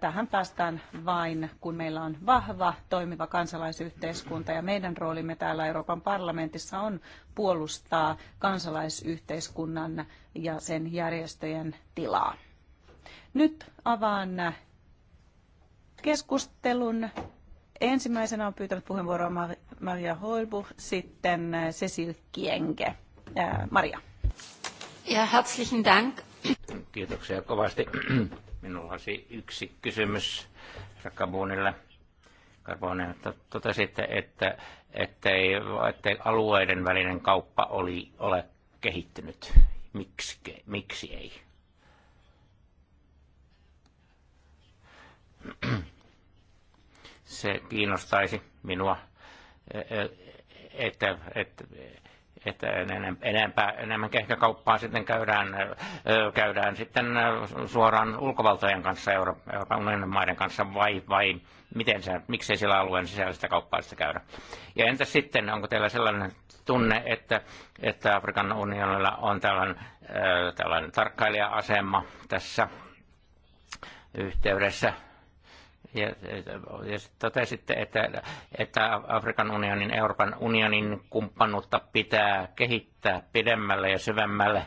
Tähän päästään vain, kun meillä on vahva, toimiva kansalaisyhteiskunta ja meidän roolimme täällä Euroopan parlamentissa on puolustaa kansalaisyhteiskunnan ja sen järjestöjen tilaa. Nyt avaan keskustelun. Ensimmäisenä on pyytänyt puheenvuoroa Maria Holbu, sitten Cecil Kienge. Maria. Ja, herzlichen Dank. Kiitoksia kovasti. *clears throat* Minulla olisi yksi kysymys Rakabuunille. Karbonen, totesitte, että ettei, että alueiden välinen kauppa oli, ole kehittynyt. Miksi, miksi ei? *clears throat* Se kiinnostaisi minua, e, e, että, että, että enempää, enemmän ehkä kauppaa sitten käydään, käydään sitten suoraan ulkovaltojen kanssa, Euroopan unionin maiden kanssa, vai, vai miten se, miksei sillä alueen sisällistä kauppaa sitä käydä. Ja entä sitten, onko teillä sellainen tunne, että, että Afrikan unionilla on tällainen, tällainen tarkkailija-asema tässä yhteydessä, ja, ja totesitte, että, että Afrikan unionin, Euroopan unionin kumppanuutta pitää kehittää pidemmälle ja syvemmälle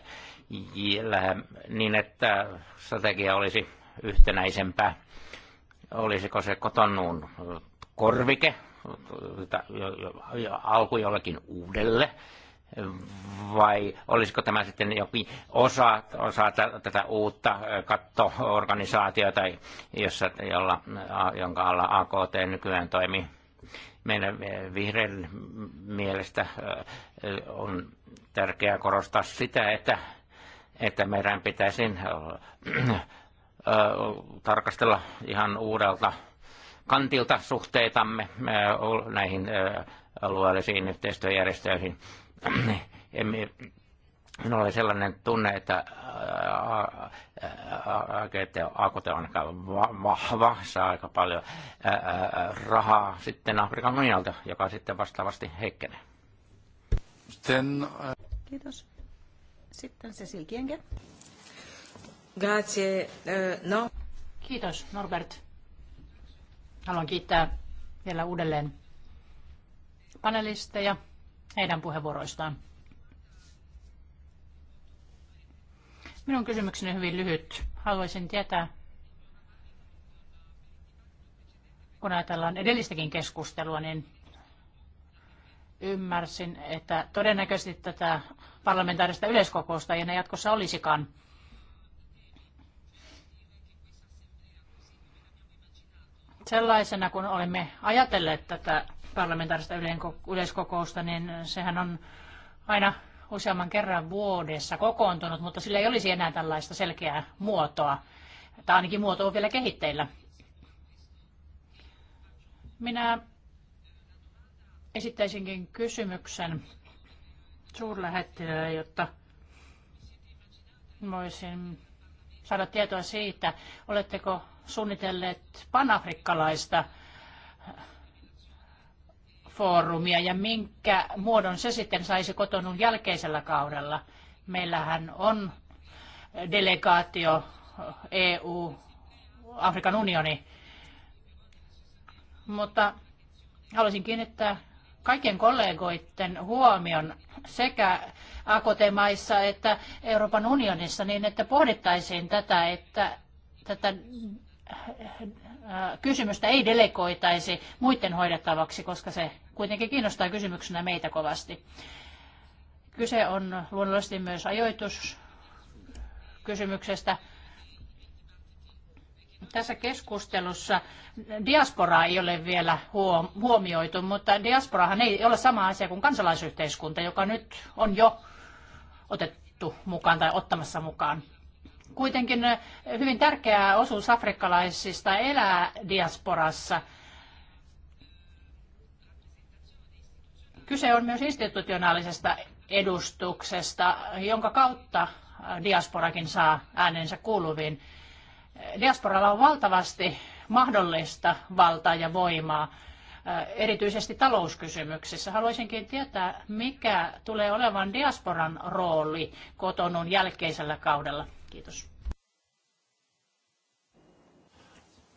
niin, että strategia olisi yhtenäisempää. Olisiko se kotonnuun korvike, alku jollekin uudelle vai olisiko tämä sitten jokin osa, osa tätä uutta kattoorganisaatiota, jossa, jolla, jonka alla AKT nykyään toimii? Meidän e, vihreän mielestä on tärkeää korostaa sitä, että, että meidän pitäisi tarkastella ihan uudelta kantilta suhteitamme näihin alueellisiin yhteistyöjärjestöihin *clears throat* Niin, minulla oli sellainen tunne, että AKT on aika vahva, saa aika paljon rahaa sitten Afrikan unionilta, joka sitten vastaavasti heikkenee. Sitten... Kiitos. Sitten Cecil Kienke. Grazie. No. Kiitos Norbert. Haluan kiittää vielä uudelleen panelisteja heidän puheenvuoroistaan. Minun kysymykseni on hyvin lyhyt. Haluaisin tietää, kun ajatellaan edellistäkin keskustelua, niin ymmärsin, että todennäköisesti tätä parlamentaarista yleiskokousta ei enää jatkossa olisikaan. Sellaisena, kun olemme ajatelleet tätä parlamentaarista yleiskokousta, niin sehän on aina useamman kerran vuodessa kokoontunut, mutta sillä ei olisi enää tällaista selkeää muotoa. Tai ainakin muoto on vielä kehitteillä. Minä esittäisinkin kysymyksen suurlähettilölle, jotta voisin saada tietoa siitä, oletteko suunnitelleet panafrikkalaista foorumia ja minkä muodon se sitten saisi kotonun jälkeisellä kaudella. Meillähän on delegaatio EU, Afrikan unioni, mutta haluaisin kiinnittää kaikkien kollegoiden huomion sekä AKT-maissa että Euroopan unionissa niin, että pohdittaisiin tätä, että tätä kysymystä ei delegoitaisi muiden hoidettavaksi, koska se kuitenkin kiinnostaa kysymyksenä meitä kovasti. Kyse on luonnollisesti myös ajoituskysymyksestä. Tässä keskustelussa diaspora ei ole vielä huomioitu, mutta diasporahan ei ole sama asia kuin kansalaisyhteiskunta, joka nyt on jo otettu mukaan tai ottamassa mukaan kuitenkin äh, hyvin tärkeä osuus afrikkalaisista elää diasporassa. Kyse on myös institutionaalisesta edustuksesta, jonka kautta diasporakin saa äänensä kuuluviin. Diasporalla on valtavasti mahdollista valtaa ja voimaa, äh, erityisesti talouskysymyksissä. Haluaisinkin tietää, mikä tulee olevan diasporan rooli kotonun jälkeisellä kaudella. Kiitos.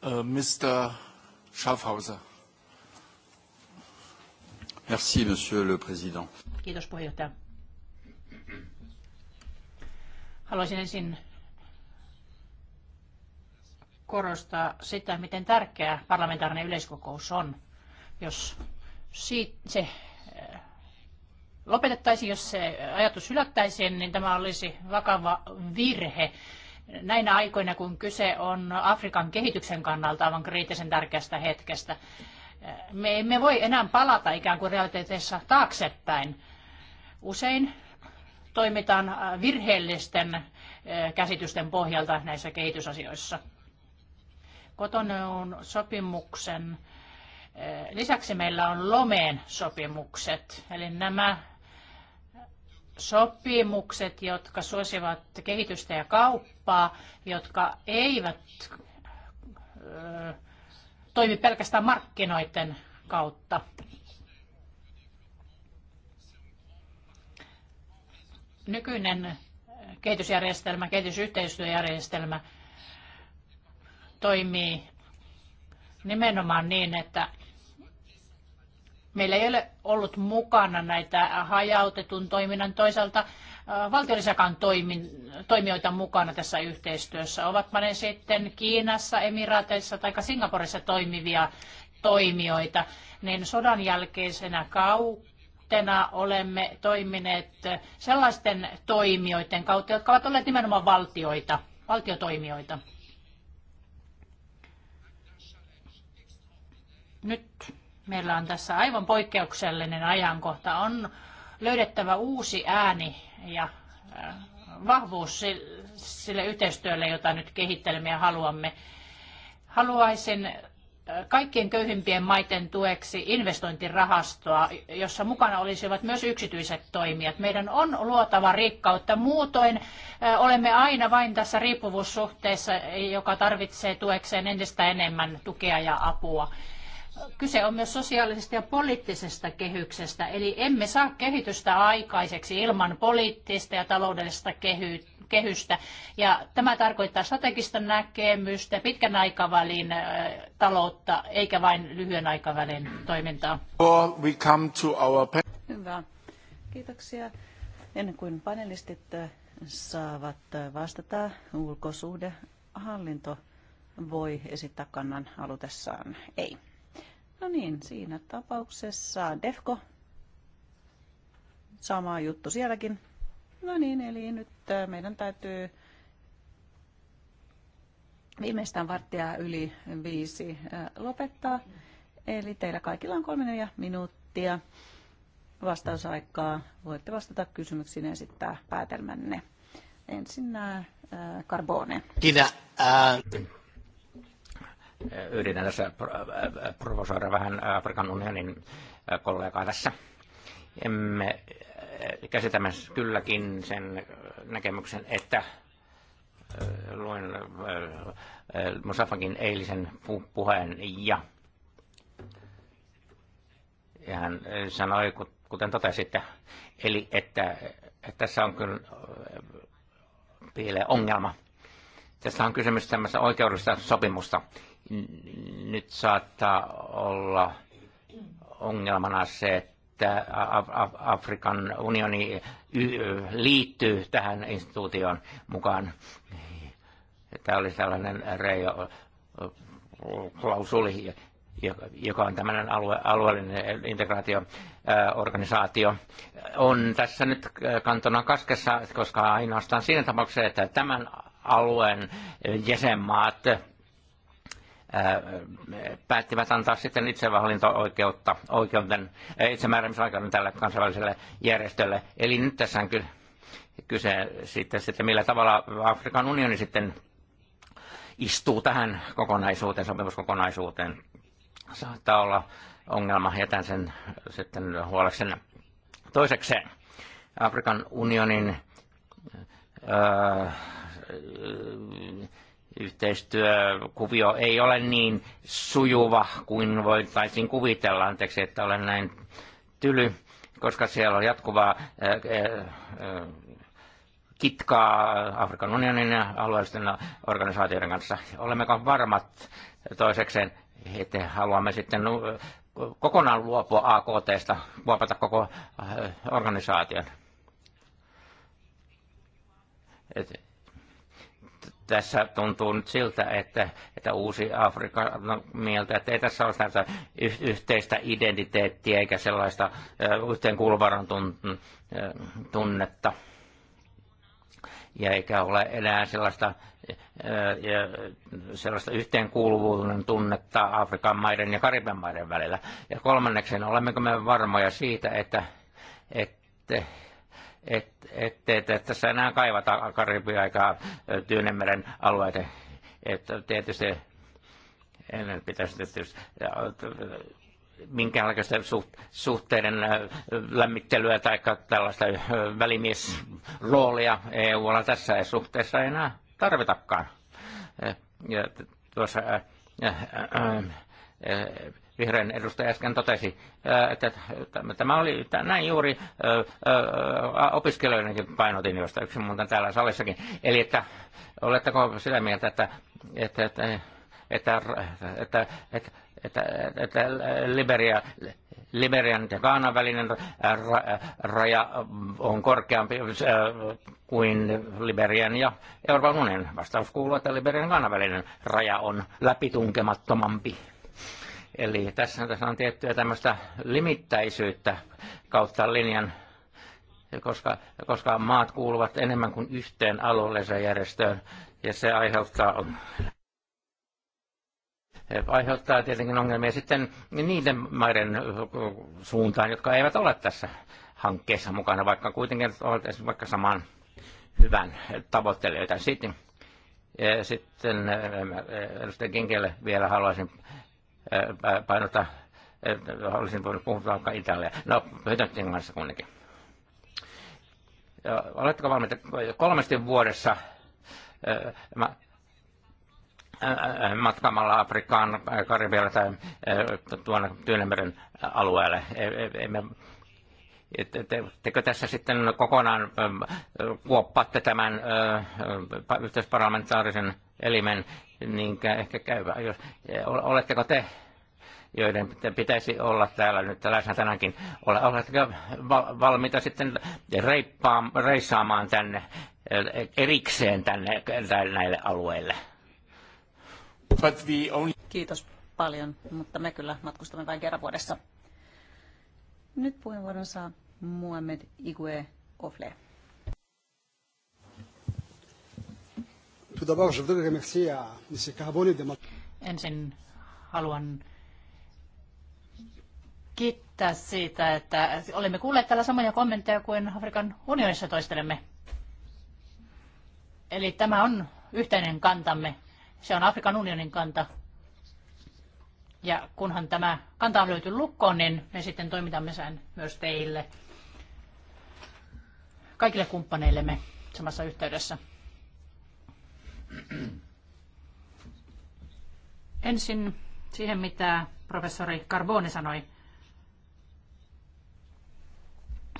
Uh, Mr. Schaffhauser. Merci, Monsieur le Président. Kiitos puheenjohtaja. Haluaisin ensin korostaa sitä, miten tärkeä parlamentaarinen yleiskokous on, jos se lopetettaisiin, jos se ajatus hylättäisiin, niin tämä olisi vakava virhe. Näinä aikoina, kun kyse on Afrikan kehityksen kannalta aivan kriittisen tärkeästä hetkestä, me emme voi enää palata ikään kuin realiteetissa taaksepäin. Usein toimitaan virheellisten eh, käsitysten pohjalta näissä kehitysasioissa. Kotoneun sopimuksen eh, lisäksi meillä on Lomeen sopimukset, eli nämä sopimukset, jotka suosivat kehitystä ja kauppaa, jotka eivät toimi pelkästään markkinoiden kautta. Nykyinen kehitysjärjestelmä, kehitysyhteistyöjärjestelmä toimii nimenomaan niin, että Meillä ei ole ollut mukana näitä hajautetun toiminnan toisaalta äh, valtiollisakaan toimin, toimijoita mukana tässä yhteistyössä. ovat ne sitten Kiinassa, Emiraateissa tai Singaporessa toimivia toimijoita, niin sodan jälkeisenä kautena olemme toimineet sellaisten toimijoiden kautta, jotka ovat olleet nimenomaan valtioita, valtiotoimijoita. Nyt Meillä on tässä aivan poikkeuksellinen ajankohta. On löydettävä uusi ääni ja äh, vahvuus sille yhteistyölle, jota nyt kehittelemme ja haluamme. Haluaisin äh, kaikkien köyhimpien maiden tueksi investointirahastoa, jossa mukana olisivat myös yksityiset toimijat. Meidän on luotava rikkautta. Muutoin äh, olemme aina vain tässä riippuvuussuhteessa, joka tarvitsee tuekseen entistä enemmän tukea ja apua kyse on myös sosiaalisesta ja poliittisesta kehyksestä, eli emme saa kehitystä aikaiseksi ilman poliittista ja taloudellista kehystä. Ja tämä tarkoittaa strategista näkemystä, pitkän aikavälin taloutta, eikä vain lyhyen aikavälin toimintaa. Hyvä. Kiitoksia. Ennen kuin panelistit saavat vastata, ulkosuhdehallinto voi esittää kannan halutessaan ei. No niin, siinä tapauksessa Defko. Sama juttu sielläkin. No niin, eli nyt äh, meidän täytyy viimeistään varttia yli viisi äh, lopettaa. Eli teillä kaikilla on kolme neljä minuuttia vastausaikaa. Voitte vastata kysymyksiin ja esittää päätelmänne. Ensin nämä äh, Carbone. Kiitos. Yritän tässä äh, äh, provosoida vähän Afrikan unionin äh, kollegaa tässä. Emme käsitämme kylläkin sen näkemyksen, että luin Musafakin eilisen puheen ja, ja hän sanoi, kuten totesitte, eli että, että tässä on kyllä piilee ongelma. Tässä on kysymys tämmöistä oikeudellista sopimusta, nyt saattaa olla ongelmana se, että Afrikan unioni liittyy tähän instituutioon mukaan. Tämä oli sellainen reijo klausuli, joka on tämmöinen alue, alueellinen integraatioorganisaatio, on tässä nyt kantona kaskessa, koska ainoastaan siinä tapauksessa, että tämän alueen jäsenmaat päättivät antaa sitten itsevalinto-oikeutta, oikeuden itsemääräämisoikeuden tälle kansainväliselle järjestölle. Eli nyt tässä on kyllä kyse sitten, sitten millä tavalla Afrikan unioni sitten istuu tähän kokonaisuuteen, sopimuskokonaisuuteen. Saattaa olla ongelma, jätän sen sitten huoleksen. Toisekseen Afrikan unionin öö, yhteistyökuvio ei ole niin sujuva kuin voitaisiin kuvitella. Anteeksi, että olen näin tyly, koska siellä on jatkuvaa äh, äh, äh, kitkaa Afrikan unionin ja alueellisten organisaatioiden kanssa. Olemmeko varmat toisekseen, että haluamme sitten kokonaan luopua AKTsta, luopata koko organisaation? Et, tässä tuntuu nyt siltä, että, että uusi Afrikka no, mieltä, että ei tässä ole sitä yhteistä identiteettiä eikä sellaista yhteenkuuluvaran tunnetta. Ja eikä ole enää sellaista, sellaista yhteenkuuluvuuden tunnetta Afrikan maiden ja Karibian maiden välillä. Ja kolmanneksi, olemmeko me varmoja siitä, että, että et, et, et tässä enää kaivata Karibia eikä Tyynemeren alueita. Että tietysti ennen pitäisi tietysti minkäänlaista suhteiden lämmittelyä tai tällaista välimiesroolia EUlla tässä ei suhteessa enää tarvitakaan. Ja tuossa äh, äh, äh, vihreän edustaja äsken totesi, että tämä oli näin juuri opiskelijoidenkin painotin, josta yksi muuten täällä salissakin. Eli että oletteko sitä mieltä, että, että, että, että, että, että että, että Liberia, Liberian ja Kaanan välinen raja on korkeampi kuin Liberian ja Euroopan unionin. Vastaus kuuluu, että Liberian ja Kaanan välinen raja on läpitunkemattomampi. Eli tässä, tässä on tiettyä tämmöistä limittäisyyttä kautta linjan, koska, koska maat kuuluvat enemmän kuin yhteen alueelliseen järjestöön, ja se aiheuttaa aiheuttaa tietenkin ongelmia sitten niiden maiden suuntaan, jotka eivät ole tässä hankkeessa mukana, vaikka kuitenkin ovat vaikka saman hyvän tavoittelijoita. Sitten, sitten edustaja Kinkelle vielä haluaisin painota, olisin voinut puhua vaikka Italia. No, Hötökin kanssa kuitenkin. Oletteko valmiita kolmesti vuodessa matkamalla Afrikaan, Karibialle tai tuonne Tyynemeren alueelle. Emme, te, te, tekö tässä sitten kokonaan kuoppatte tämän yhteisparlamentaarisen elimen niinkään ehkä käyvä. Jos, e, oletteko te, joiden pitäisi olla täällä nyt läsnä tänäänkin, oletteko valmiita sitten reippaan reissaamaan tänne e, erikseen tänne, näille alueille? Only... Kiitos paljon, mutta me kyllä matkustamme vain kerran vuodessa. Nyt puheenvuoron saa Muhammed Igue Ofle. Ensin haluan kiittää siitä, että olemme kuulleet täällä samoja kommentteja kuin Afrikan unionissa toistelemme. Eli tämä on yhteinen kantamme. Se on Afrikan unionin kanta. Ja kunhan tämä kanta on löyty lukkoon, niin me sitten toimitamme sen myös teille, kaikille kumppaneillemme samassa yhteydessä. Ensin siihen, mitä professori Carbone sanoi.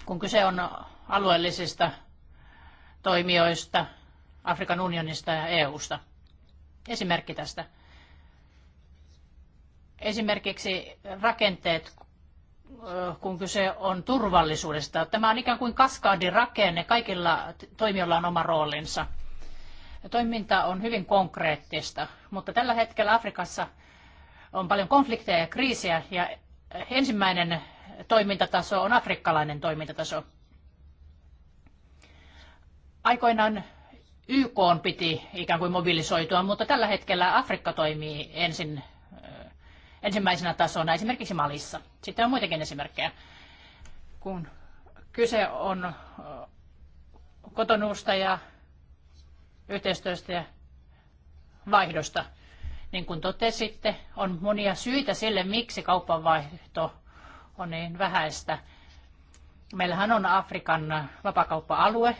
Kun kyse on alueellisista toimijoista, Afrikan unionista ja EUsta. Esimerkki tästä. Esimerkiksi rakenteet, kun kyse on turvallisuudesta. Tämä on ikään kuin kaskaadirakenne. Kaikilla toimijoilla on oma roolinsa. Toiminta on hyvin konkreettista, mutta tällä hetkellä Afrikassa on paljon konflikteja ja kriisejä ja ensimmäinen toimintataso on afrikkalainen toimintataso. Aikoinaan YK on piti ikään kuin mobilisoitua, mutta tällä hetkellä Afrikka toimii ensin, ensimmäisenä tasona esimerkiksi Malissa. Sitten on muitakin esimerkkejä. Kun kyse on kotonuusta ja yhteistyöstä ja vaihdosta. Niin kuin totesitte, on monia syitä sille, miksi kaupanvaihto on niin vähäistä. Meillähän on Afrikan vapakauppa-alue,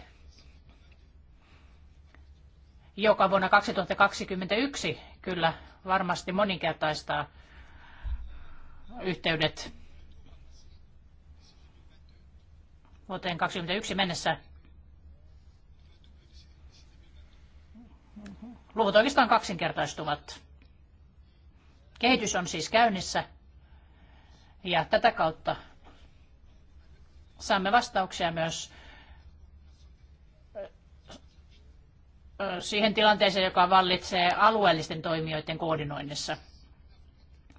joka vuonna 2021 kyllä varmasti moninkertaistaa yhteydet vuoteen 2021 mennessä Luvut oikeastaan kaksinkertaistuvat. Kehitys on siis käynnissä ja tätä kautta saamme vastauksia myös siihen tilanteeseen, joka vallitsee alueellisten toimijoiden koordinoinnissa.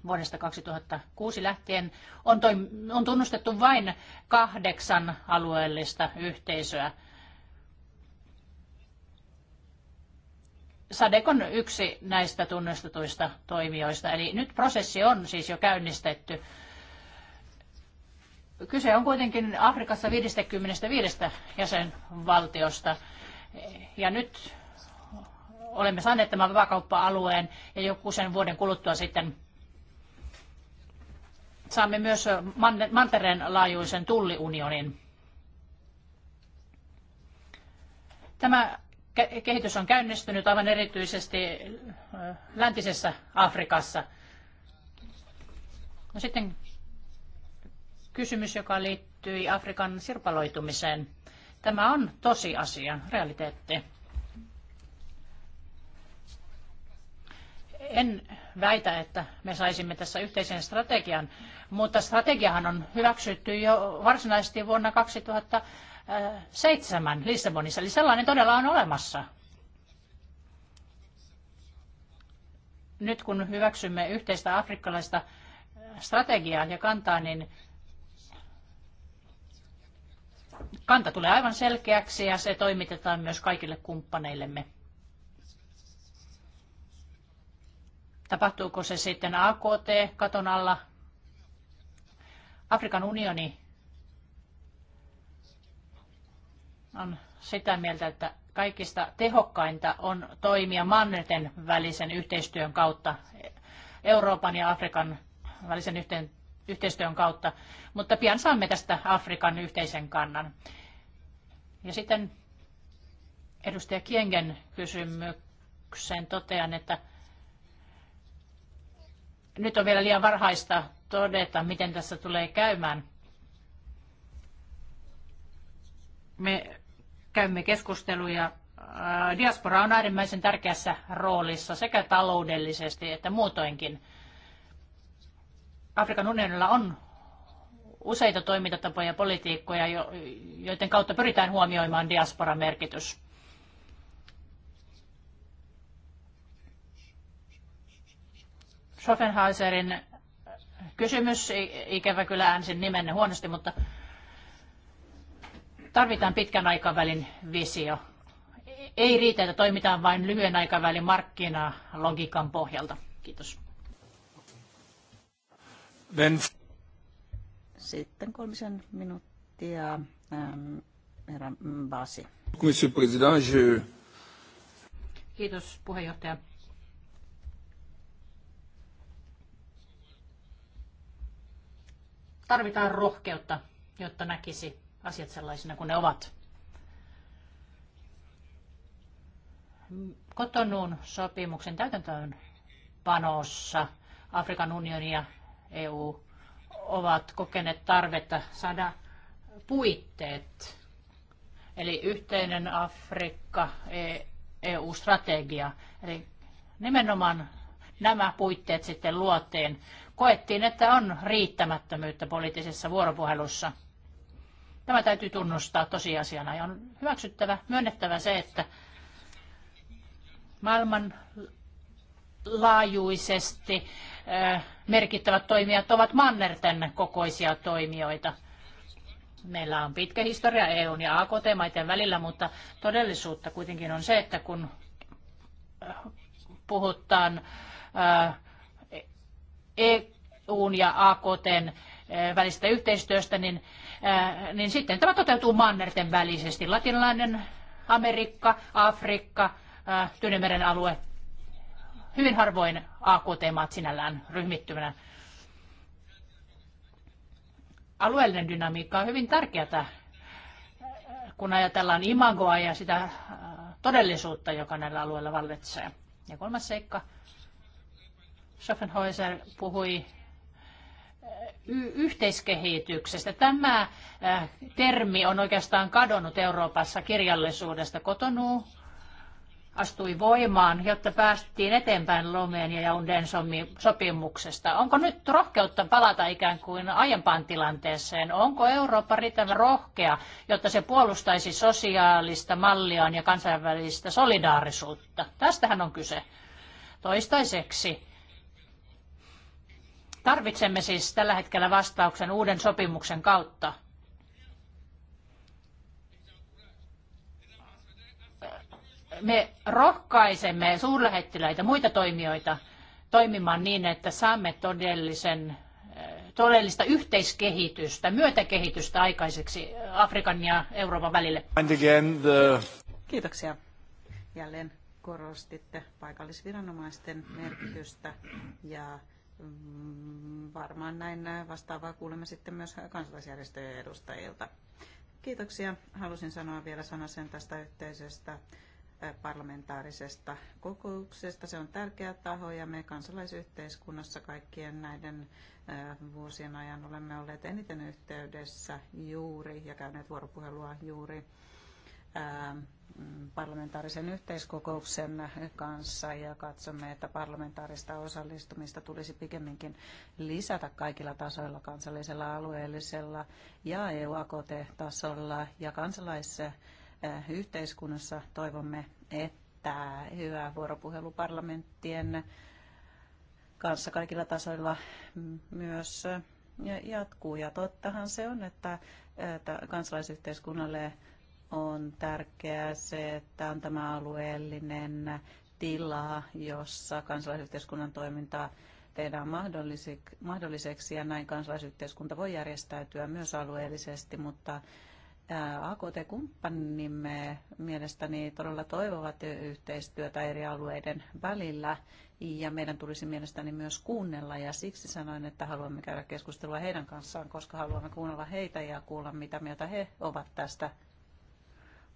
Vuodesta 2006 lähtien on, toim- on tunnustettu vain kahdeksan alueellista yhteisöä – Sadek on yksi näistä tunnustetuista toimijoista, eli nyt prosessi on siis jo käynnistetty. Kyse on kuitenkin Afrikassa 55 jäsenvaltiosta, ja nyt olemme saaneet tämän vapaakauppa-alueen, ja joku sen vuoden kuluttua sitten saamme myös mantereen laajuisen tulliunionin. Tämä kehitys on käynnistynyt aivan erityisesti läntisessä Afrikassa. No sitten kysymys, joka liittyy Afrikan sirpaloitumiseen. Tämä on tosiasia, realiteetti. En väitä, että me saisimme tässä yhteisen strategian, mutta strategiahan on hyväksytty jo varsinaisesti vuonna 2000 seitsemän Lissabonissa, eli sellainen todella on olemassa. Nyt kun hyväksymme yhteistä afrikkalaista äh, strategiaa ja kantaa, niin kanta tulee aivan selkeäksi ja se toimitetaan myös kaikille kumppaneillemme. Tapahtuuko se sitten AKT katon alla? Afrikan unioni on sitä mieltä, että kaikista tehokkainta on toimia mannerten välisen yhteistyön kautta, Euroopan ja Afrikan välisen yhteen, yhteistyön kautta, mutta pian saamme tästä Afrikan yhteisen kannan. Ja sitten edustaja Kiengen kysymykseen totean, että nyt on vielä liian varhaista todeta, miten tässä tulee käymään. Me käymme keskusteluja. Diaspora on äärimmäisen tärkeässä roolissa sekä taloudellisesti että muutoinkin. Afrikan unionilla on useita toimintatapoja ja politiikkoja, joiden kautta pyritään huomioimaan diasporan merkitys. Schopenhauserin kysymys, ikävä kyllä äänsin nimenne huonosti, mutta Tarvitaan pitkän aikavälin visio. Ei riitä, että toimitaan vain lyhyen aikavälin markkinalogiikan pohjalta. Kiitos. Sitten kolmisen minuuttia. Ähm, herra Basi. Monsieur President, je... Kiitos puheenjohtaja. Tarvitaan rohkeutta, jotta näkisi asiat sellaisina kuin ne ovat. Kotonuun sopimuksen täytäntöön panossa Afrikan unioni ja EU ovat kokeneet tarvetta saada puitteet, eli yhteinen Afrikka, EU-strategia. E eli nimenomaan nämä puitteet sitten luoteen. Koettiin, että on riittämättömyyttä poliittisessa vuoropuhelussa – Tämä täytyy tunnustaa tosiasiana ja on hyväksyttävä, myönnettävä se, että maailman laajuisesti merkittävät toimijat ovat mannerten kokoisia toimijoita. Meillä on pitkä historia EUn ja AKT-maiden välillä, mutta todellisuutta kuitenkin on se, että kun puhutaan EUn ja AKTn välistä yhteistyöstä, niin niin sitten tämä toteutuu mannerten välisesti. Latinalainen Amerikka, Afrikka, Tyynemeren alue, hyvin harvoin AKT-maat sinällään ryhmittymänä. Alueellinen dynamiikka on hyvin tärkeää, kun ajatellaan imagoa ja sitä todellisuutta, joka näillä alueilla vallitsee. Ja kolmas seikka, Schaffenhäuser puhui yhteiskehityksestä. Tämä äh, termi on oikeastaan kadonnut Euroopassa kirjallisuudesta. Kotonuu astui voimaan, jotta päästiin eteenpäin Lomeen ja Jaunden sopimuksesta. Onko nyt rohkeutta palata ikään kuin aiempaan tilanteeseen? Onko Eurooppa riittävän rohkea, jotta se puolustaisi sosiaalista malliaan ja kansainvälistä solidaarisuutta? Tästähän on kyse. Toistaiseksi Tarvitsemme siis tällä hetkellä vastauksen uuden sopimuksen kautta. Me rohkaisemme suurlähettiläitä, muita toimijoita toimimaan niin, että saamme todellisen, todellista yhteiskehitystä, myötäkehitystä aikaiseksi Afrikan ja Euroopan välille. Kiitoksia. Jälleen korostitte paikallisviranomaisten merkitystä ja Mm, varmaan näin vastaavaa kuulemme sitten myös kansalaisjärjestöjen edustajilta. Kiitoksia. Halusin sanoa vielä sana sen tästä yhteisestä parlamentaarisesta kokouksesta. Se on tärkeä taho ja me kansalaisyhteiskunnassa kaikkien näiden vuosien ajan olemme olleet eniten yhteydessä juuri ja käyneet vuoropuhelua juuri parlamentaarisen yhteiskokouksen kanssa ja katsomme, että parlamentaarista osallistumista tulisi pikemminkin lisätä kaikilla tasoilla, kansallisella, alueellisella ja EU-AKT-tasolla ja kansalaisyhteiskunnassa toivomme, että hyvä vuoropuhelu parlamenttien kanssa kaikilla tasoilla myös jatkuu. Ja tottahan se on, että kansalaisyhteiskunnalle on tärkeää se, että on tämä alueellinen tila, jossa kansalaisyhteiskunnan toimintaa tehdään mahdolliseksi ja näin kansalaisyhteiskunta voi järjestäytyä myös alueellisesti, mutta AKT-kumppanimme mielestäni todella toivovat yhteistyötä eri alueiden välillä ja meidän tulisi mielestäni myös kuunnella ja siksi sanoin, että haluamme käydä keskustelua heidän kanssaan, koska haluamme kuunnella heitä ja kuulla mitä mieltä he ovat tästä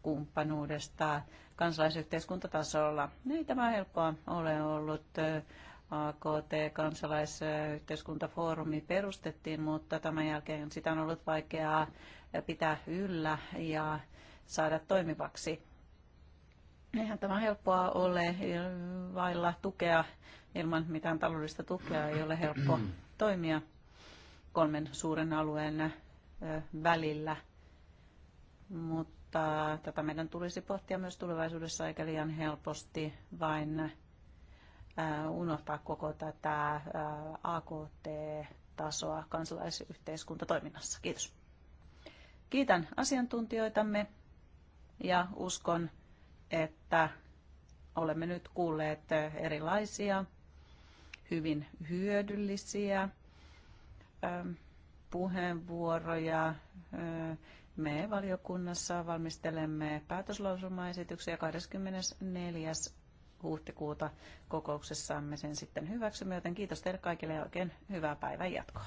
kumppanuudesta kansalaisyhteiskuntatasolla. Ei tämä helppoa ole ollut. AKT, kansalaisyhteiskuntafoorumi perustettiin, mutta tämän jälkeen sitä on ollut vaikeaa pitää yllä ja saada toimivaksi. Eihän tämä helppoa ole vailla tukea, ilman mitään taloudellista tukea ei ole helppo toimia kolmen suuren alueen välillä. Mutta mutta tätä meidän tulisi pohtia myös tulevaisuudessa eikä liian helposti vain äh, unohtaa koko tätä äh, AKT-tasoa kansalaisyhteiskuntatoiminnassa. Kiitos. Kiitän asiantuntijoitamme ja uskon, että olemme nyt kuulleet erilaisia, hyvin hyödyllisiä äh, puheenvuoroja me valiokunnassa valmistelemme päätöslausumaesityksiä 24 huhtikuuta kokouksessamme sen sitten hyväksymme, joten kiitos teille kaikille ja oikein hyvää päivän jatkoa.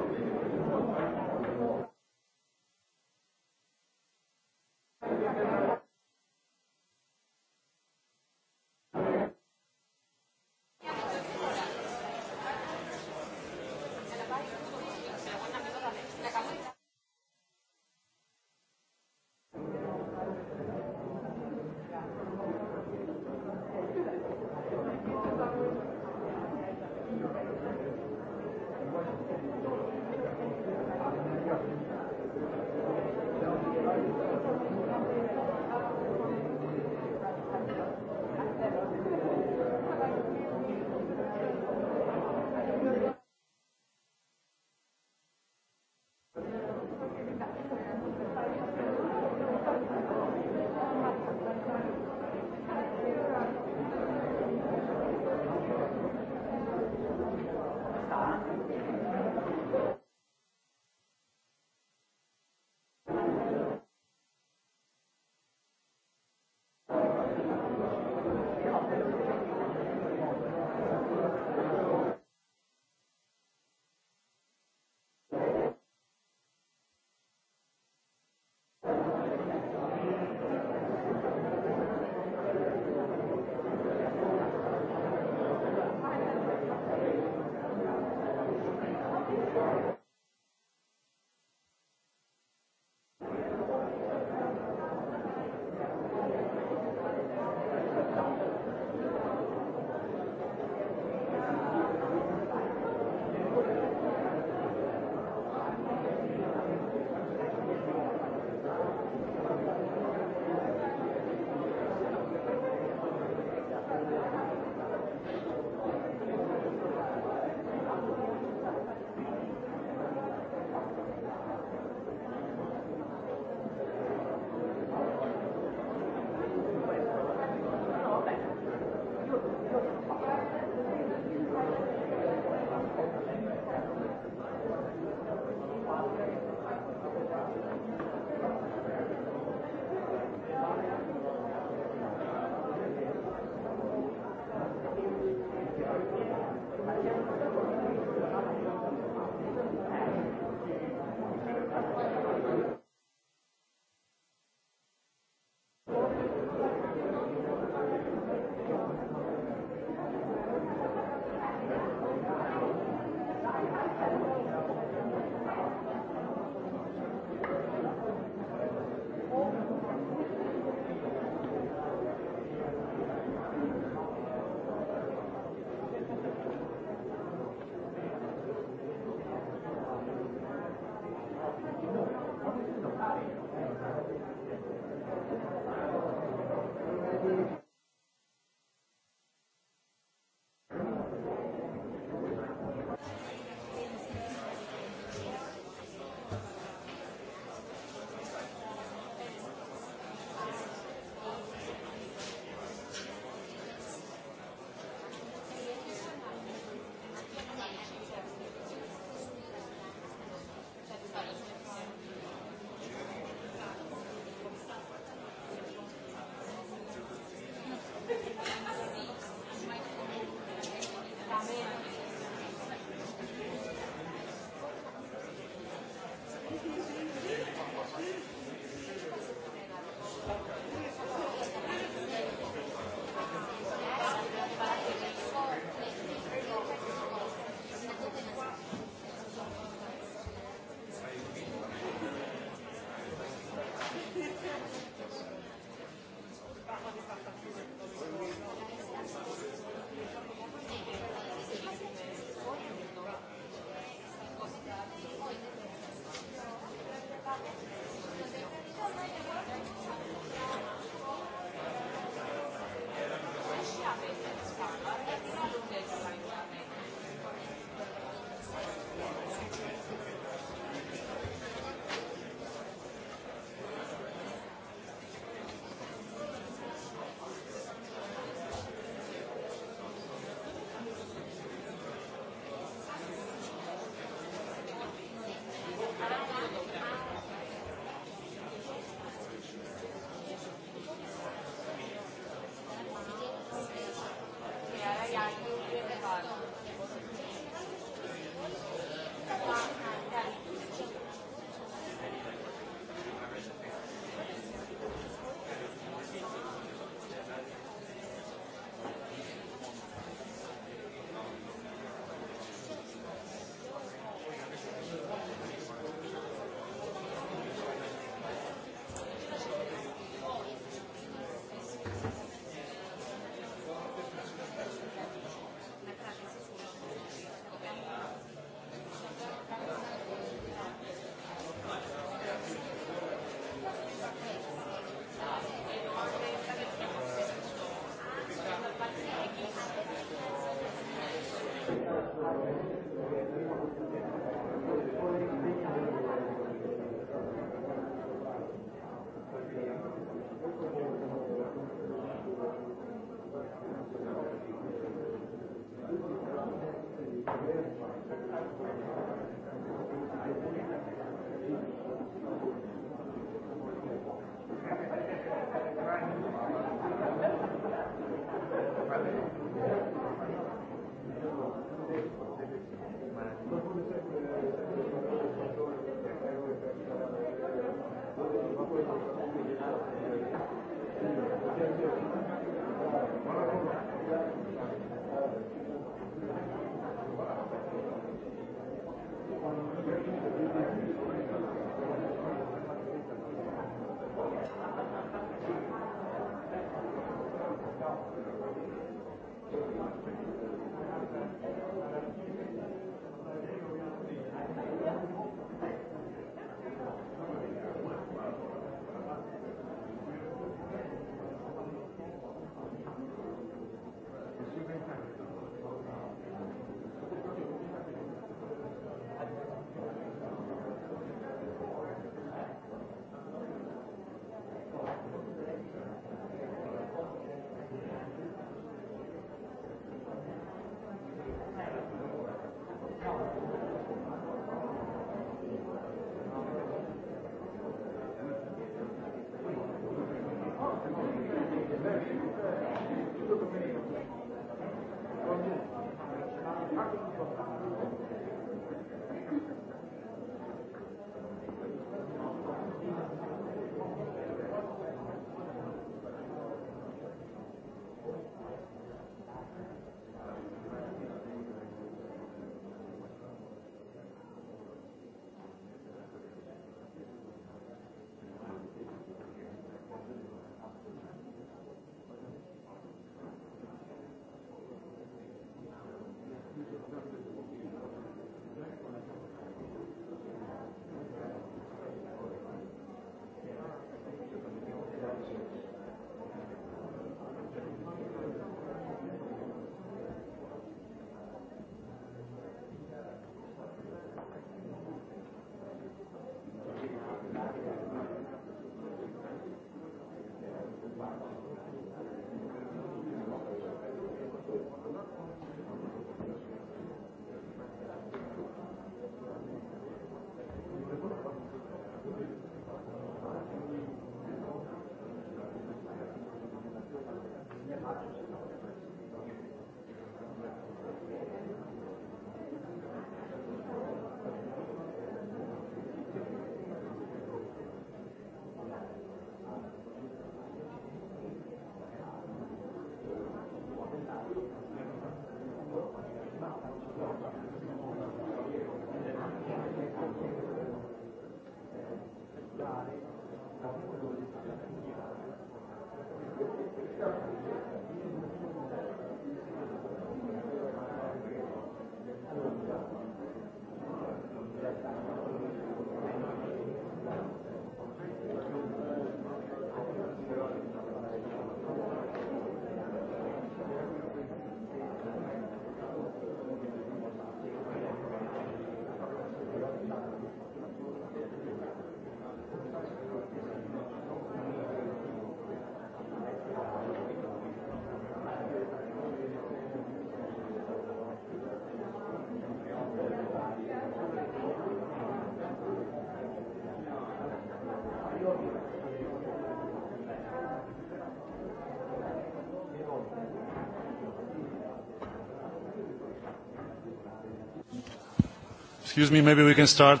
Excuse me, maybe we can start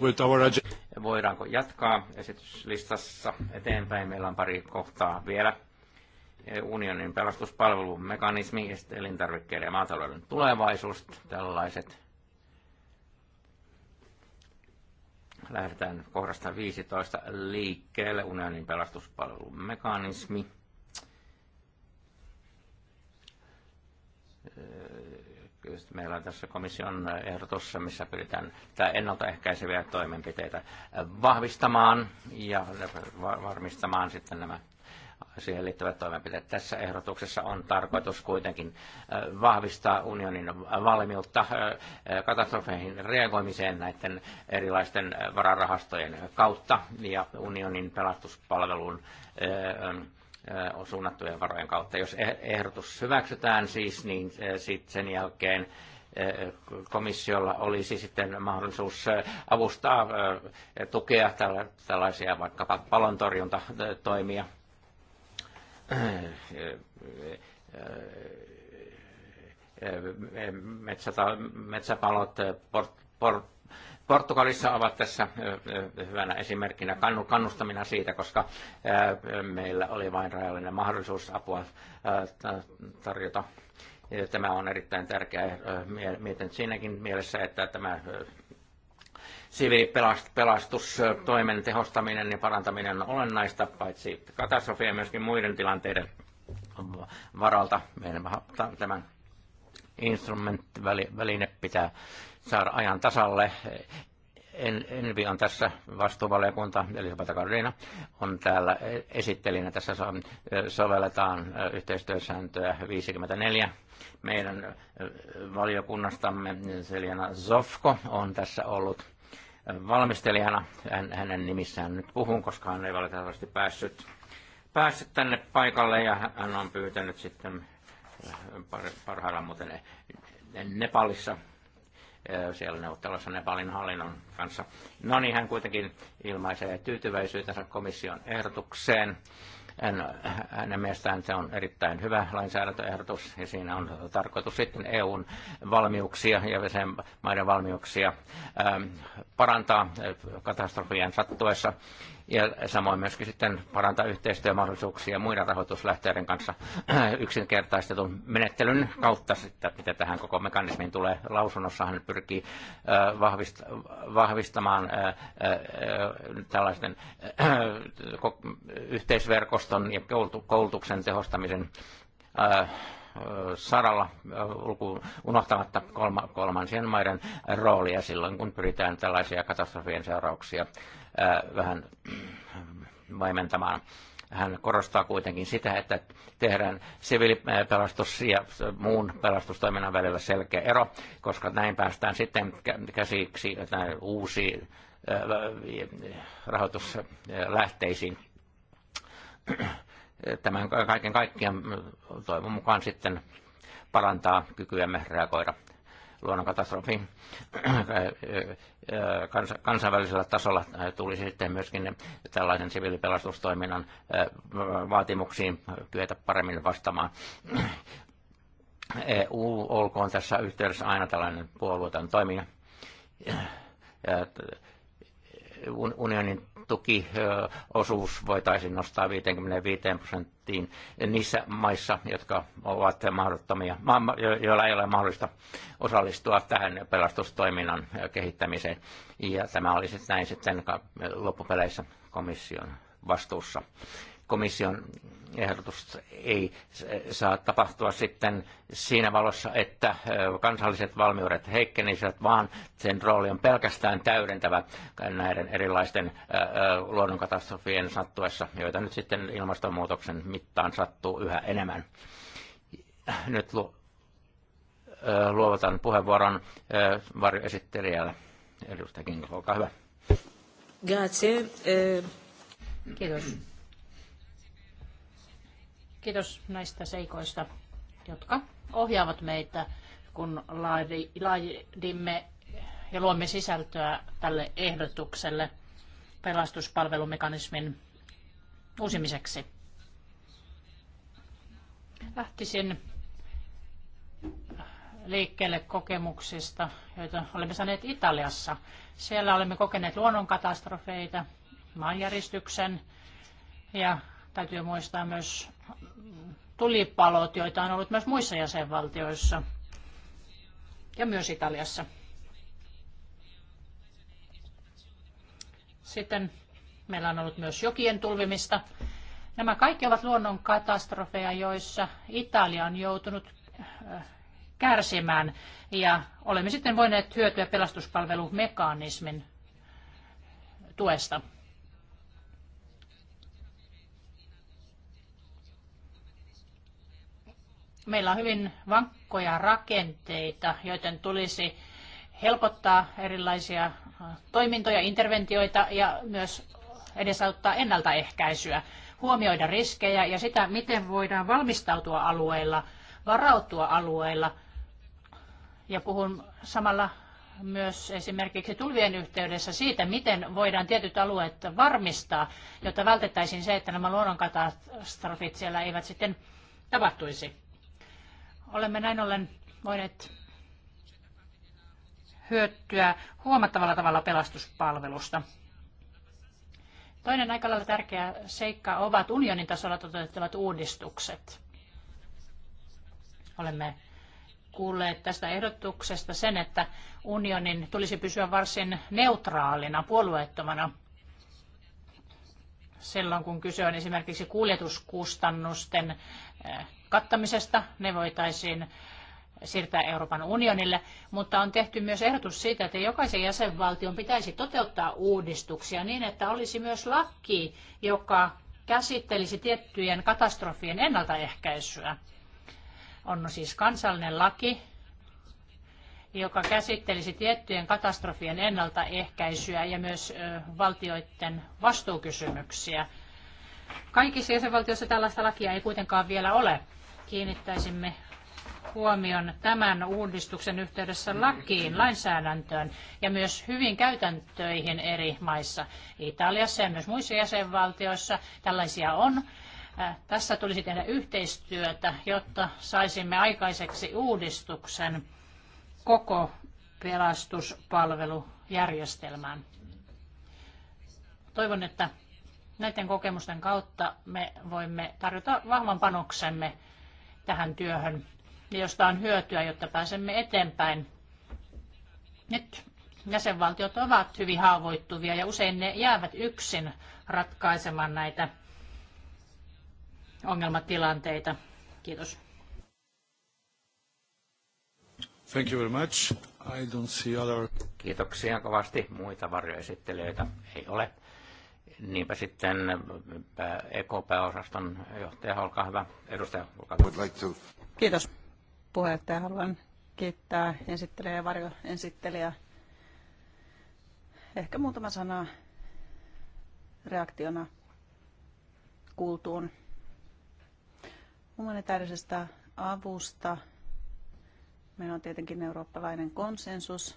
with our agenda. Voidaanko jatkaa esityslistassa eteenpäin? Meillä on pari kohtaa vielä. Unionin pelastuspalvelun mekanismi, elintarvikkeiden ja maatalouden tulevaisuus, tällaiset. Lähdetään kohdasta 15 liikkeelle, unionin pelastuspalvelun mekanismi meillä on tässä komission ehdotus, missä pyritään tämä ennaltaehkäiseviä toimenpiteitä vahvistamaan ja varmistamaan sitten nämä siihen liittyvät toimenpiteet. Tässä ehdotuksessa on tarkoitus kuitenkin vahvistaa unionin valmiutta katastrofeihin reagoimiseen näiden erilaisten vararahastojen kautta ja unionin pelastuspalvelun suunnattujen varojen kautta. Jos ehdotus hyväksytään siis, niin sitten sen jälkeen komissiolla olisi sitten mahdollisuus avustaa, tukea tällaisia vaikkapa palontorjuntatoimia metsäta, metsäpalot, port, port, Portugalissa ovat tässä hyvänä esimerkkinä kannustamina siitä, koska meillä oli vain rajallinen mahdollisuus apua tarjota. Tämä on erittäin tärkeä mietin siinäkin mielessä, että tämä siviilipelastustoimen tehostaminen ja parantaminen on olennaista, paitsi katastrofia myöskin muiden tilanteiden varalta. Meidän tämän instrumenttiväline pitää saada ajan tasalle. En, Envi on tässä vastuuvaliokunta, eli Karina on täällä esittelinä. Tässä sovelletaan yhteistyösääntöä 54 meidän valiokunnastamme. Seljana Zofko on tässä ollut valmistelijana. Hänen nimissään nyt puhun, koska hän ei valitettavasti päässyt, päässyt tänne paikalle ja hän on pyytänyt sitten parhaillaan muuten Nepalissa siellä neuvottelussa Nepalin hallinnon kanssa. No niin, hän kuitenkin ilmaisee tyytyväisyytensä komission ehdotukseen. En, hänen mielestään se on erittäin hyvä lainsäädäntöehdotus ja siinä on tarkoitus sitten EUn valmiuksia ja sen maiden valmiuksia parantaa katastrofien sattuessa ja samoin myöskin sitten parantaa yhteistyömahdollisuuksia muiden rahoituslähteiden kanssa *clears throat* yksinkertaistetun menettelyn kautta sitten, mitä tähän koko mekanismiin tulee. Lausunnossahan pyrkii vahvistamaan tällaisten yhteisverkoston ja koulutuksen tehostamisen saralla unohtamatta kolmansien maiden roolia silloin, kun pyritään tällaisia katastrofien seurauksia Äh, vähän vaimentamaan. Hän korostaa kuitenkin sitä, että tehdään siviilipelastus ja muun pelastustoiminnan välillä selkeä ero, koska näin päästään sitten käsiksi uusiin äh, rahoituslähteisiin. Tämän kaiken kaikkiaan toivon mukaan sitten parantaa kykyämme reagoida luonnonkatastrofin äh, äh, äh, kansainvälisellä tasolla tulisi sitten myöskin tällaisen siviilipelastustoiminnan vaatimuksiin kyetä paremmin vastaamaan. EU olkoon tässä yhteydessä aina tällainen puolueeton toimija. Unionin tukiosuus voitaisiin nostaa 55 prosenttiin niissä maissa, jotka ovat mahdottomia, joilla ei ole mahdollista osallistua tähän pelastustoiminnan kehittämiseen. Ja tämä oli sitten näin sitten loppupeleissä komission vastuussa. Komission Ehdotus ei saa tapahtua sitten siinä valossa, että kansalliset valmiudet heikkenisivät, vaan sen rooli on pelkästään täydentävä näiden erilaisten luonnonkatastrofien sattuessa, joita nyt sitten ilmastonmuutoksen mittaan sattuu yhä enemmän. Nyt lu- luovutan puheenvuoron varjoesittelijälle. Edustaja Kinko, olkaa hyvä. Grazie. Eh, Kiitos Kiitos näistä seikoista, jotka ohjaavat meitä, kun laadimme ja luomme sisältöä tälle ehdotukselle pelastuspalvelumekanismin uusimiseksi. Lähtisin liikkeelle kokemuksista, joita olemme saaneet Italiassa. Siellä olemme kokeneet luonnonkatastrofeita, maanjäristyksen ja Täytyy muistaa myös tulipalot, joita on ollut myös muissa jäsenvaltioissa ja myös Italiassa. Sitten meillä on ollut myös jokien tulvimista. Nämä kaikki ovat luonnon katastrofeja, joissa Italia on joutunut äh, kärsimään ja olemme sitten voineet hyötyä pelastuspalvelumekanismin tuesta. Meillä on hyvin vankkoja rakenteita, joiden tulisi helpottaa erilaisia toimintoja, interventioita ja myös edesauttaa ennaltaehkäisyä, huomioida riskejä ja sitä, miten voidaan valmistautua alueilla, varautua alueilla. Ja puhun samalla myös esimerkiksi tulvien yhteydessä siitä, miten voidaan tietyt alueet varmistaa, jotta vältettäisiin se, että nämä luonnonkatastrofit siellä eivät sitten tapahtuisi. Olemme näin ollen voineet hyötyä huomattavalla tavalla pelastuspalvelusta. Toinen aika lailla tärkeä seikka ovat unionin tasolla toteutettavat uudistukset. Olemme kuulleet tästä ehdotuksesta sen, että unionin tulisi pysyä varsin neutraalina, puolueettomana – silloin, kun kyse on esimerkiksi kuljetuskustannusten eh, kattamisesta. Ne voitaisiin siirtää Euroopan unionille, mutta on tehty myös ehdotus siitä, että jokaisen jäsenvaltion pitäisi toteuttaa uudistuksia niin, että olisi myös laki, joka käsittelisi tiettyjen katastrofien ennaltaehkäisyä. On siis kansallinen laki, joka käsittelisi tiettyjen katastrofien ennaltaehkäisyä ja myös valtioiden vastuukysymyksiä. Kaikissa jäsenvaltioissa tällaista lakia ei kuitenkaan vielä ole. Kiinnittäisimme huomion tämän uudistuksen yhteydessä lakiin, lainsäädäntöön ja myös hyvin käytäntöihin eri maissa. Italiassa ja myös muissa jäsenvaltioissa tällaisia on. Tässä tulisi tehdä yhteistyötä, jotta saisimme aikaiseksi uudistuksen, koko pelastuspalvelujärjestelmään. Toivon, että näiden kokemusten kautta me voimme tarjota vahvan panoksemme tähän työhön, josta on hyötyä, jotta pääsemme eteenpäin. Nyt jäsenvaltiot ovat hyvin haavoittuvia ja usein ne jäävät yksin ratkaisemaan näitä ongelmatilanteita. Kiitos. Thank you very much. I don't see other... Kiitoksia kovasti. Muita varjoesittelijöitä ei ole. Niinpä sitten EKP-osaston johtaja, olkaa hyvä. Edustaja, olkaa hyvä. Like to... Kiitos puheenjohtaja. Haluan kiittää esittelijä ja varjoesittelijä. Ehkä muutama sana reaktiona kuultuun humanitaarisesta avusta Meillä on tietenkin eurooppalainen konsensus,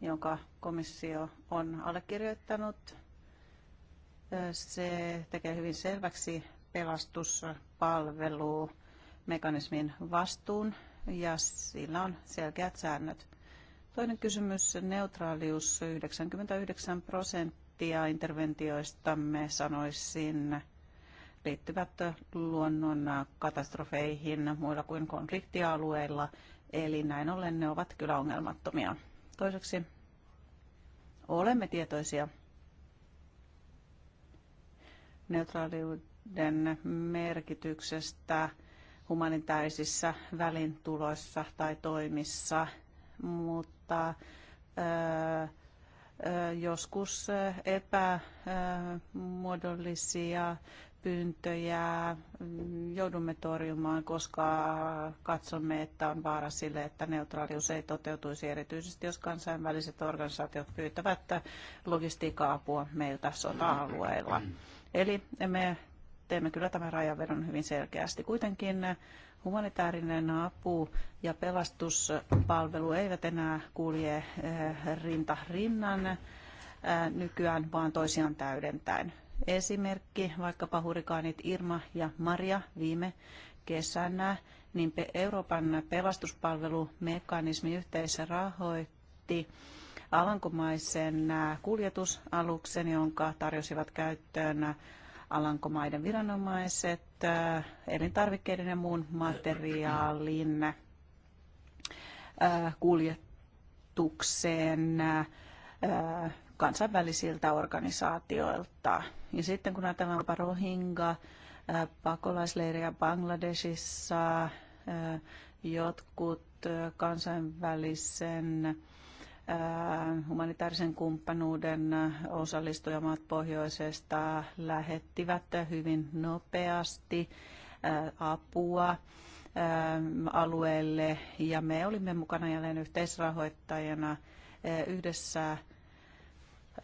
jonka komissio on allekirjoittanut. Se tekee hyvin selväksi pelastuspalvelumekanismin vastuun ja sillä on selkeät säännöt. Toinen kysymys, neutraalius. 99 prosenttia interventioistamme sanoisin liittyvät luonnon katastrofeihin muilla kuin konfliktialueilla, eli näin ollen ne ovat kyllä ongelmattomia. Toiseksi olemme tietoisia neutraaliuden merkityksestä humanitaarisissa välintuloissa tai toimissa, mutta öö, joskus epämuodollisia pyyntöjä mm, joudumme torjumaan, koska katsomme, että on vaara sille, että neutraalius ei toteutuisi, erityisesti jos kansainväliset organisaatiot pyytävät logistiikka-apua meiltä sota-alueilla. Eli me teemme kyllä tämän rajanvedon hyvin selkeästi. Kuitenkin humanitaarinen apu ja pelastuspalvelu eivät enää kulje eh, rinta rinnan eh, nykyään, vaan toisiaan täydentäen esimerkki, vaikkapa hurikaanit Irma ja Maria viime kesänä, niin Euroopan pelastuspalvelumekanismi yhteisö rahoitti alankomaisen kuljetusaluksen, jonka tarjosivat käyttöön alankomaiden viranomaiset elintarvikkeiden ja muun materiaalin kuljetukseen kansainvälisiltä organisaatioilta. Ja sitten kun ajatellaan Rohingya, äh, pakolaisleirejä Bangladesissa, äh, jotkut äh, kansainvälisen humanitaarisen kumppanuuden osallistujamaat pohjoisesta lähettivät hyvin nopeasti apua alueelle ja me olimme mukana jälleen yhteisrahoittajana yhdessä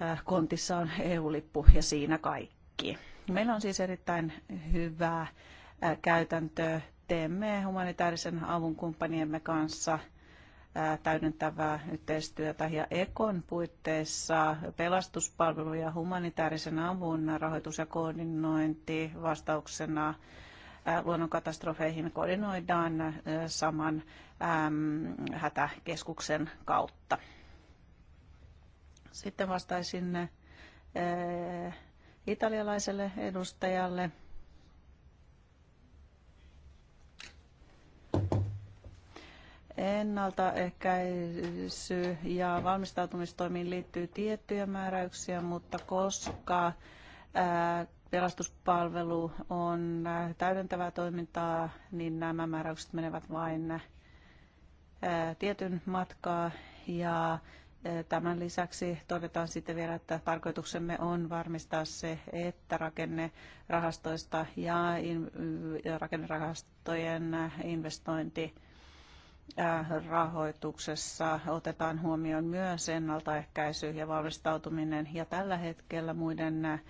Äh, kontissa on EU-lippu ja siinä kaikki. Meillä on siis erittäin hyvää äh, käytäntöä. Teemme humanitaarisen avun kumppaniemme kanssa äh, täydentävää yhteistyötä ja EKON puitteissa pelastuspalvelu ja humanitaarisen avun rahoitus ja koordinointi vastauksena luonnonkatastrofeihin koordinoidaan saman hätäkeskuksen kautta. Sitten vastaisin eh, italialaiselle edustajalle. Ennaltaehkäisy ja valmistautumistoimiin liittyy tiettyjä määräyksiä, mutta koska eh, pelastuspalvelu on eh, täydentävää toimintaa, niin nämä määräykset menevät vain tietyn matkaa ja Tämän lisäksi todetaan sitten vielä, että tarkoituksemme on varmistaa se, että rakennerahastoista ja rakennerahastojen investointi rahoituksessa otetaan huomioon myös ennaltaehkäisy ja valmistautuminen ja tällä hetkellä muiden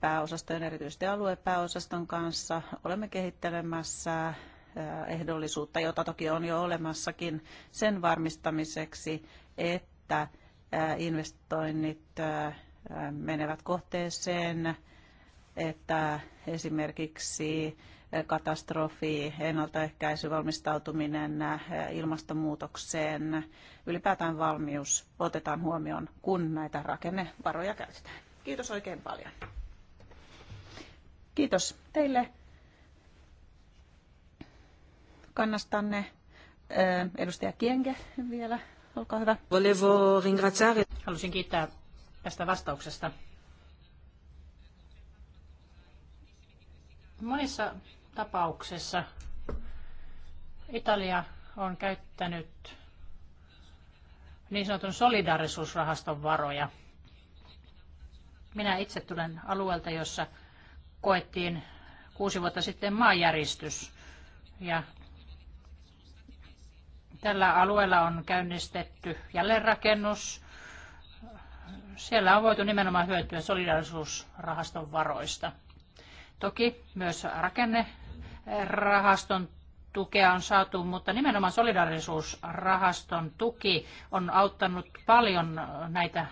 pääosastojen, erityisesti aluepääosaston kanssa olemme kehittelemässä ehdollisuutta, jota toki on jo olemassakin, sen varmistamiseksi, että investoinnit menevät kohteeseen, että esimerkiksi katastrofi, ennaltaehkäisy, valmistautuminen ilmastonmuutokseen, ylipäätään valmius otetaan huomioon, kun näitä rakennevaroja käytetään. Kiitos oikein paljon. Kiitos teille kannastanne. Edustaja Kienge vielä, olkaa hyvä. Haluaisin kiittää tästä vastauksesta. Monissa tapauksissa Italia on käyttänyt niin sanotun solidarisuusrahaston varoja. Minä itse tulen alueelta, jossa koettiin kuusi vuotta sitten maanjäristys ja Tällä alueella on käynnistetty jälleenrakennus. Siellä on voitu nimenomaan hyötyä solidarisuusrahaston varoista. Toki myös rakennerahaston tukea on saatu, mutta nimenomaan solidaarisuusrahaston tuki on auttanut paljon näitä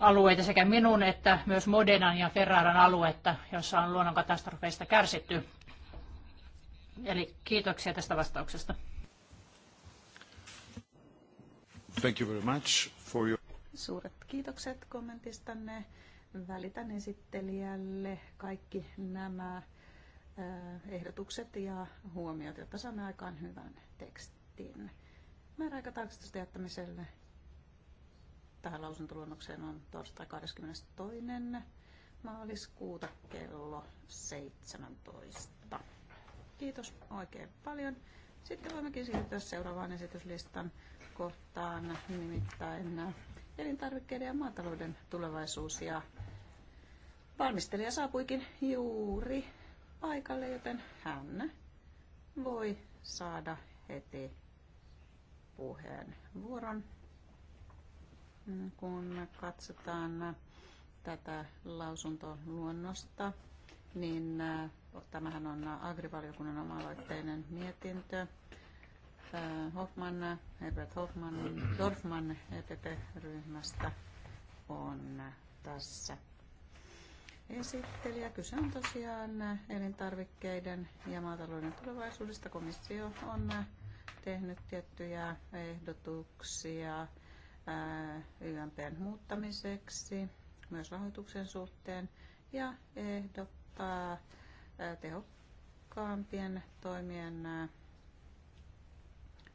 alueita, sekä minun että myös Modenan ja Ferraran aluetta, jossa on luonnonkatastrofeista kärsitty. Eli kiitoksia tästä vastauksesta. Thank you very much for your... Suuret kiitokset kommentistanne. Välitän esittelijälle kaikki nämä äh, ehdotukset ja huomiot, jotta saamme aikaan hyvän tekstin. Määräaikatarkistusten jättämiselle tähän lausuntoluonnokseen on torstai 22. maaliskuuta kello 17. Kiitos oikein paljon. Sitten voimmekin siirtyä seuraavaan esityslistan kohtaan, nimittäin elintarvikkeiden ja maatalouden tulevaisuus. Ja valmistelija saapuikin juuri paikalle, joten hän voi saada heti puheenvuoron, kun katsotaan tätä lausuntoluonnosta, niin Tämähän on agrivaliokunnan omalaitteinen mietintö. Äh, Hoffman, Herbert Hoffman, Dorfman EPP-ryhmästä on tässä esittelijä. Kyse on tosiaan elintarvikkeiden ja maatalouden tulevaisuudesta. Komissio on tehnyt tiettyjä ehdotuksia äh, YMPn muuttamiseksi myös rahoituksen suhteen ja ehdottaa tehokkaampien toimien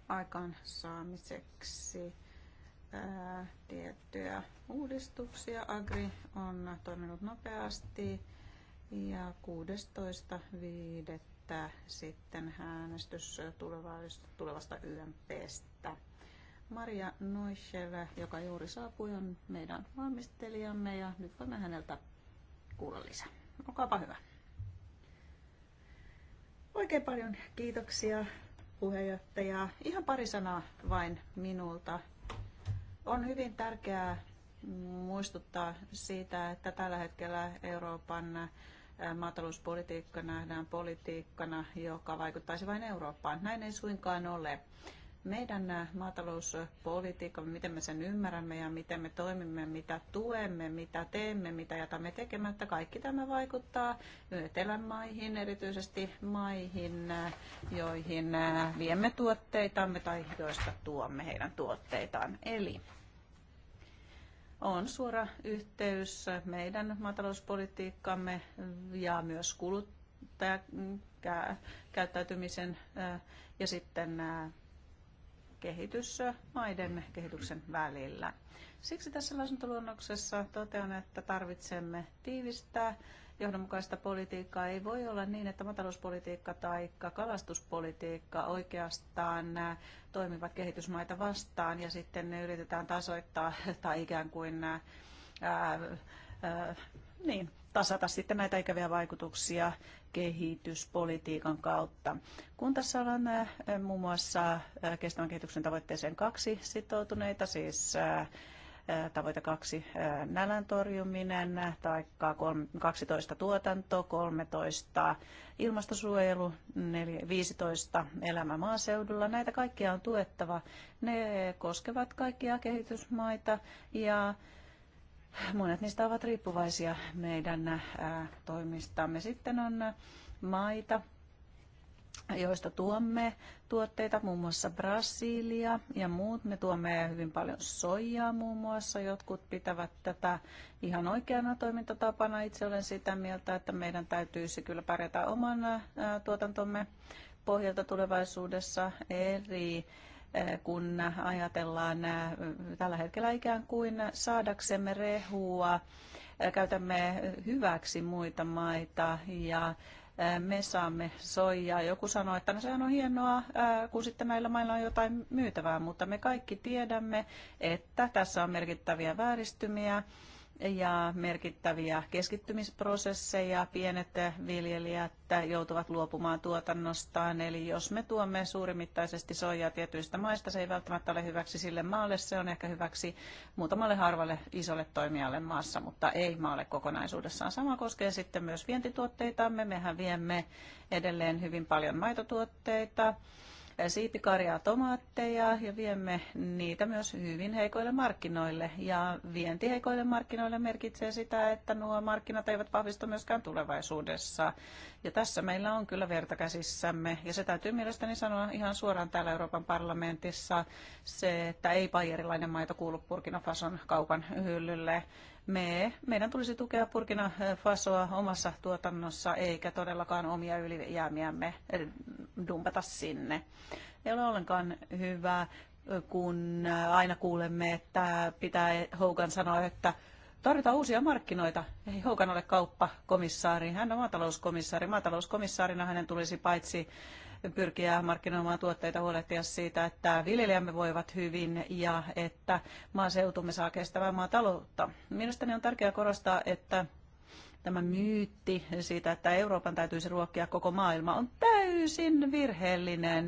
aikaansaamiseksi tiettyjä uudistuksia. Agri on toiminut nopeasti ja 16.5. sitten äänestys tulevasta YMPstä. Maria Noischel, joka juuri saapui, on meidän valmistelijamme ja nyt voimme häneltä kuulla lisää. Olkaapa hyvä. Oikein paljon kiitoksia puheenjohtaja. Ihan pari sanaa vain minulta. On hyvin tärkeää muistuttaa siitä, että tällä hetkellä Euroopan maatalouspolitiikka nähdään politiikkana, joka vaikuttaisi vain Eurooppaan. Näin ei suinkaan ole meidän maatalouspolitiikkamme, miten me sen ymmärrämme ja miten me toimimme, mitä tuemme, mitä teemme, mitä jätämme tekemättä. Kaikki tämä vaikuttaa etelämaihin, erityisesti maihin, joihin viemme tuotteitamme tai joista tuomme heidän tuotteitaan. Eli on suora yhteys meidän maatalouspolitiikkamme ja myös kuluttajakäyttäytymisen ja sitten kehitysmaiden kehityksen välillä. Siksi tässä lausuntoluonnoksessa totean, että tarvitsemme tiivistää johdonmukaista politiikkaa. Ei voi olla niin, että matalouspolitiikka tai kalastuspolitiikka oikeastaan toimivat kehitysmaita vastaan ja sitten ne yritetään tasoittaa tai ikään kuin ää, ää, niin, tasata sitten näitä ikäviä vaikutuksia kehityspolitiikan kautta. Kun tässä ollaan äh, muun muassa äh, kestävän kehityksen tavoitteeseen kaksi sitoutuneita, siis äh, tavoite kaksi nälän torjuminen, taikka 12 tuotanto, 13 ilmastosuojelu, 15 elämä maaseudulla. Näitä kaikkia on tuettava. Ne koskevat kaikkia kehitysmaita ja Monet niistä ovat riippuvaisia meidän toimistamme. Sitten on maita, joista tuomme tuotteita, muun muassa Brasilia ja muut. Me tuomme hyvin paljon soijaa muun muassa. Jotkut pitävät tätä ihan oikeana toimintatapana. Itse olen sitä mieltä, että meidän täytyisi kyllä pärjätä oman tuotantomme pohjalta tulevaisuudessa eri kun ajatellaan tällä hetkellä ikään kuin saadaksemme rehua, käytämme hyväksi muita maita ja me saamme soijaa. Joku sanoi, että no sehän on hienoa, kun sitten näillä mailla on jotain myytävää, mutta me kaikki tiedämme, että tässä on merkittäviä vääristymiä ja merkittäviä keskittymisprosesseja. Pienet viljelijät joutuvat luopumaan tuotannostaan. Eli jos me tuomme suurimittaisesti soijaa tietyistä maista, se ei välttämättä ole hyväksi sille maalle. Se on ehkä hyväksi muutamalle harvalle isolle toimijalle maassa, mutta ei maalle kokonaisuudessaan. Sama koskee sitten myös vientituotteitamme. Mehän viemme edelleen hyvin paljon maitotuotteita siipikarjaa, tomaatteja ja viemme niitä myös hyvin heikoille markkinoille. Ja vienti heikoille markkinoille merkitsee sitä, että nuo markkinat eivät vahvistu myöskään tulevaisuudessa. Ja tässä meillä on kyllä verta käsissämme. Ja se täytyy mielestäni sanoa ihan suoraan täällä Euroopan parlamentissa se, että ei pajerilainen maito kuulu Burkina Fason kaupan hyllylle me, meidän tulisi tukea Purkina Fasoa omassa tuotannossa eikä todellakaan omia ylijäämiämme eh, dumpata sinne. Ei ole ollenkaan hyvä, kun aina kuulemme, että pitää Hogan sanoa, että tarvitaan uusia markkinoita. Ei Hogan ole kauppakomissaari, hän on maatalouskomissaari. Maatalouskomissaarina hänen tulisi paitsi pyrkiä markkinoimaan tuotteita, huolehtia siitä, että viljelijämme voivat hyvin ja että maaseutumme saa kestävää maataloutta. Mielestäni on tärkeää korostaa, että tämä myytti siitä, että Euroopan täytyisi ruokkia koko maailma, on täysin virheellinen.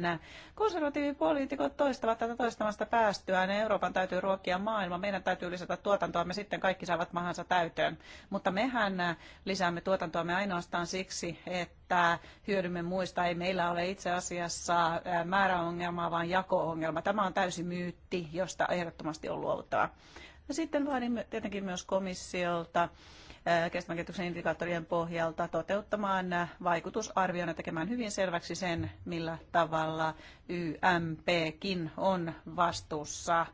Konservatiivipoliitikot toistavat tätä toistamasta päästyään. Euroopan täytyy ruokkia maailma. Meidän täytyy lisätä tuotantoa, me sitten kaikki saavat mahansa täyteen. Mutta mehän lisäämme tuotantoamme ainoastaan siksi, että hyödymme muista. Ei meillä ole itse asiassa määräongelmaa, vaan jako-ongelma. Tämä on täysin myytti, josta ehdottomasti on luovuttava. Ja sitten vaadimme tietenkin myös komissiolta kestävän kehityksen indikaattorien pohjalta toteuttamaan vaikutusarvion ja tekemään hyvin selväksi sen, millä tavalla YMPkin on vastuussa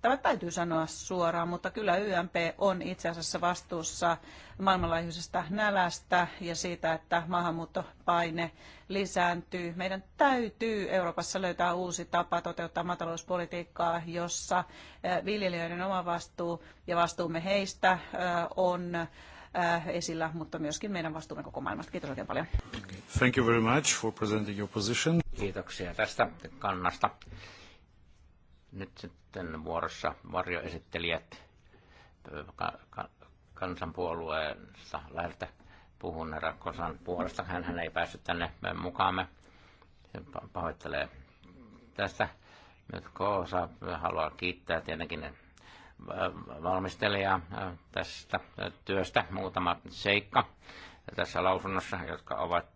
Tämä täytyy sanoa suoraan, mutta kyllä YMP on itse asiassa vastuussa maailmanlaajuisesta nälästä ja siitä, että maahanmuuttopaine lisääntyy. Meidän täytyy Euroopassa löytää uusi tapa toteuttaa maatalouspolitiikkaa, jossa eh, viljelijöiden oma vastuu ja vastuumme heistä eh, on eh, esillä, mutta myöskin meidän vastuumme koko maailmasta. Kiitos oikein paljon. Thank you very much for presenting your position. Kiitoksia tästä kannasta. Nyt sitten vuorossa varjoesittelijät kansanpuolueesta läheltä puhun Rakkosan puolesta. Hän ei päässyt tänne mukaamme. Pahoittelee tässä, Nyt Koosa haluaa kiittää tietenkin valmistelijaa tästä työstä. Muutama seikka tässä lausunnossa, jotka ovat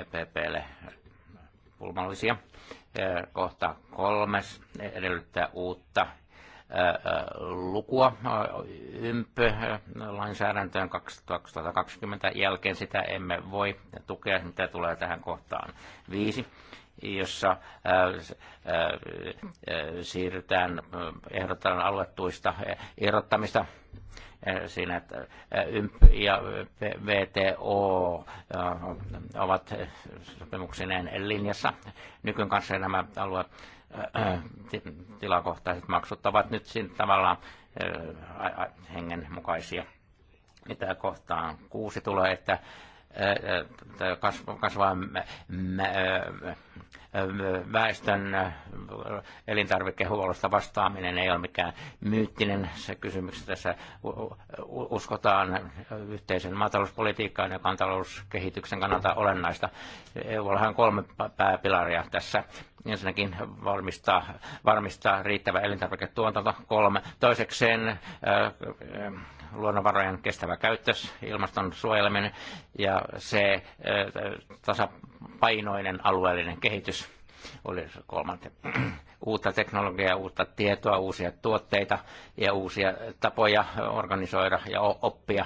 EPPlle pulmallisia kohta kolmas edellyttää uutta lukua ympö-lainsäädäntöön 2020 jälkeen. Sitä emme voi tukea, mitä tulee tähän kohtaan viisi jossa äh, äh, äh, siirrytään, ehdotetaan aluetuista irrottamista siinä, että YMP ja VTO ovat sopimuksineen linjassa. Nykyn kanssa nämä alue tilakohtaiset maksut ovat nyt siinä tavallaan hengenmukaisia. Mitä kohtaan kuusi tulee, että kasvaa väestön elintarvikehuollosta vastaaminen ei ole mikään myyttinen se kysymys. Tässä uskotaan yhteisen maatalouspolitiikkaan, joka on talouskehityksen kannalta olennaista. eu on kolme pääpilaria tässä. Ensinnäkin varmistaa, varmistaa riittävä elintarviketuotanto, kolme. Toisekseen luonnonvarojen kestävä käyttö, ilmaston suojeleminen ja se eh, tasapainoinen alueellinen kehitys oli kolmantena *clears throat* Uutta teknologiaa, uutta tietoa, uusia tuotteita ja uusia tapoja organisoida ja oppia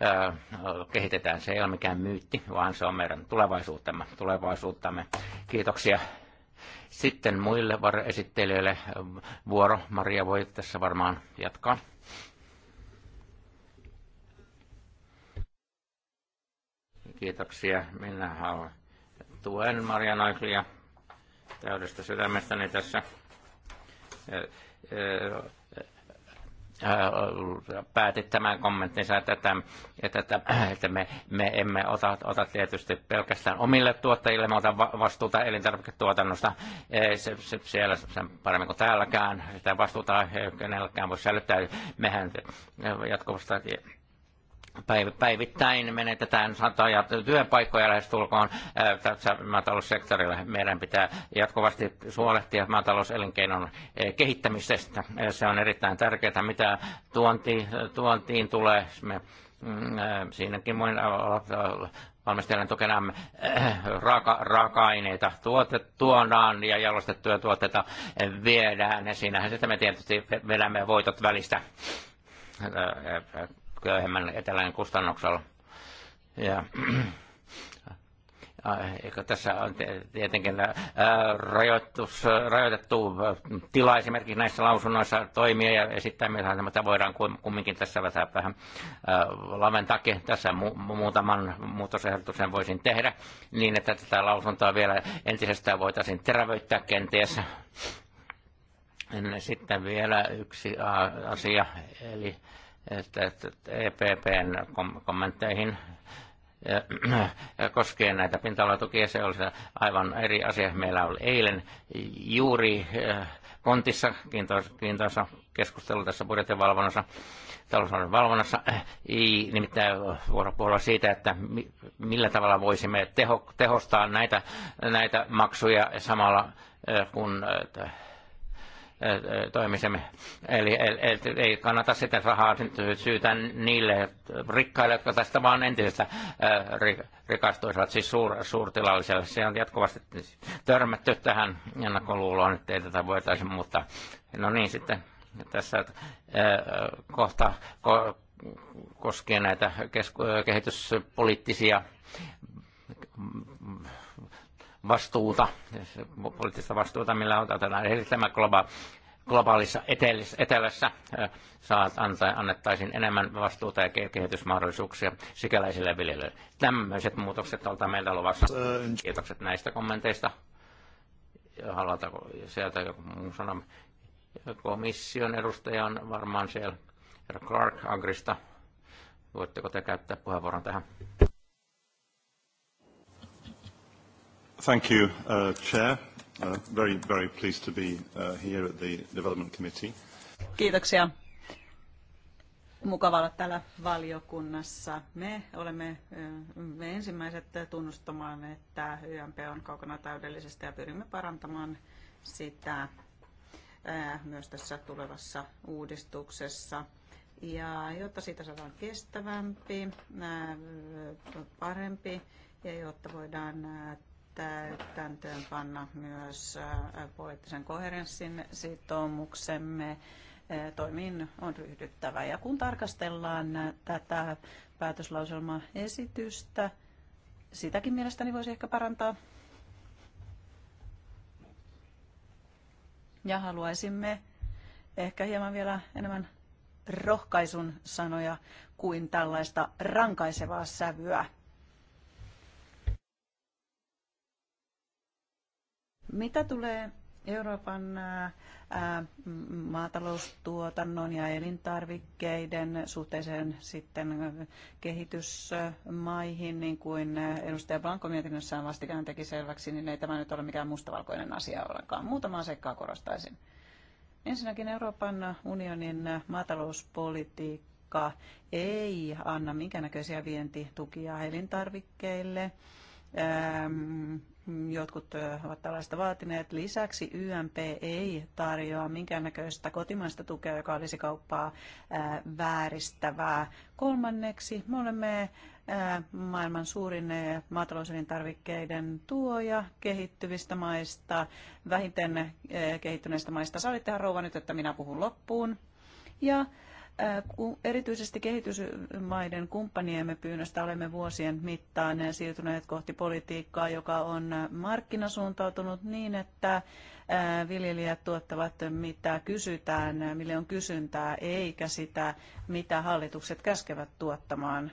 eh, kehitetään. Se ei ole mikään myytti, vaan se on meidän tulevaisuutemme. tulevaisuuttamme. Kiitoksia sitten muille esittelijöille vuoro. Maria voi tässä varmaan jatkaa. Kiitoksia. Minä haluan tuen Maria Naiklia täydestä sydämestäni tässä päätit tämän kommenttinsa, että, että, että, *clears throat* että me, me emme ota, ota tietysti pelkästään omille tuottajille, me ota vastuuta elintarviketuotannosta se, se, siellä sen paremmin kuin täälläkään. Sitä vastuuta ei kenelläkään voi säilyttää. Mehän jatkuvasti päivittäin menetetään satoja työpaikkoja tulkoon äh, tässä maataloussektorilla. Meidän pitää jatkuvasti huolehtia maatalouselinkeinon äh, kehittämisestä. Äh, se on erittäin tärkeää, mitä tuonti, tuontiin tulee. Me, mm, siinäkin voin valmistajan tukena raaka, raaka-aineita tuotet, tuodaan ja jalostettuja tuotteita viedään. Ja siinähän sitten me tietysti vedämme voitot välistä köyhemmän etelän kustannuksella. Ja, *clears throat* tässä on tietenkin äh, rajoitus, rajoitettu äh, tila esimerkiksi näissä lausunnoissa toimia ja esittää, mitä voidaan kumminkin tässä vähän äh, laventaakin. Tässä mu- muutaman muutosehdotuksen voisin tehdä niin, että tätä lausuntoa vielä entisestään voitaisiin terävöittää kenties. Sitten vielä yksi asia, eli että, että EPPn e kommentteihin *clears throat* koskien näitä pinta-alatukia, se oli aivan eri asia. Meillä oli eilen juuri äh, kontissa kiintoisa keskustelu tässä budjetin valvonnassa, talousarvon valvonnassa, nimittäin vuoropuhelua siitä, että millä tavalla voisimme teho, tehostaa näitä, näitä maksuja samalla äh, kun äh, toimisemme. Eli, ei kannata sitä rahaa syytä niille rikkaille, jotka tästä vaan entisestä rikastuisivat, siis suur, suurtilalliselle. Se on jatkuvasti törmätty tähän ennakkoluuloon, että ei tätä voitaisiin muuttaa. No niin, sitten tässä kohta koskee näitä kesku, kehityspoliittisia vastuuta, poliittista vastuuta, millä otetaan erityisesti tämä globa- globaalissa etelässä saat antaa, annettaisiin enemmän vastuuta ja kehitysmahdollisuuksia sikäläisille viljelijöille. Tämmöiset muutokset tuolta meiltä luvassa. Kiitokset näistä kommenteista. Haluatko sieltä joku muu sanoa? Komission edustaja on varmaan siellä. Herra Clark Agrista. Voitteko te käyttää puheenvuoron tähän? Thank you, uh, Chair. Uh, very, very pleased to be uh, here at the Development Committee. Kiitoksia. Mukava olla täällä valiokunnassa. Me olemme uh, me ensimmäiset tunnustamaan, että YMP on kaukana täydellisestä ja pyrimme parantamaan sitä uh, myös tässä tulevassa uudistuksessa. Ja jotta siitä saadaan kestävämpi, uh, parempi ja jotta voidaan täytäntöön panna myös äh, poliittisen koherenssin sitoumuksemme äh, toimiin on ryhdyttävä. Ja kun tarkastellaan tätä päätöslauselmaesitystä, sitäkin mielestäni voisi ehkä parantaa. Ja haluaisimme ehkä hieman vielä enemmän rohkaisun sanoja kuin tällaista rankaisevaa sävyä Mitä tulee Euroopan maataloustuotannon ja elintarvikkeiden suhteeseen sitten kehitysmaihin, niin kuin edustaja Blanco mietinnössään vastikään teki selväksi, niin ei tämä nyt ole mikään mustavalkoinen asia ollenkaan. Muutamaa seikkaa korostaisin. Ensinnäkin Euroopan unionin maatalouspolitiikka ei anna minkäännäköisiä vientitukia elintarvikkeille jotkut ovat tällaista vaatineet. Lisäksi YMP ei tarjoa minkäännäköistä kotimaista tukea, joka olisi kauppaa vääristävää. Kolmanneksi me olemme maailman suurin maatalouselintarvikkeiden tuoja kehittyvistä maista, vähiten kehittyneistä maista. Sallittehan rouva nyt, että minä puhun loppuun. Ja Äh, erityisesti kehitysmaiden kumppaniemme pyynnöstä olemme vuosien mittaan siirtyneet kohti politiikkaa, joka on markkinasuuntautunut niin, että äh, viljelijät tuottavat mitä kysytään, mille on kysyntää, eikä sitä, mitä hallitukset käskevät tuottamaan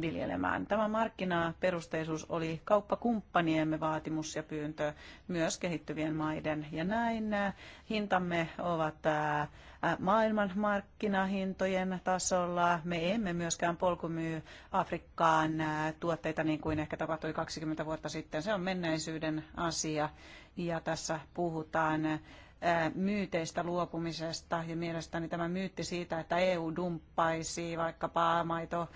viljelemään. Tämä markkinaperusteisuus oli kauppakumppaniemme vaatimus ja pyyntö myös kehittyvien maiden. Ja näin äh, hintamme ovat äh, äh, maailmanmarkkinahintojen tasolla. Me emme myöskään polkumyy Afrikkaan tuotteita niin kuin ehkä tapahtui 20 vuotta sitten. Se on menneisyyden asia ja tässä puhutaan myyteistä luopumisesta ja mielestäni tämä myytti siitä, että EU dumppaisi vaikkapa maito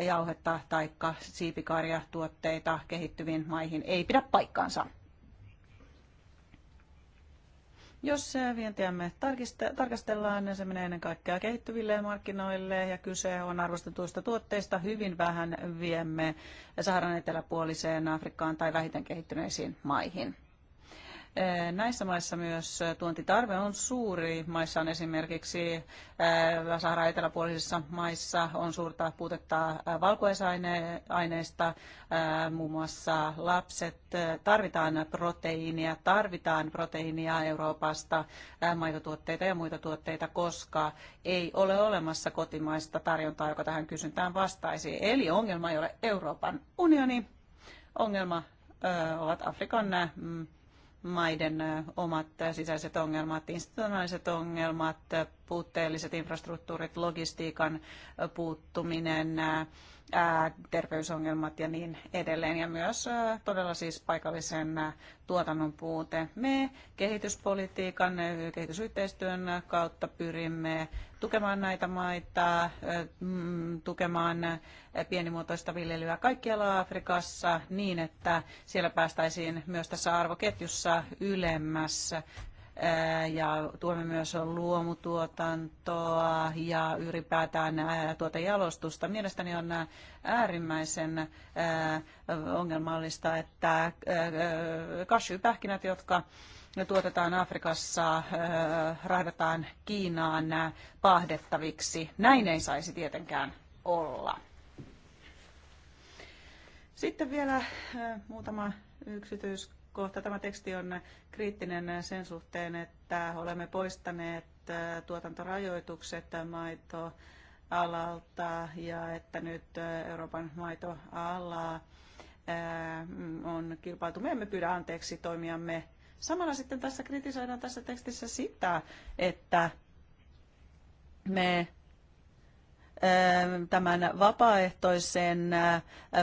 jauhetta tai siipikarjatuotteita kehittyviin maihin ei pidä paikkaansa. Jos vientiämme tarkastellaan, niin se menee ennen kaikkea kehittyville markkinoille ja kyse on arvostetuista tuotteista. Hyvin vähän viemme Saharan eteläpuoliseen Afrikkaan tai vähiten kehittyneisiin maihin. Eh, näissä maissa myös eh, tuontitarve on suuri. Maissa on esimerkiksi eh, Sahara eteläpuolisissa maissa on suurta puutetta valkuaisaineista. Muun muassa lapset tarvitaan proteiinia, tarvitaan proteiinia Euroopasta, maitotuotteita ja muita tuotteita, koska ei ole olemassa kotimaista tarjontaa, joka tähän kysyntään vastaisi. Eli ongelma ei ole Euroopan unioni, ongelma ovat Afrikan mm, maiden omat sisäiset ongelmat, institutionaaliset ongelmat, puutteelliset infrastruktuurit, logistiikan puuttuminen, terveysongelmat ja niin edelleen, ja myös todella siis paikallisen tuotannon puute. Me kehityspolitiikan, kehitysyhteistyön kautta pyrimme tukemaan näitä maita, mm, tukemaan pienimuotoista viljelyä kaikkialla Afrikassa niin, että siellä päästäisiin myös tässä arvoketjussa ylemmässä ja tuemme myös luomutuotantoa ja ylipäätään tuotejalostusta. Mielestäni on äärimmäisen ongelmallista, että kasvipähkinät, jotka tuotetaan Afrikassa, rahdataan Kiinaan pahdettaviksi. Näin ei saisi tietenkään olla. Sitten vielä muutama yksityiskohta kohta. Tämä teksti on kriittinen sen suhteen, että olemme poistaneet äh, tuotantorajoitukset maitoalalta ja että nyt äh, Euroopan maitoalaa äh, on kilpailtu. Me emme pyydä anteeksi toimiamme. Samalla sitten tässä kritisoidaan tässä tekstissä sitä, että me tämän vapaaehtoisen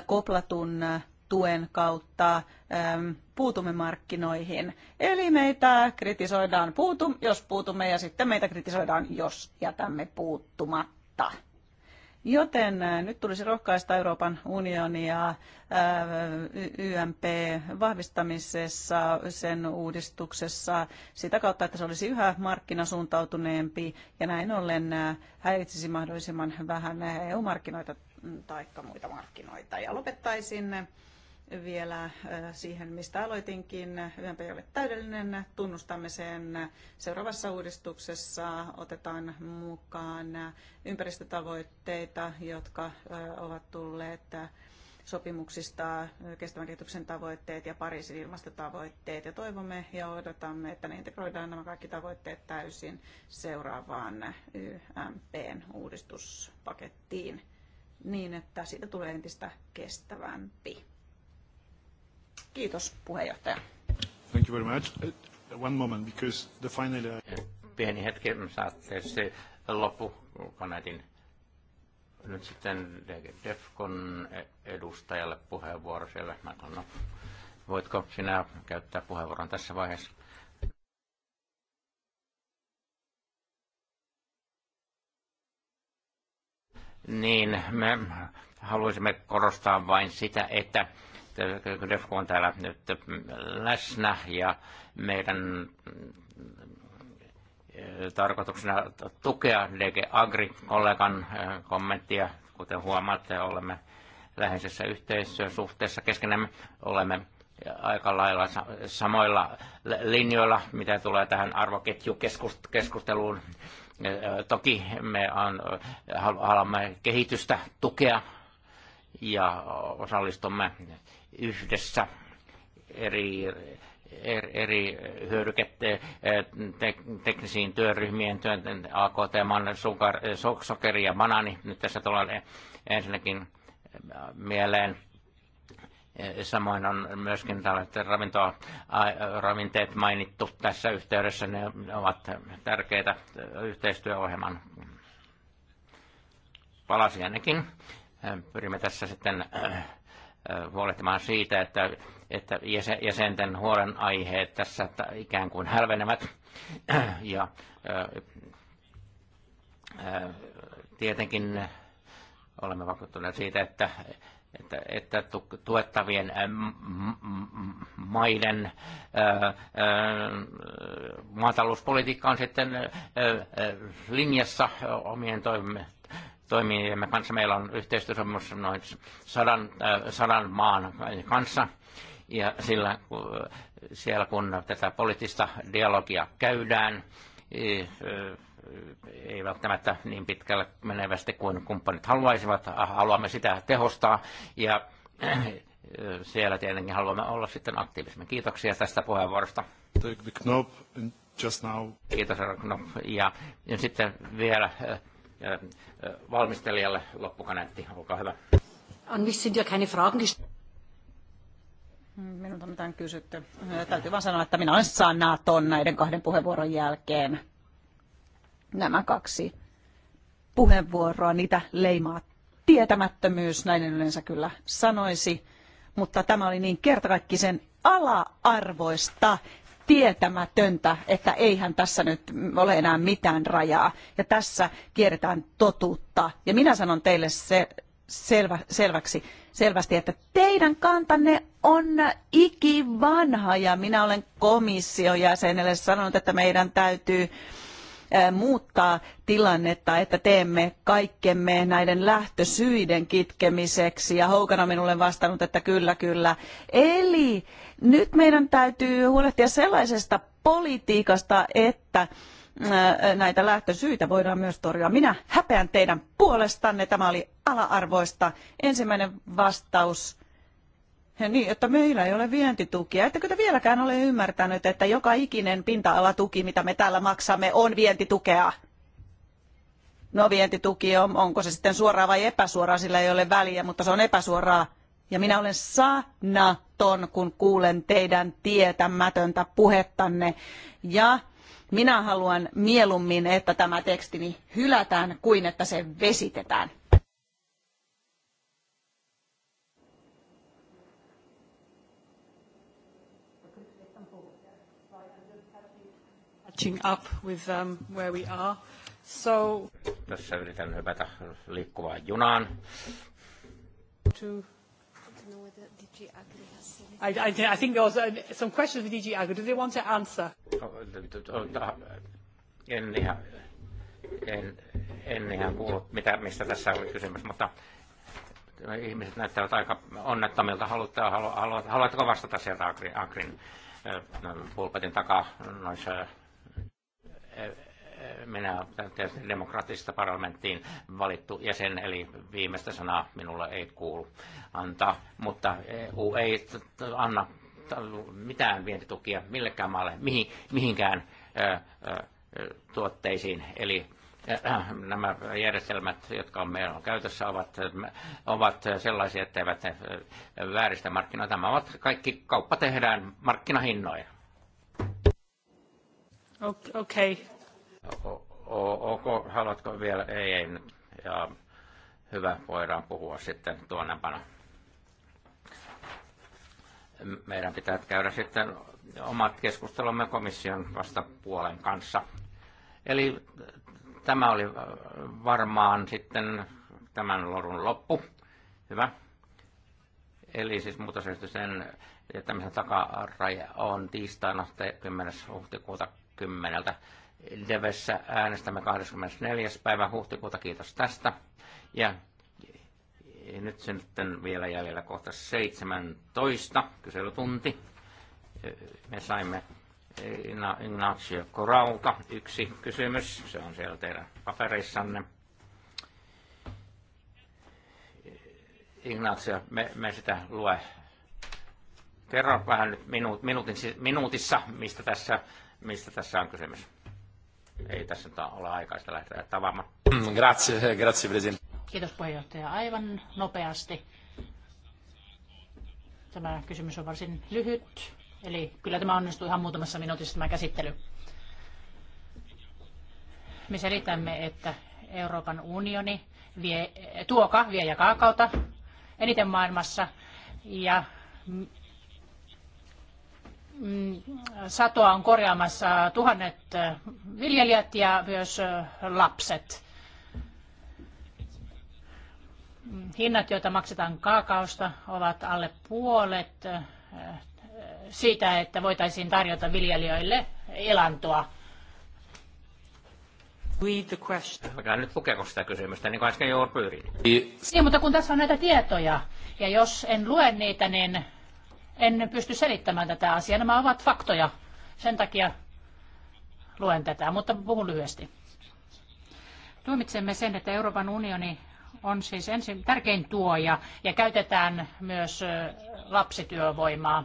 koplatun tuen kautta ähm, puutumme markkinoihin. Eli meitä kritisoidaan, puutum, jos puutumme, ja sitten meitä kritisoidaan, jos jätämme puuttumatta. Joten äh, nyt tulisi rohkaista Euroopan unionia äh, YMP-vahvistamisessa, sen uudistuksessa sitä kautta, että se olisi yhä markkinasuuntautuneempi ja näin ollen äh, häiritsisi mahdollisimman vähän EU-markkinoita tai muita markkinoita. Ja lopettaisin vielä äh, siihen, mistä aloitinkin. YMP ei ole täydellinen, tunnustamme sen. Seuraavassa uudistuksessa otetaan mukaan ympäristötavoitteita, jotka äh, ovat tulleet äh, sopimuksista, kestävän kehityksen tavoitteet ja Pariisin ilmastotavoitteet. Ja toivomme ja odotamme, että ne integroidaan nämä kaikki tavoitteet täysin seuraavaan YMPn uudistuspakettiin niin, että siitä tulee entistä kestävämpi. Kiitos puheenjohtaja. Thank you very much. Uh, one moment, because the final... Uh, Pieni hetki, saatte se loppukaneetin nyt sitten Defcon edustajalle puheenvuoro siellä. Mä no, voitko sinä käyttää puheenvuoron tässä vaiheessa? Niin, me haluaisimme korostaa vain sitä, että Defko on täällä nyt läsnä ja meidän eh, tarkoituksena tukea DG Agri-kollegan eh, kommenttia. Kuten huomaatte, olemme läheisessä yhteistyösuhteessa keskenämme. Olemme aika lailla samoilla linjoilla, mitä tulee tähän arvoketjukeskusteluun. Eh, toki me on, haluamme kehitystä tukea ja osallistumme yhdessä eri er, eri hyödykette eh, te, teknisiin työryhmien, työn, AKT, man, sukar, eh, so, sokeri ja banani. Nyt tässä tulee ensinnäkin mieleen. Eh, samoin on myöskin tällaiset ravintoa, ravinteet mainittu tässä yhteydessä. Ne ovat tärkeitä yhteistyöohjelman palasia nekin. Pyrimme tässä sitten huolehtimaan siitä, että, että jäsenten huolenaiheet tässä ikään kuin hälvenevät. *clears throat* Ja tietenkin olemme vakuuttuneet siitä, että, että, että tuettavien maiden maatalouspolitiikka on sitten linjassa omien me kanssa. Meillä on yhteistyösopimus noin sadan, äh, sadan maan kanssa. Ja sillä, siellä kun tätä poliittista dialogia käydään, ei välttämättä niin pitkälle menevästi kuin kumppanit haluaisivat. Ah, haluamme sitä tehostaa ja siellä tietenkin haluamme olla sitten aktiivisemmin. Kiitoksia tästä puheenvuorosta. Take the knob just now. Kiitos, Ja, ja sitten vielä valmistelijalle loppukaneetti. Olkaa hyvä. An mich sind ja keine Fragen Minun on mitään kysytty. Täytyy vain sanoa, että minä olen sanaton näiden kahden puheenvuoron jälkeen. Nämä kaksi puheenvuoroa, niitä leimaa tietämättömyys, näin en yleensä kyllä sanoisi. Mutta tämä oli niin kertakaikkisen ala-arvoista tietämätöntä, että eihän tässä nyt ole enää mitään rajaa. Ja tässä kierretään totuutta. Ja minä sanon teille se, selvä, selväksi, selvästi, että teidän kantanne on ikivanha ja minä olen komission jäsenelle sanonut, että meidän täytyy muuttaa tilannetta, että teemme kaikkemme näiden lähtösyiden kitkemiseksi. Ja Houkana minulle vastannut, että kyllä, kyllä. Eli nyt meidän täytyy huolehtia sellaisesta politiikasta, että näitä lähtösyitä voidaan myös torjua. Minä häpeän teidän puolestanne. Tämä oli ala-arvoista. Ensimmäinen vastaus ja niin, että meillä ei ole vientitukia. Ettekö te vieläkään ole ymmärtänyt, että joka ikinen pinta-alatuki, mitä me täällä maksamme, on vientitukea? No vientituki, on, onko se sitten suoraa vai epäsuoraa, sillä ei ole väliä, mutta se on epäsuoraa. Ja minä olen sanaton, kun kuulen teidän tietämätöntä puhettanne. Ja minä haluan mieluummin, että tämä tekstini hylätään, kuin että se vesitetään. catching up with um, where we are. So... Tässä yritän hypätä liikkuvaan junaan. To... I, I, I think there was uh, some questions with DG Agri. Do they want to answer? Oh, en ihan, en, en ihan kuullut, mitä, mistä tässä oli kysymys, mutta ihmiset näyttävät aika onnettomilta. Haluatte, halu, haluatteko vastata sieltä Agrin, Agrin pulpetin takaa noissa minä tietysti demokraattisesta parlamenttiin valittu jäsen, eli viimeistä sanaa minulle ei kuulu antaa, mutta EU ei anna mitään vientitukia millekään maalle, mihinkään tuotteisiin, eli nämä järjestelmät, jotka on meillä on käytössä, ovat, ovat sellaisia, että eivät vääristä markkinoita. Tämä ovat kaikki, kauppa tehdään markkinahinnoilla. Okei. Okay. haluatko vielä? Ei, ei. Ja hyvä, voidaan puhua sitten tuonnepana. Meidän pitää käydä sitten omat keskustelumme komission vastapuolen kanssa. Eli tämä oli varmaan sitten tämän lorun loppu. Hyvä. Eli siis muutosesityksen tämmöisen takaraja on tiistaina 10. huhtikuuta kymmeneltä. Devessä äänestämme 24. päivä huhtikuuta, kiitos tästä. Ja nyt sitten vielä jäljellä kohta 17, kyselytunti. Me saimme Ignacio Korauka, yksi kysymys, se on siellä teidän papereissanne. Ignacio, me, me sitä lue. Kerro vähän nyt minuut, minuutin, minuutissa, mistä tässä mistä tässä on kysymys. Ei tässä nyt ole aikaista lähteä tavaamaan. Mm, grazie, eh, grazie presidente. Kiitos puheenjohtaja. Aivan nopeasti. Tämä kysymys on varsin lyhyt, eli kyllä tämä onnistui ihan muutamassa minuutissa tämä käsittely. Me selitämme, että Euroopan unioni vie, tuo kahvia ja kaakauta eniten maailmassa ja Mm, satoa on korjaamassa tuhannet äh, viljelijät ja myös äh, lapset. Mm, hinnat, joita maksetaan kaakaosta, ovat alle puolet äh, siitä, että voitaisiin tarjota viljelijöille elantoa. Read the question. nyt lukeeko sitä kysymystä, niin kuin äsken jo pyydin. Niin, mutta kun tässä on näitä tietoja, ja jos en lue niitä, niin en pysty selittämään tätä asiaa. Nämä ovat faktoja. Sen takia luen tätä, mutta puhun lyhyesti. Tuomitsemme sen, että Euroopan unioni on siis ensin tärkein tuoja ja käytetään myös lapsityövoimaa.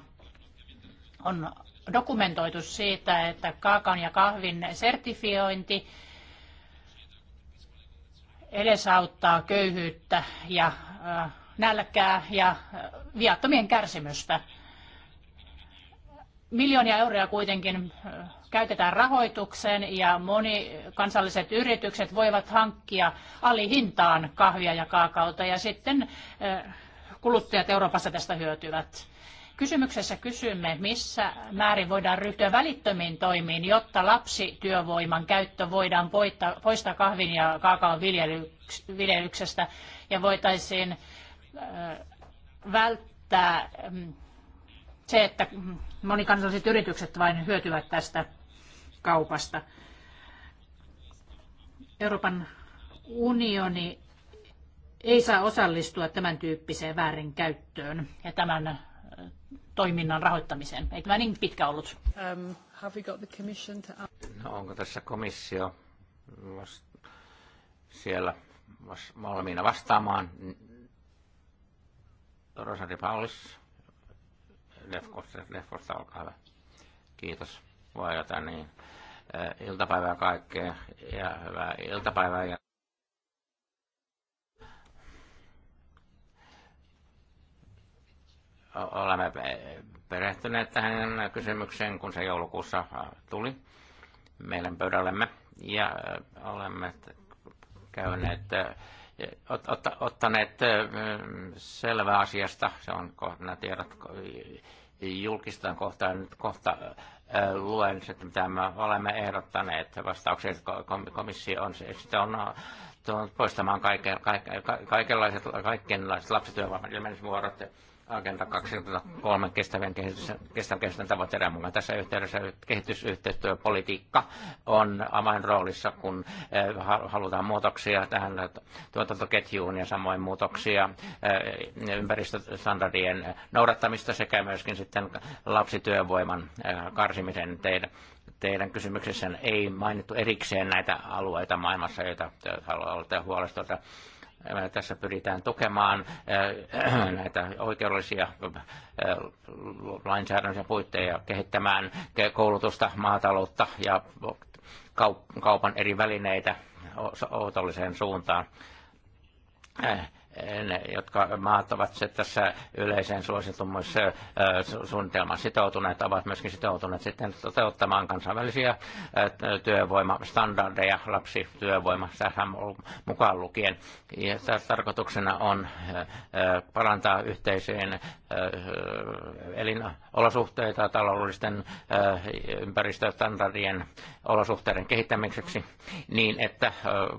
On dokumentoitu siitä, että kaakan ja kahvin sertifiointi edesauttaa köyhyyttä ja nälkää ja viattomien kärsimystä. Miljoonia euroja kuitenkin käytetään rahoitukseen ja moni kansalliset yritykset voivat hankkia alihintaan kahvia ja kaakaota ja sitten kuluttajat Euroopassa tästä hyötyvät. Kysymyksessä kysymme, missä määrin voidaan ryhtyä välittömiin toimiin, jotta lapsityövoiman käyttö voidaan poistaa kahvin ja kaakaon viljelyksestä ja voitaisiin välttää mm, se, että mm, Monikansalliset yritykset vain hyötyvät tästä kaupasta. Euroopan unioni ei saa osallistua tämän tyyppiseen väärinkäyttöön ja tämän äh, toiminnan rahoittamiseen. Ei tämä niin pitkä ollut. Um, have we got the commission to... no, onko tässä komissio vast... siellä valmiina vastaamaan? Rosari Paulissa. Lefkosta, Lefkosta olkaa hyvä. Kiitos. Voi jotain niin. Iltapäivää kaikkea ja hyvää iltapäivää. Ja olemme perehtyneet tähän kysymykseen, kun se joulukuussa tuli meidän pöydällemme. Ja olemme käyneet ottaneet selvää asiasta. Se on nämä tiedot julkistetaan kohta, nyt kohta luen, että mitä me olemme ehdottaneet vastauksia, komissio on, sitä on poistamaan kaiken, kaikenlaiset, kaikenlaiset lapsityövoiman ilmennysvuorot. Agenda 2003 kestävän kehityksen, kestävän kehityksen tavoitteiden mukaan. Tässä yhteydessä kehitysyhteistyöpolitiikka on avainroolissa, kun eh, halutaan muutoksia tähän tuotantoketjuun ja samoin muutoksia eh, ympäristöstandardien noudattamista sekä myöskin sitten lapsityövoiman eh, karsimisen teidän teidän kysymyksessänne ei mainittu erikseen näitä alueita maailmassa, joita haluatte huolestua tässä pyritään tukemaan *clears throat* näitä oikeudellisia lainsäädännöllisiä puitteita kehittämään koulutusta, maataloutta ja kaupan eri välineitä otolliseen suuntaan ne, jotka maat ovat se tässä yleiseen suositummassa suunnitelmaan sitoutuneet, ovat myöskin sitoutuneet sitten toteuttamaan kansainvälisiä työvoimastandardeja, lapsityövoima tähän mukaan lukien. Ja tässä tarkoituksena on parantaa yhteiseen Äh, elinolosuhteita taloudellisten äh, ympäristöstandardien olosuhteiden kehittämiseksi, niin että äh,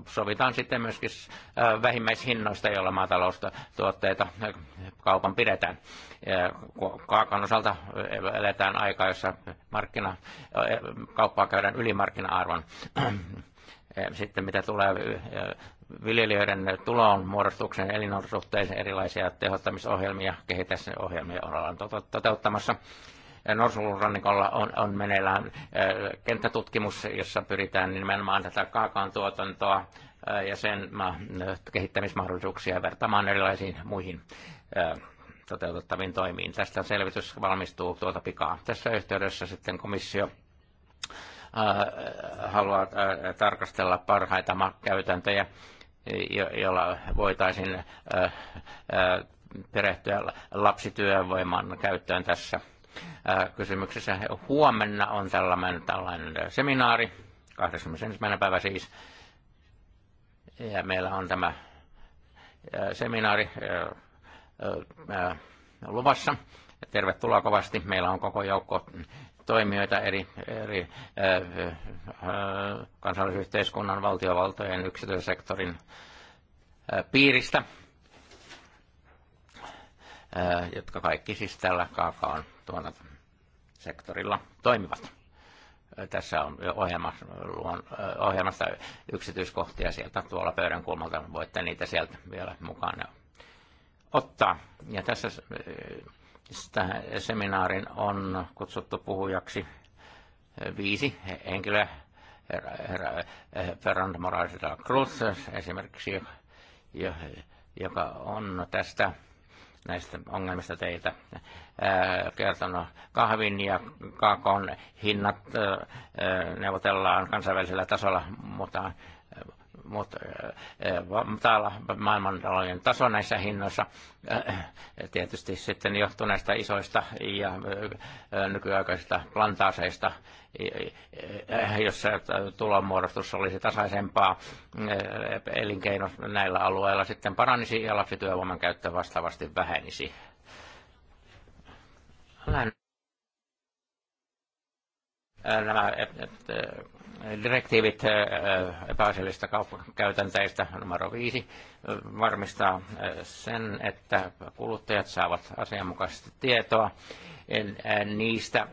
sovitaan sitten myöskin vähimmäishinnoista, joilla maataloustuotteita kaupan pidetään. Kaakan osalta eletään aikaa, jossa markkina, kauppaa käydään ylimarkkina-arvon sitten mitä tulee viljelijöiden tuloon muodostuksen elinolosuhteisiin erilaisia tehostamisohjelmia, ohjelmia ollaan tota, toteuttamassa. Norsulurannikolla on, on meneillään kenttätutkimus, jossa pyritään nimenomaan tätä kaakaan tuotantoa ja sen kehittämismahdollisuuksia vertaamaan erilaisiin muihin toteutettaviin toimiin. Tästä selvitys valmistuu tuota pikaa. Tässä yhteydessä sitten komissio Äh, haluaa äh, tarkastella parhaita käytäntöjä, joilla voitaisiin äh, perehtyä lapsityövoiman käyttöön tässä kysymyksessä. Huomenna on tällainen, tällainen seminaari, 21. päivä siis, ja meillä on tämä seminaari luvassa. Tervetuloa kovasti. Meillä on koko joukko toimijoita eri, eri äh, äh, kansallisyhteiskunnan, valtiovaltojen, yksityissektorin äh, piiristä, jotka kaikki siis tällä kaakaon tuolla sektorilla toimivat. Tässä on ohjelmasta yksityiskohtia sieltä tuolla pöydän kulmalta. Voitte niitä sieltä vielä mukaan ottaa. Ja tässä Tähän seminaarin on kutsuttu puhujaksi viisi henkilöä. Herra, eh, Ferrand Morales de Cruz esimerkiksi, joka on tästä näistä ongelmista teitä. Eh, kertonut. Kahvin ja kaakon hinnat eh, neuvotellaan kansainvälisellä tasolla, mutta mutta eh, eh, täällä maailmanlaajuinen taso näissä hinnoissa eh, tietysti sitten johtuu näistä isoista ja nykyaikaisista plantaaseista, jossa tulonmuodostus olisi tasaisempaa elinkeino näillä alueilla sitten paranisi ja lapsityövoiman käyttö vastaavasti vähenisi. Lähden nämä direktiivit epäasiallisista kauppakäytänteistä numero viisi varmistaa sen, että kuluttajat saavat asianmukaisesti tietoa niistä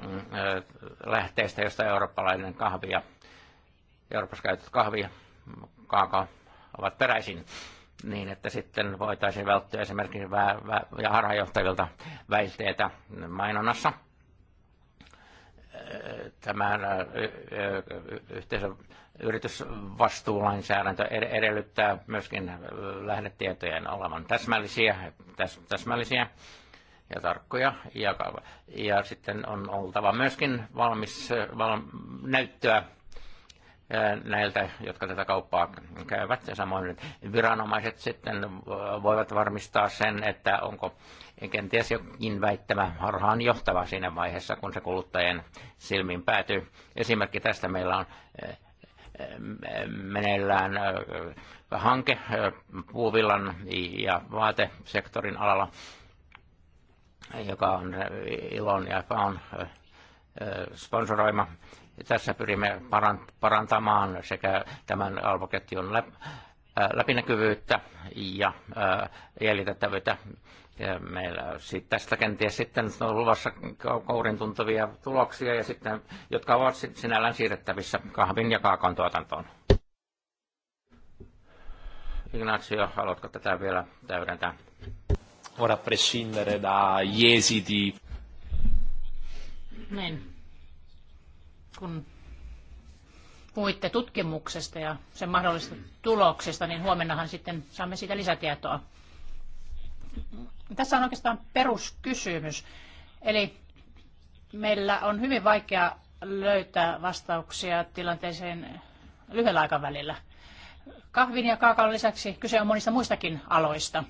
lähteistä, joista eurooppalainen kahvi ja Euroopassa käytetyt kahvi kaaka ovat peräisin niin, että sitten voitaisiin välttyä esimerkiksi vä- vä- ja harhaanjohtavilta väitteitä mainonnassa – tämän yhteisön yritysvastuulainsäädäntö edellyttää myöskin lähdetietojen olevan täsmällisiä, täs, täsmällisiä ja tarkkoja. Ja, ja sitten on oltava myöskin valmis val, näyttöä näiltä, jotka tätä kauppaa käyvät. Ja samoin viranomaiset sitten voivat varmistaa sen, että onko kenties jokin väittämä harhaan johtava siinä vaiheessa, kun se kuluttajien silmiin päätyy. Esimerkki tästä meillä on meneillään hanke puuvillan ja vaatesektorin alalla, joka on Ilon ja on Äh, sponsoroima. Tässä pyrimme parantamaan sekä tämän alvoketjun äh, läpinäkyvyyttä ja äh, jäljitettävyyttä. Meillä tästä kenties sitten on luvassa kourin tuntuvia tuloksia, ja sitten, jotka ovat sinällään siirrettävissä kahvin ja kaakon tuotantoon. Ignacio, haluatko tätä vielä täydentää? Ora prescindere da esiti niin, Kun puhuitte tutkimuksesta ja sen mahdollisista tuloksista, niin huomennahan sitten saamme siitä lisätietoa. Tässä on oikeastaan peruskysymys. Eli meillä on hyvin vaikea löytää vastauksia tilanteeseen lyhyellä aikavälillä. Kahvin ja kaakaon lisäksi kyse on monista muistakin aloista.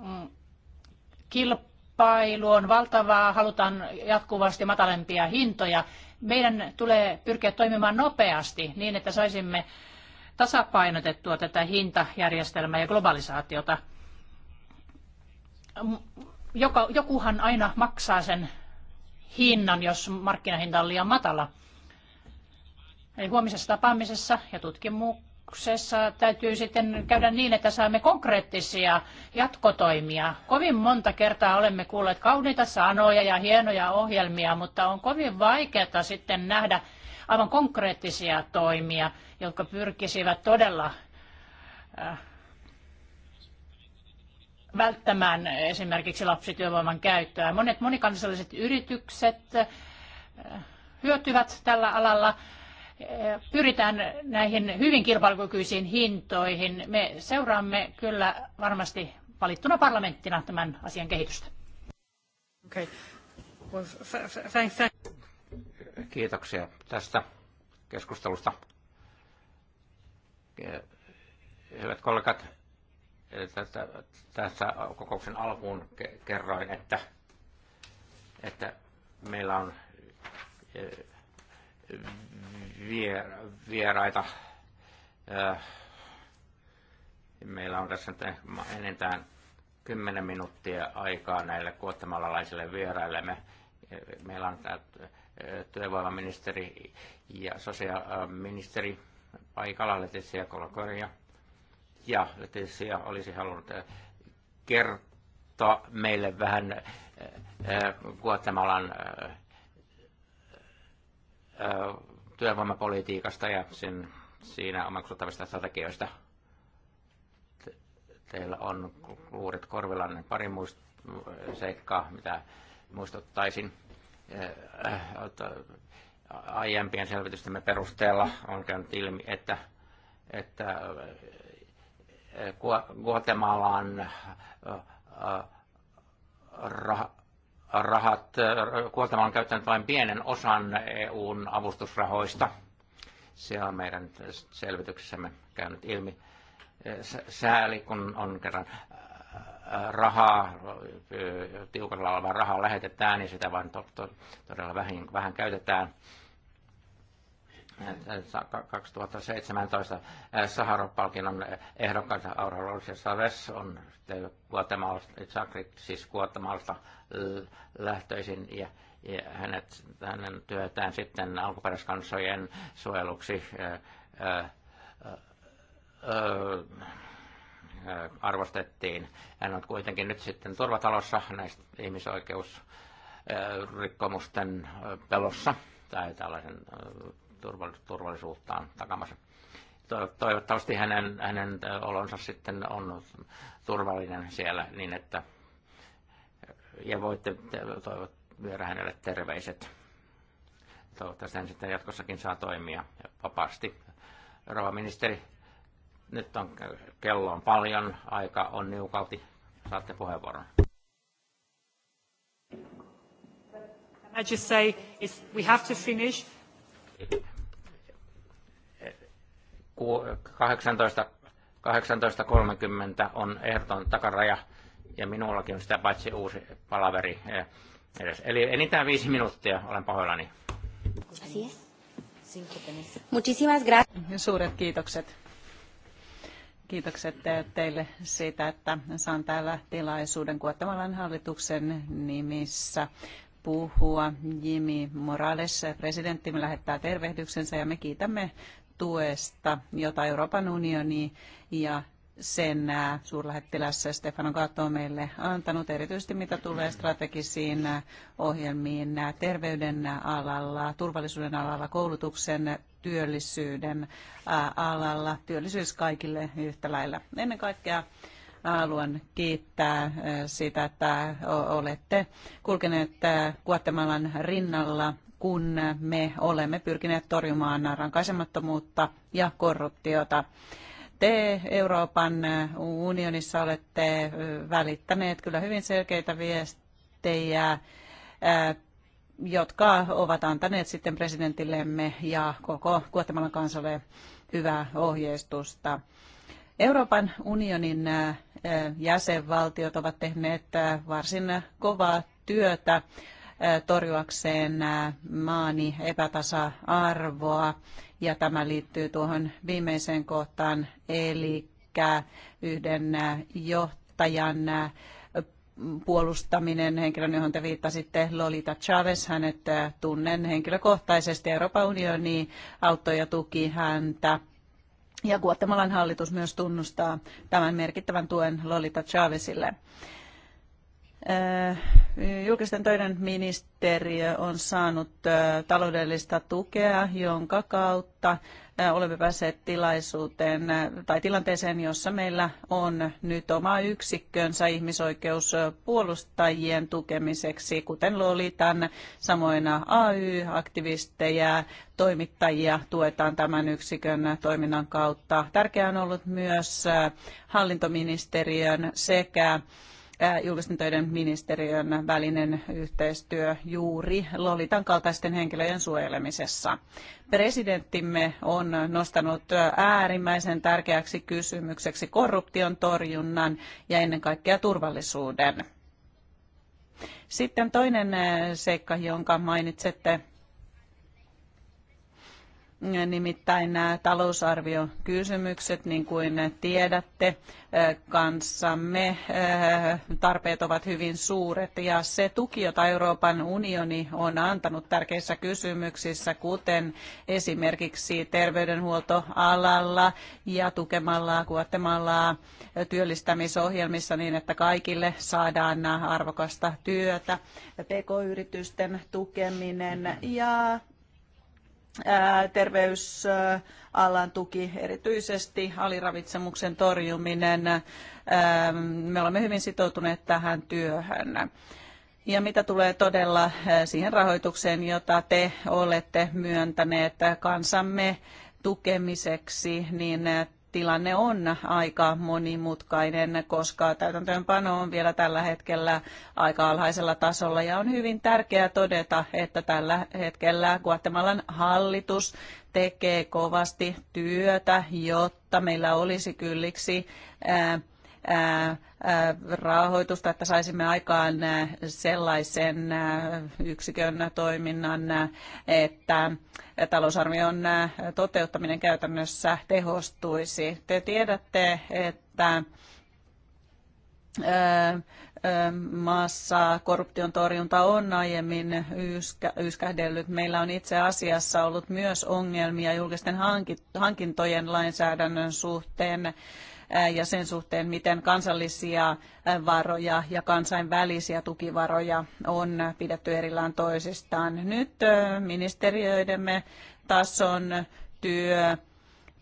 Mm. Kilp- kilpailu on valtavaa, halutaan jatkuvasti matalempia hintoja. Meidän tulee pyrkiä toimimaan nopeasti niin, että saisimme tasapainotettua tätä hintajärjestelmää ja globalisaatiota. Joka, jokuhan aina maksaa sen hinnan, jos markkinahinta on liian matala. Eli huomisessa tapaamisessa ja tutkimuksessa tapauksessa täytyy sitten käydä niin, että saamme konkreettisia jatkotoimia. Kovin monta kertaa olemme kuulleet kauniita sanoja ja hienoja ohjelmia, mutta on kovin vaikeaa sitten nähdä aivan konkreettisia toimia, jotka pyrkisivät todella äh, välttämään esimerkiksi lapsityövoiman käyttöä. Monet monikansalliset yritykset äh, hyötyvät tällä alalla pyritään näihin hyvin kilpailukykyisiin hintoihin. Me seuraamme kyllä varmasti valittuna parlamenttina tämän asian kehitystä. Okay. Well, thanks, thanks. Kiitoksia tästä keskustelusta. Hyvät kollegat, tässä kokouksen alkuun kerroin, että, että meillä on vieraita. Meillä on tässä enintään 10 minuuttia aikaa näille kuottamalalaisille vieraillemme. Meillä on tämä työvoimaministeri ja sosiaaliministeri paikalla Letizia Kolokoria. Ja Letizia olisi halunnut kertoa meille vähän Guatemalan työvoimapolitiikasta ja sen, siinä omaksuttavista strategioista. Teillä on luurit korvillanne pari muist- seikkaa, mitä muistuttaisin. Aiempien selvitystemme perusteella on käynyt ilmi, että, että Guatemalan rahat, Kuotama äh, on käyttänyt vain pienen osan EUn avustusrahoista. Se on meidän selvityksessämme käynyt ilmi. Sääli, kun on kerran äh, rahaa, äh, tiukalla olevaa rahaa lähetetään, niin sitä vain to, to, todella vähän, vähän käytetään 2017 Saharov-palkinnon ehdokkaita Aura Rosia Saves on Guatemalasta, siis lähtöisin ja, ja hänet, hänen työtään sitten alkuperäiskansojen suojeluksi ää, ää, ää, arvostettiin. Hän on kuitenkin nyt sitten turvatalossa näistä ihmisoikeusrikkomusten pelossa tai tällaisen turvallisuuttaan takamassa. Toivottavasti hänen, hänen olonsa sitten on turvallinen siellä niin, että ja voitte toivot, viedä hänelle terveiset. Toivottavasti hän sitten jatkossakin saa toimia vapaasti. Rova ministeri, nyt on kello on paljon, aika on niukalti. Saatte puheenvuoron. I just say is we have to finish. 18, 18.30 on ehdoton takaraja ja minullakin on sitä paitsi uusi palaveri eh, edes. Eli enintään viisi minuuttia, olen pahoillani. Muchísimas gracias. Suuret kiitokset. Kiitokset teille siitä, että saan täällä tilaisuuden Kuottamalan hallituksen nimissä puhua. Jimi Morales, presidenttimme, lähettää tervehdyksensä ja me kiitämme tuesta, jota Euroopan unioni ja sen suurlähettilässä Stefano Gatto on meille antanut, erityisesti mitä tulee strategisiin ohjelmiin terveyden alalla, turvallisuuden alalla, koulutuksen, työllisyyden alalla, työllisyys kaikille yhtä lailla. Ennen kaikkea haluan kiittää siitä, että olette kulkeneet Guatemalan rinnalla kun me olemme pyrkineet torjumaan rankaisemattomuutta ja korruptiota. Te Euroopan unionissa olette välittäneet kyllä hyvin selkeitä viestejä jotka ovat antaneet sitten presidentillemme ja koko Guatemalan kansalle hyvää ohjeistusta. Euroopan unionin jäsenvaltiot ovat tehneet varsin kovaa työtä torjuakseen maani epätasa-arvoa. Ja tämä liittyy tuohon viimeiseen kohtaan, eli yhden johtajan puolustaminen henkilön, johon te viittasitte, Lolita Chavez, hänet tunnen henkilökohtaisesti. Euroopan unioni auttoi ja tuki häntä. Ja Guatemalan hallitus myös tunnustaa tämän merkittävän tuen Lolita Chavezille. Äh, julkisten töiden ministeriö on saanut äh, taloudellista tukea, jonka kautta äh, olemme päässeet tilaisuuteen tai tilanteeseen, jossa meillä on nyt oma yksikkönsä ihmisoikeuspuolustajien tukemiseksi, kuten Lolitan, samoin AY-aktivisteja, toimittajia tuetaan tämän yksikön toiminnan kautta. Tärkeää on ollut myös hallintoministeriön sekä julkisten töiden ministeriön välinen yhteistyö juuri Lolitan kaltaisten henkilöjen suojelemisessa. Presidenttimme on nostanut äärimmäisen tärkeäksi kysymykseksi korruption torjunnan ja ennen kaikkea turvallisuuden. Sitten toinen seikka, jonka mainitsette, nimittäin nämä talousarviokysymykset, niin kuin tiedätte, kanssamme tarpeet ovat hyvin suuret ja se tuki, jota Euroopan unioni on antanut tärkeissä kysymyksissä, kuten esimerkiksi terveydenhuoltoalalla ja tukemalla Guatemalaa työllistämisohjelmissa niin, että kaikille saadaan arvokasta työtä, pk-yritysten tukeminen ja terveysalan tuki, erityisesti aliravitsemuksen torjuminen. Me olemme hyvin sitoutuneet tähän työhön. Ja mitä tulee todella siihen rahoitukseen, jota te olette myöntäneet kansamme tukemiseksi, niin tilanne on aika monimutkainen, koska täytäntöönpano on vielä tällä hetkellä aika alhaisella tasolla ja on hyvin tärkeää todeta, että tällä hetkellä Guatemalan hallitus tekee kovasti työtä, jotta meillä olisi kylliksi rahoitusta, että saisimme aikaan sellaisen yksikön toiminnan, että talousarvion toteuttaminen käytännössä tehostuisi. Te tiedätte, että maassa korruption torjunta on aiemmin yskähdellyt. Meillä on itse asiassa ollut myös ongelmia julkisten hankintojen lainsäädännön suhteen ja sen suhteen, miten kansallisia varoja ja kansainvälisiä tukivaroja on pidetty erillään toisistaan. Nyt ministeriöidemme tason työ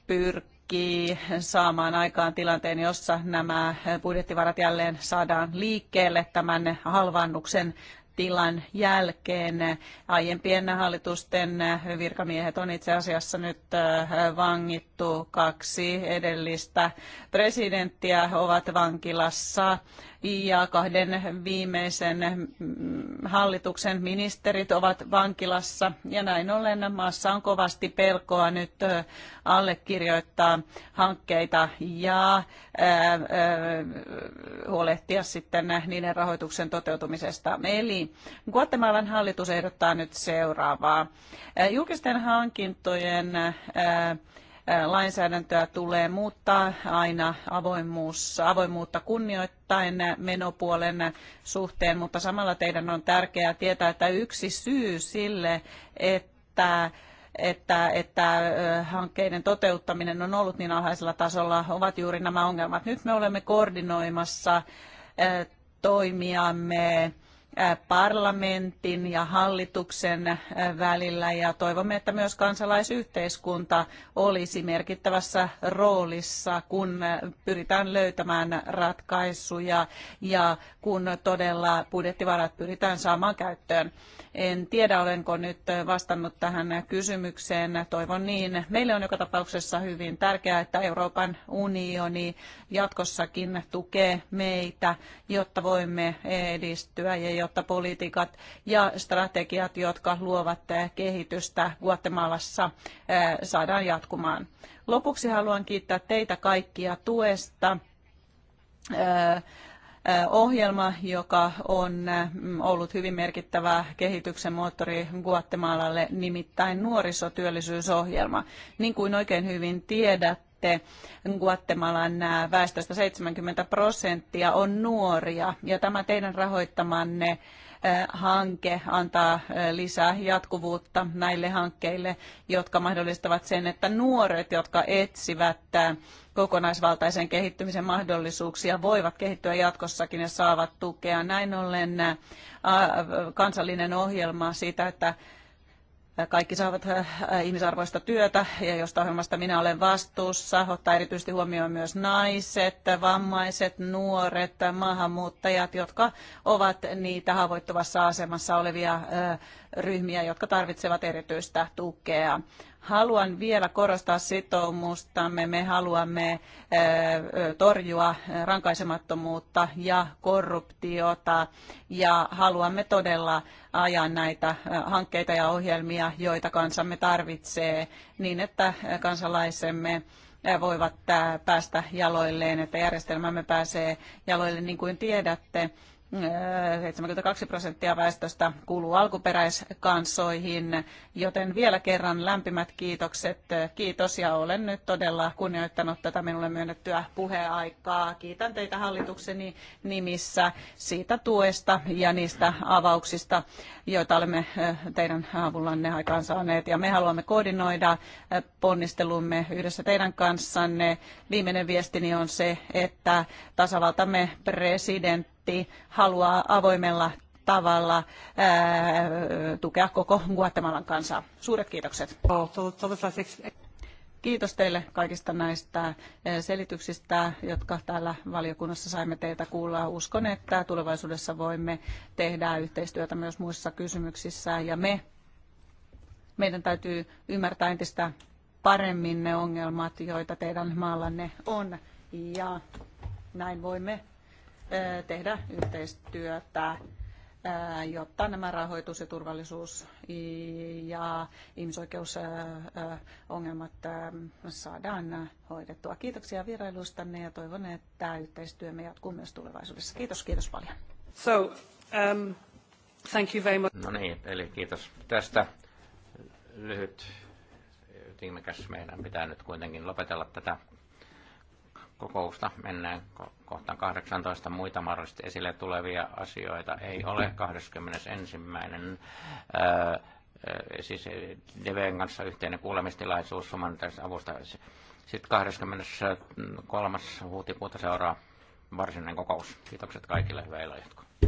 pyrkii saamaan aikaan tilanteen, jossa nämä budjettivarat jälleen saadaan liikkeelle tämän halvannuksen tilan jälkeen. Aiempien hallitusten virkamiehet on itse asiassa nyt äh, vangittu. Kaksi edellistä presidenttiä ovat vankilassa ja kahden viimeisen mm, hallituksen ministerit ovat vankilassa. Ja näin ollen maassa on kovasti pelkoa nyt äh, allekirjoittaa hankkeita ja äh, huolehtia sitten niiden rahoituksen toteutumisesta. Eli Guatemalan hallitus ehdottaa nyt seuraavaa. Julkisten hankintojen lainsäädäntöä tulee muuttaa aina avoimuus, avoimuutta kunnioittain menopuolen suhteen, mutta samalla teidän on tärkeää tietää, että yksi syy sille, että että, että hankkeiden toteuttaminen on ollut niin alhaisella tasolla, ovat juuri nämä ongelmat. Nyt me olemme koordinoimassa toimiamme parlamentin ja hallituksen välillä ja toivomme, että myös kansalaisyhteiskunta olisi merkittävässä roolissa, kun pyritään löytämään ratkaisuja ja kun todella budjettivarat pyritään saamaan käyttöön. En tiedä, olenko nyt vastannut tähän kysymykseen. Toivon niin. Meille on joka tapauksessa hyvin tärkeää, että Euroopan unioni jatkossakin tukee meitä, jotta voimme edistyä ja jotta politiikat ja strategiat, jotka luovat kehitystä Guatemalassa, eh, saadaan jatkumaan. Lopuksi haluan kiittää teitä kaikkia tuesta eh, ohjelma, joka on mm, ollut hyvin merkittävä kehityksen moottori Guatemalalle, nimittäin nuorisotyöllisyysohjelma. Niin kuin oikein hyvin tiedätte, Guatemalan väestöstä 70 prosenttia on nuoria ja tämä teidän rahoittamanne hanke antaa lisää jatkuvuutta näille hankkeille, jotka mahdollistavat sen, että nuoret, jotka etsivät kokonaisvaltaisen kehittymisen mahdollisuuksia, voivat kehittyä jatkossakin ja saavat tukea. Näin ollen kansallinen ohjelma siitä, että kaikki saavat äh, äh, ihmisarvoista työtä, ja josta ohjelmasta minä olen vastuussa, ottaa erityisesti huomioon myös naiset, vammaiset, nuoret, maahanmuuttajat, jotka ovat niitä haavoittuvassa asemassa olevia äh, ryhmiä, jotka tarvitsevat erityistä tukea. Haluan vielä korostaa sitoumustamme. Me haluamme eh, torjua rankaisemattomuutta ja korruptiota ja haluamme todella ajaa näitä eh, hankkeita ja ohjelmia, joita kansamme tarvitsee niin, että kansalaisemme eh, voivat päästä jaloilleen, että järjestelmämme pääsee jaloille, niin kuin tiedätte. 72 äh, prosenttia väestöstä kuuluu alkuperäiskansoihin, joten vielä kerran lämpimät kiitokset. Kiitos ja olen nyt todella kunnioittanut tätä minulle myönnettyä puheaikaa. Kiitän teitä hallitukseni nimissä siitä tuesta ja niistä avauksista, joita olemme äh, teidän avullanne aikaan saaneet. Ja me haluamme koordinoida äh, ponnistelumme yhdessä teidän kanssanne. Viimeinen viestini on se, että tasavaltamme presidentti parlamentti haluaa avoimella tavalla tukea koko Guatemalan kansaa. Suuret kiitokset. Kiitos teille kaikista näistä selityksistä, jotka täällä valiokunnassa saimme teiltä kuulla. Uskon, että tulevaisuudessa voimme tehdä yhteistyötä myös muissa kysymyksissä ja me, meidän täytyy ymmärtää entistä paremmin ne ongelmat, joita teidän maallanne on ja näin voimme tehdä yhteistyötä, jotta nämä rahoitus- ja turvallisuus- ja ihmisoikeusongelmat saadaan hoidettua. Kiitoksia vierailustanne ja toivon, että yhteistyömme jatkuu myös tulevaisuudessa. Kiitos, kiitos paljon. So, um, thank you very much. No niin, eli kiitos tästä. Lyhyt tiimekäs meidän pitää nyt kuitenkin lopetella tätä kokousta. Mennään kohtaan 18. Muita mahdollisesti esille tulevia asioita ei ole. 21. Ää, äh, äh, siis Deven kanssa yhteinen kuulemistilaisuus humanitaarista avusta. Sitten 23. huhtikuuta seuraa varsinainen kokous. Kiitokset kaikille. Hyvää illanjatkoa.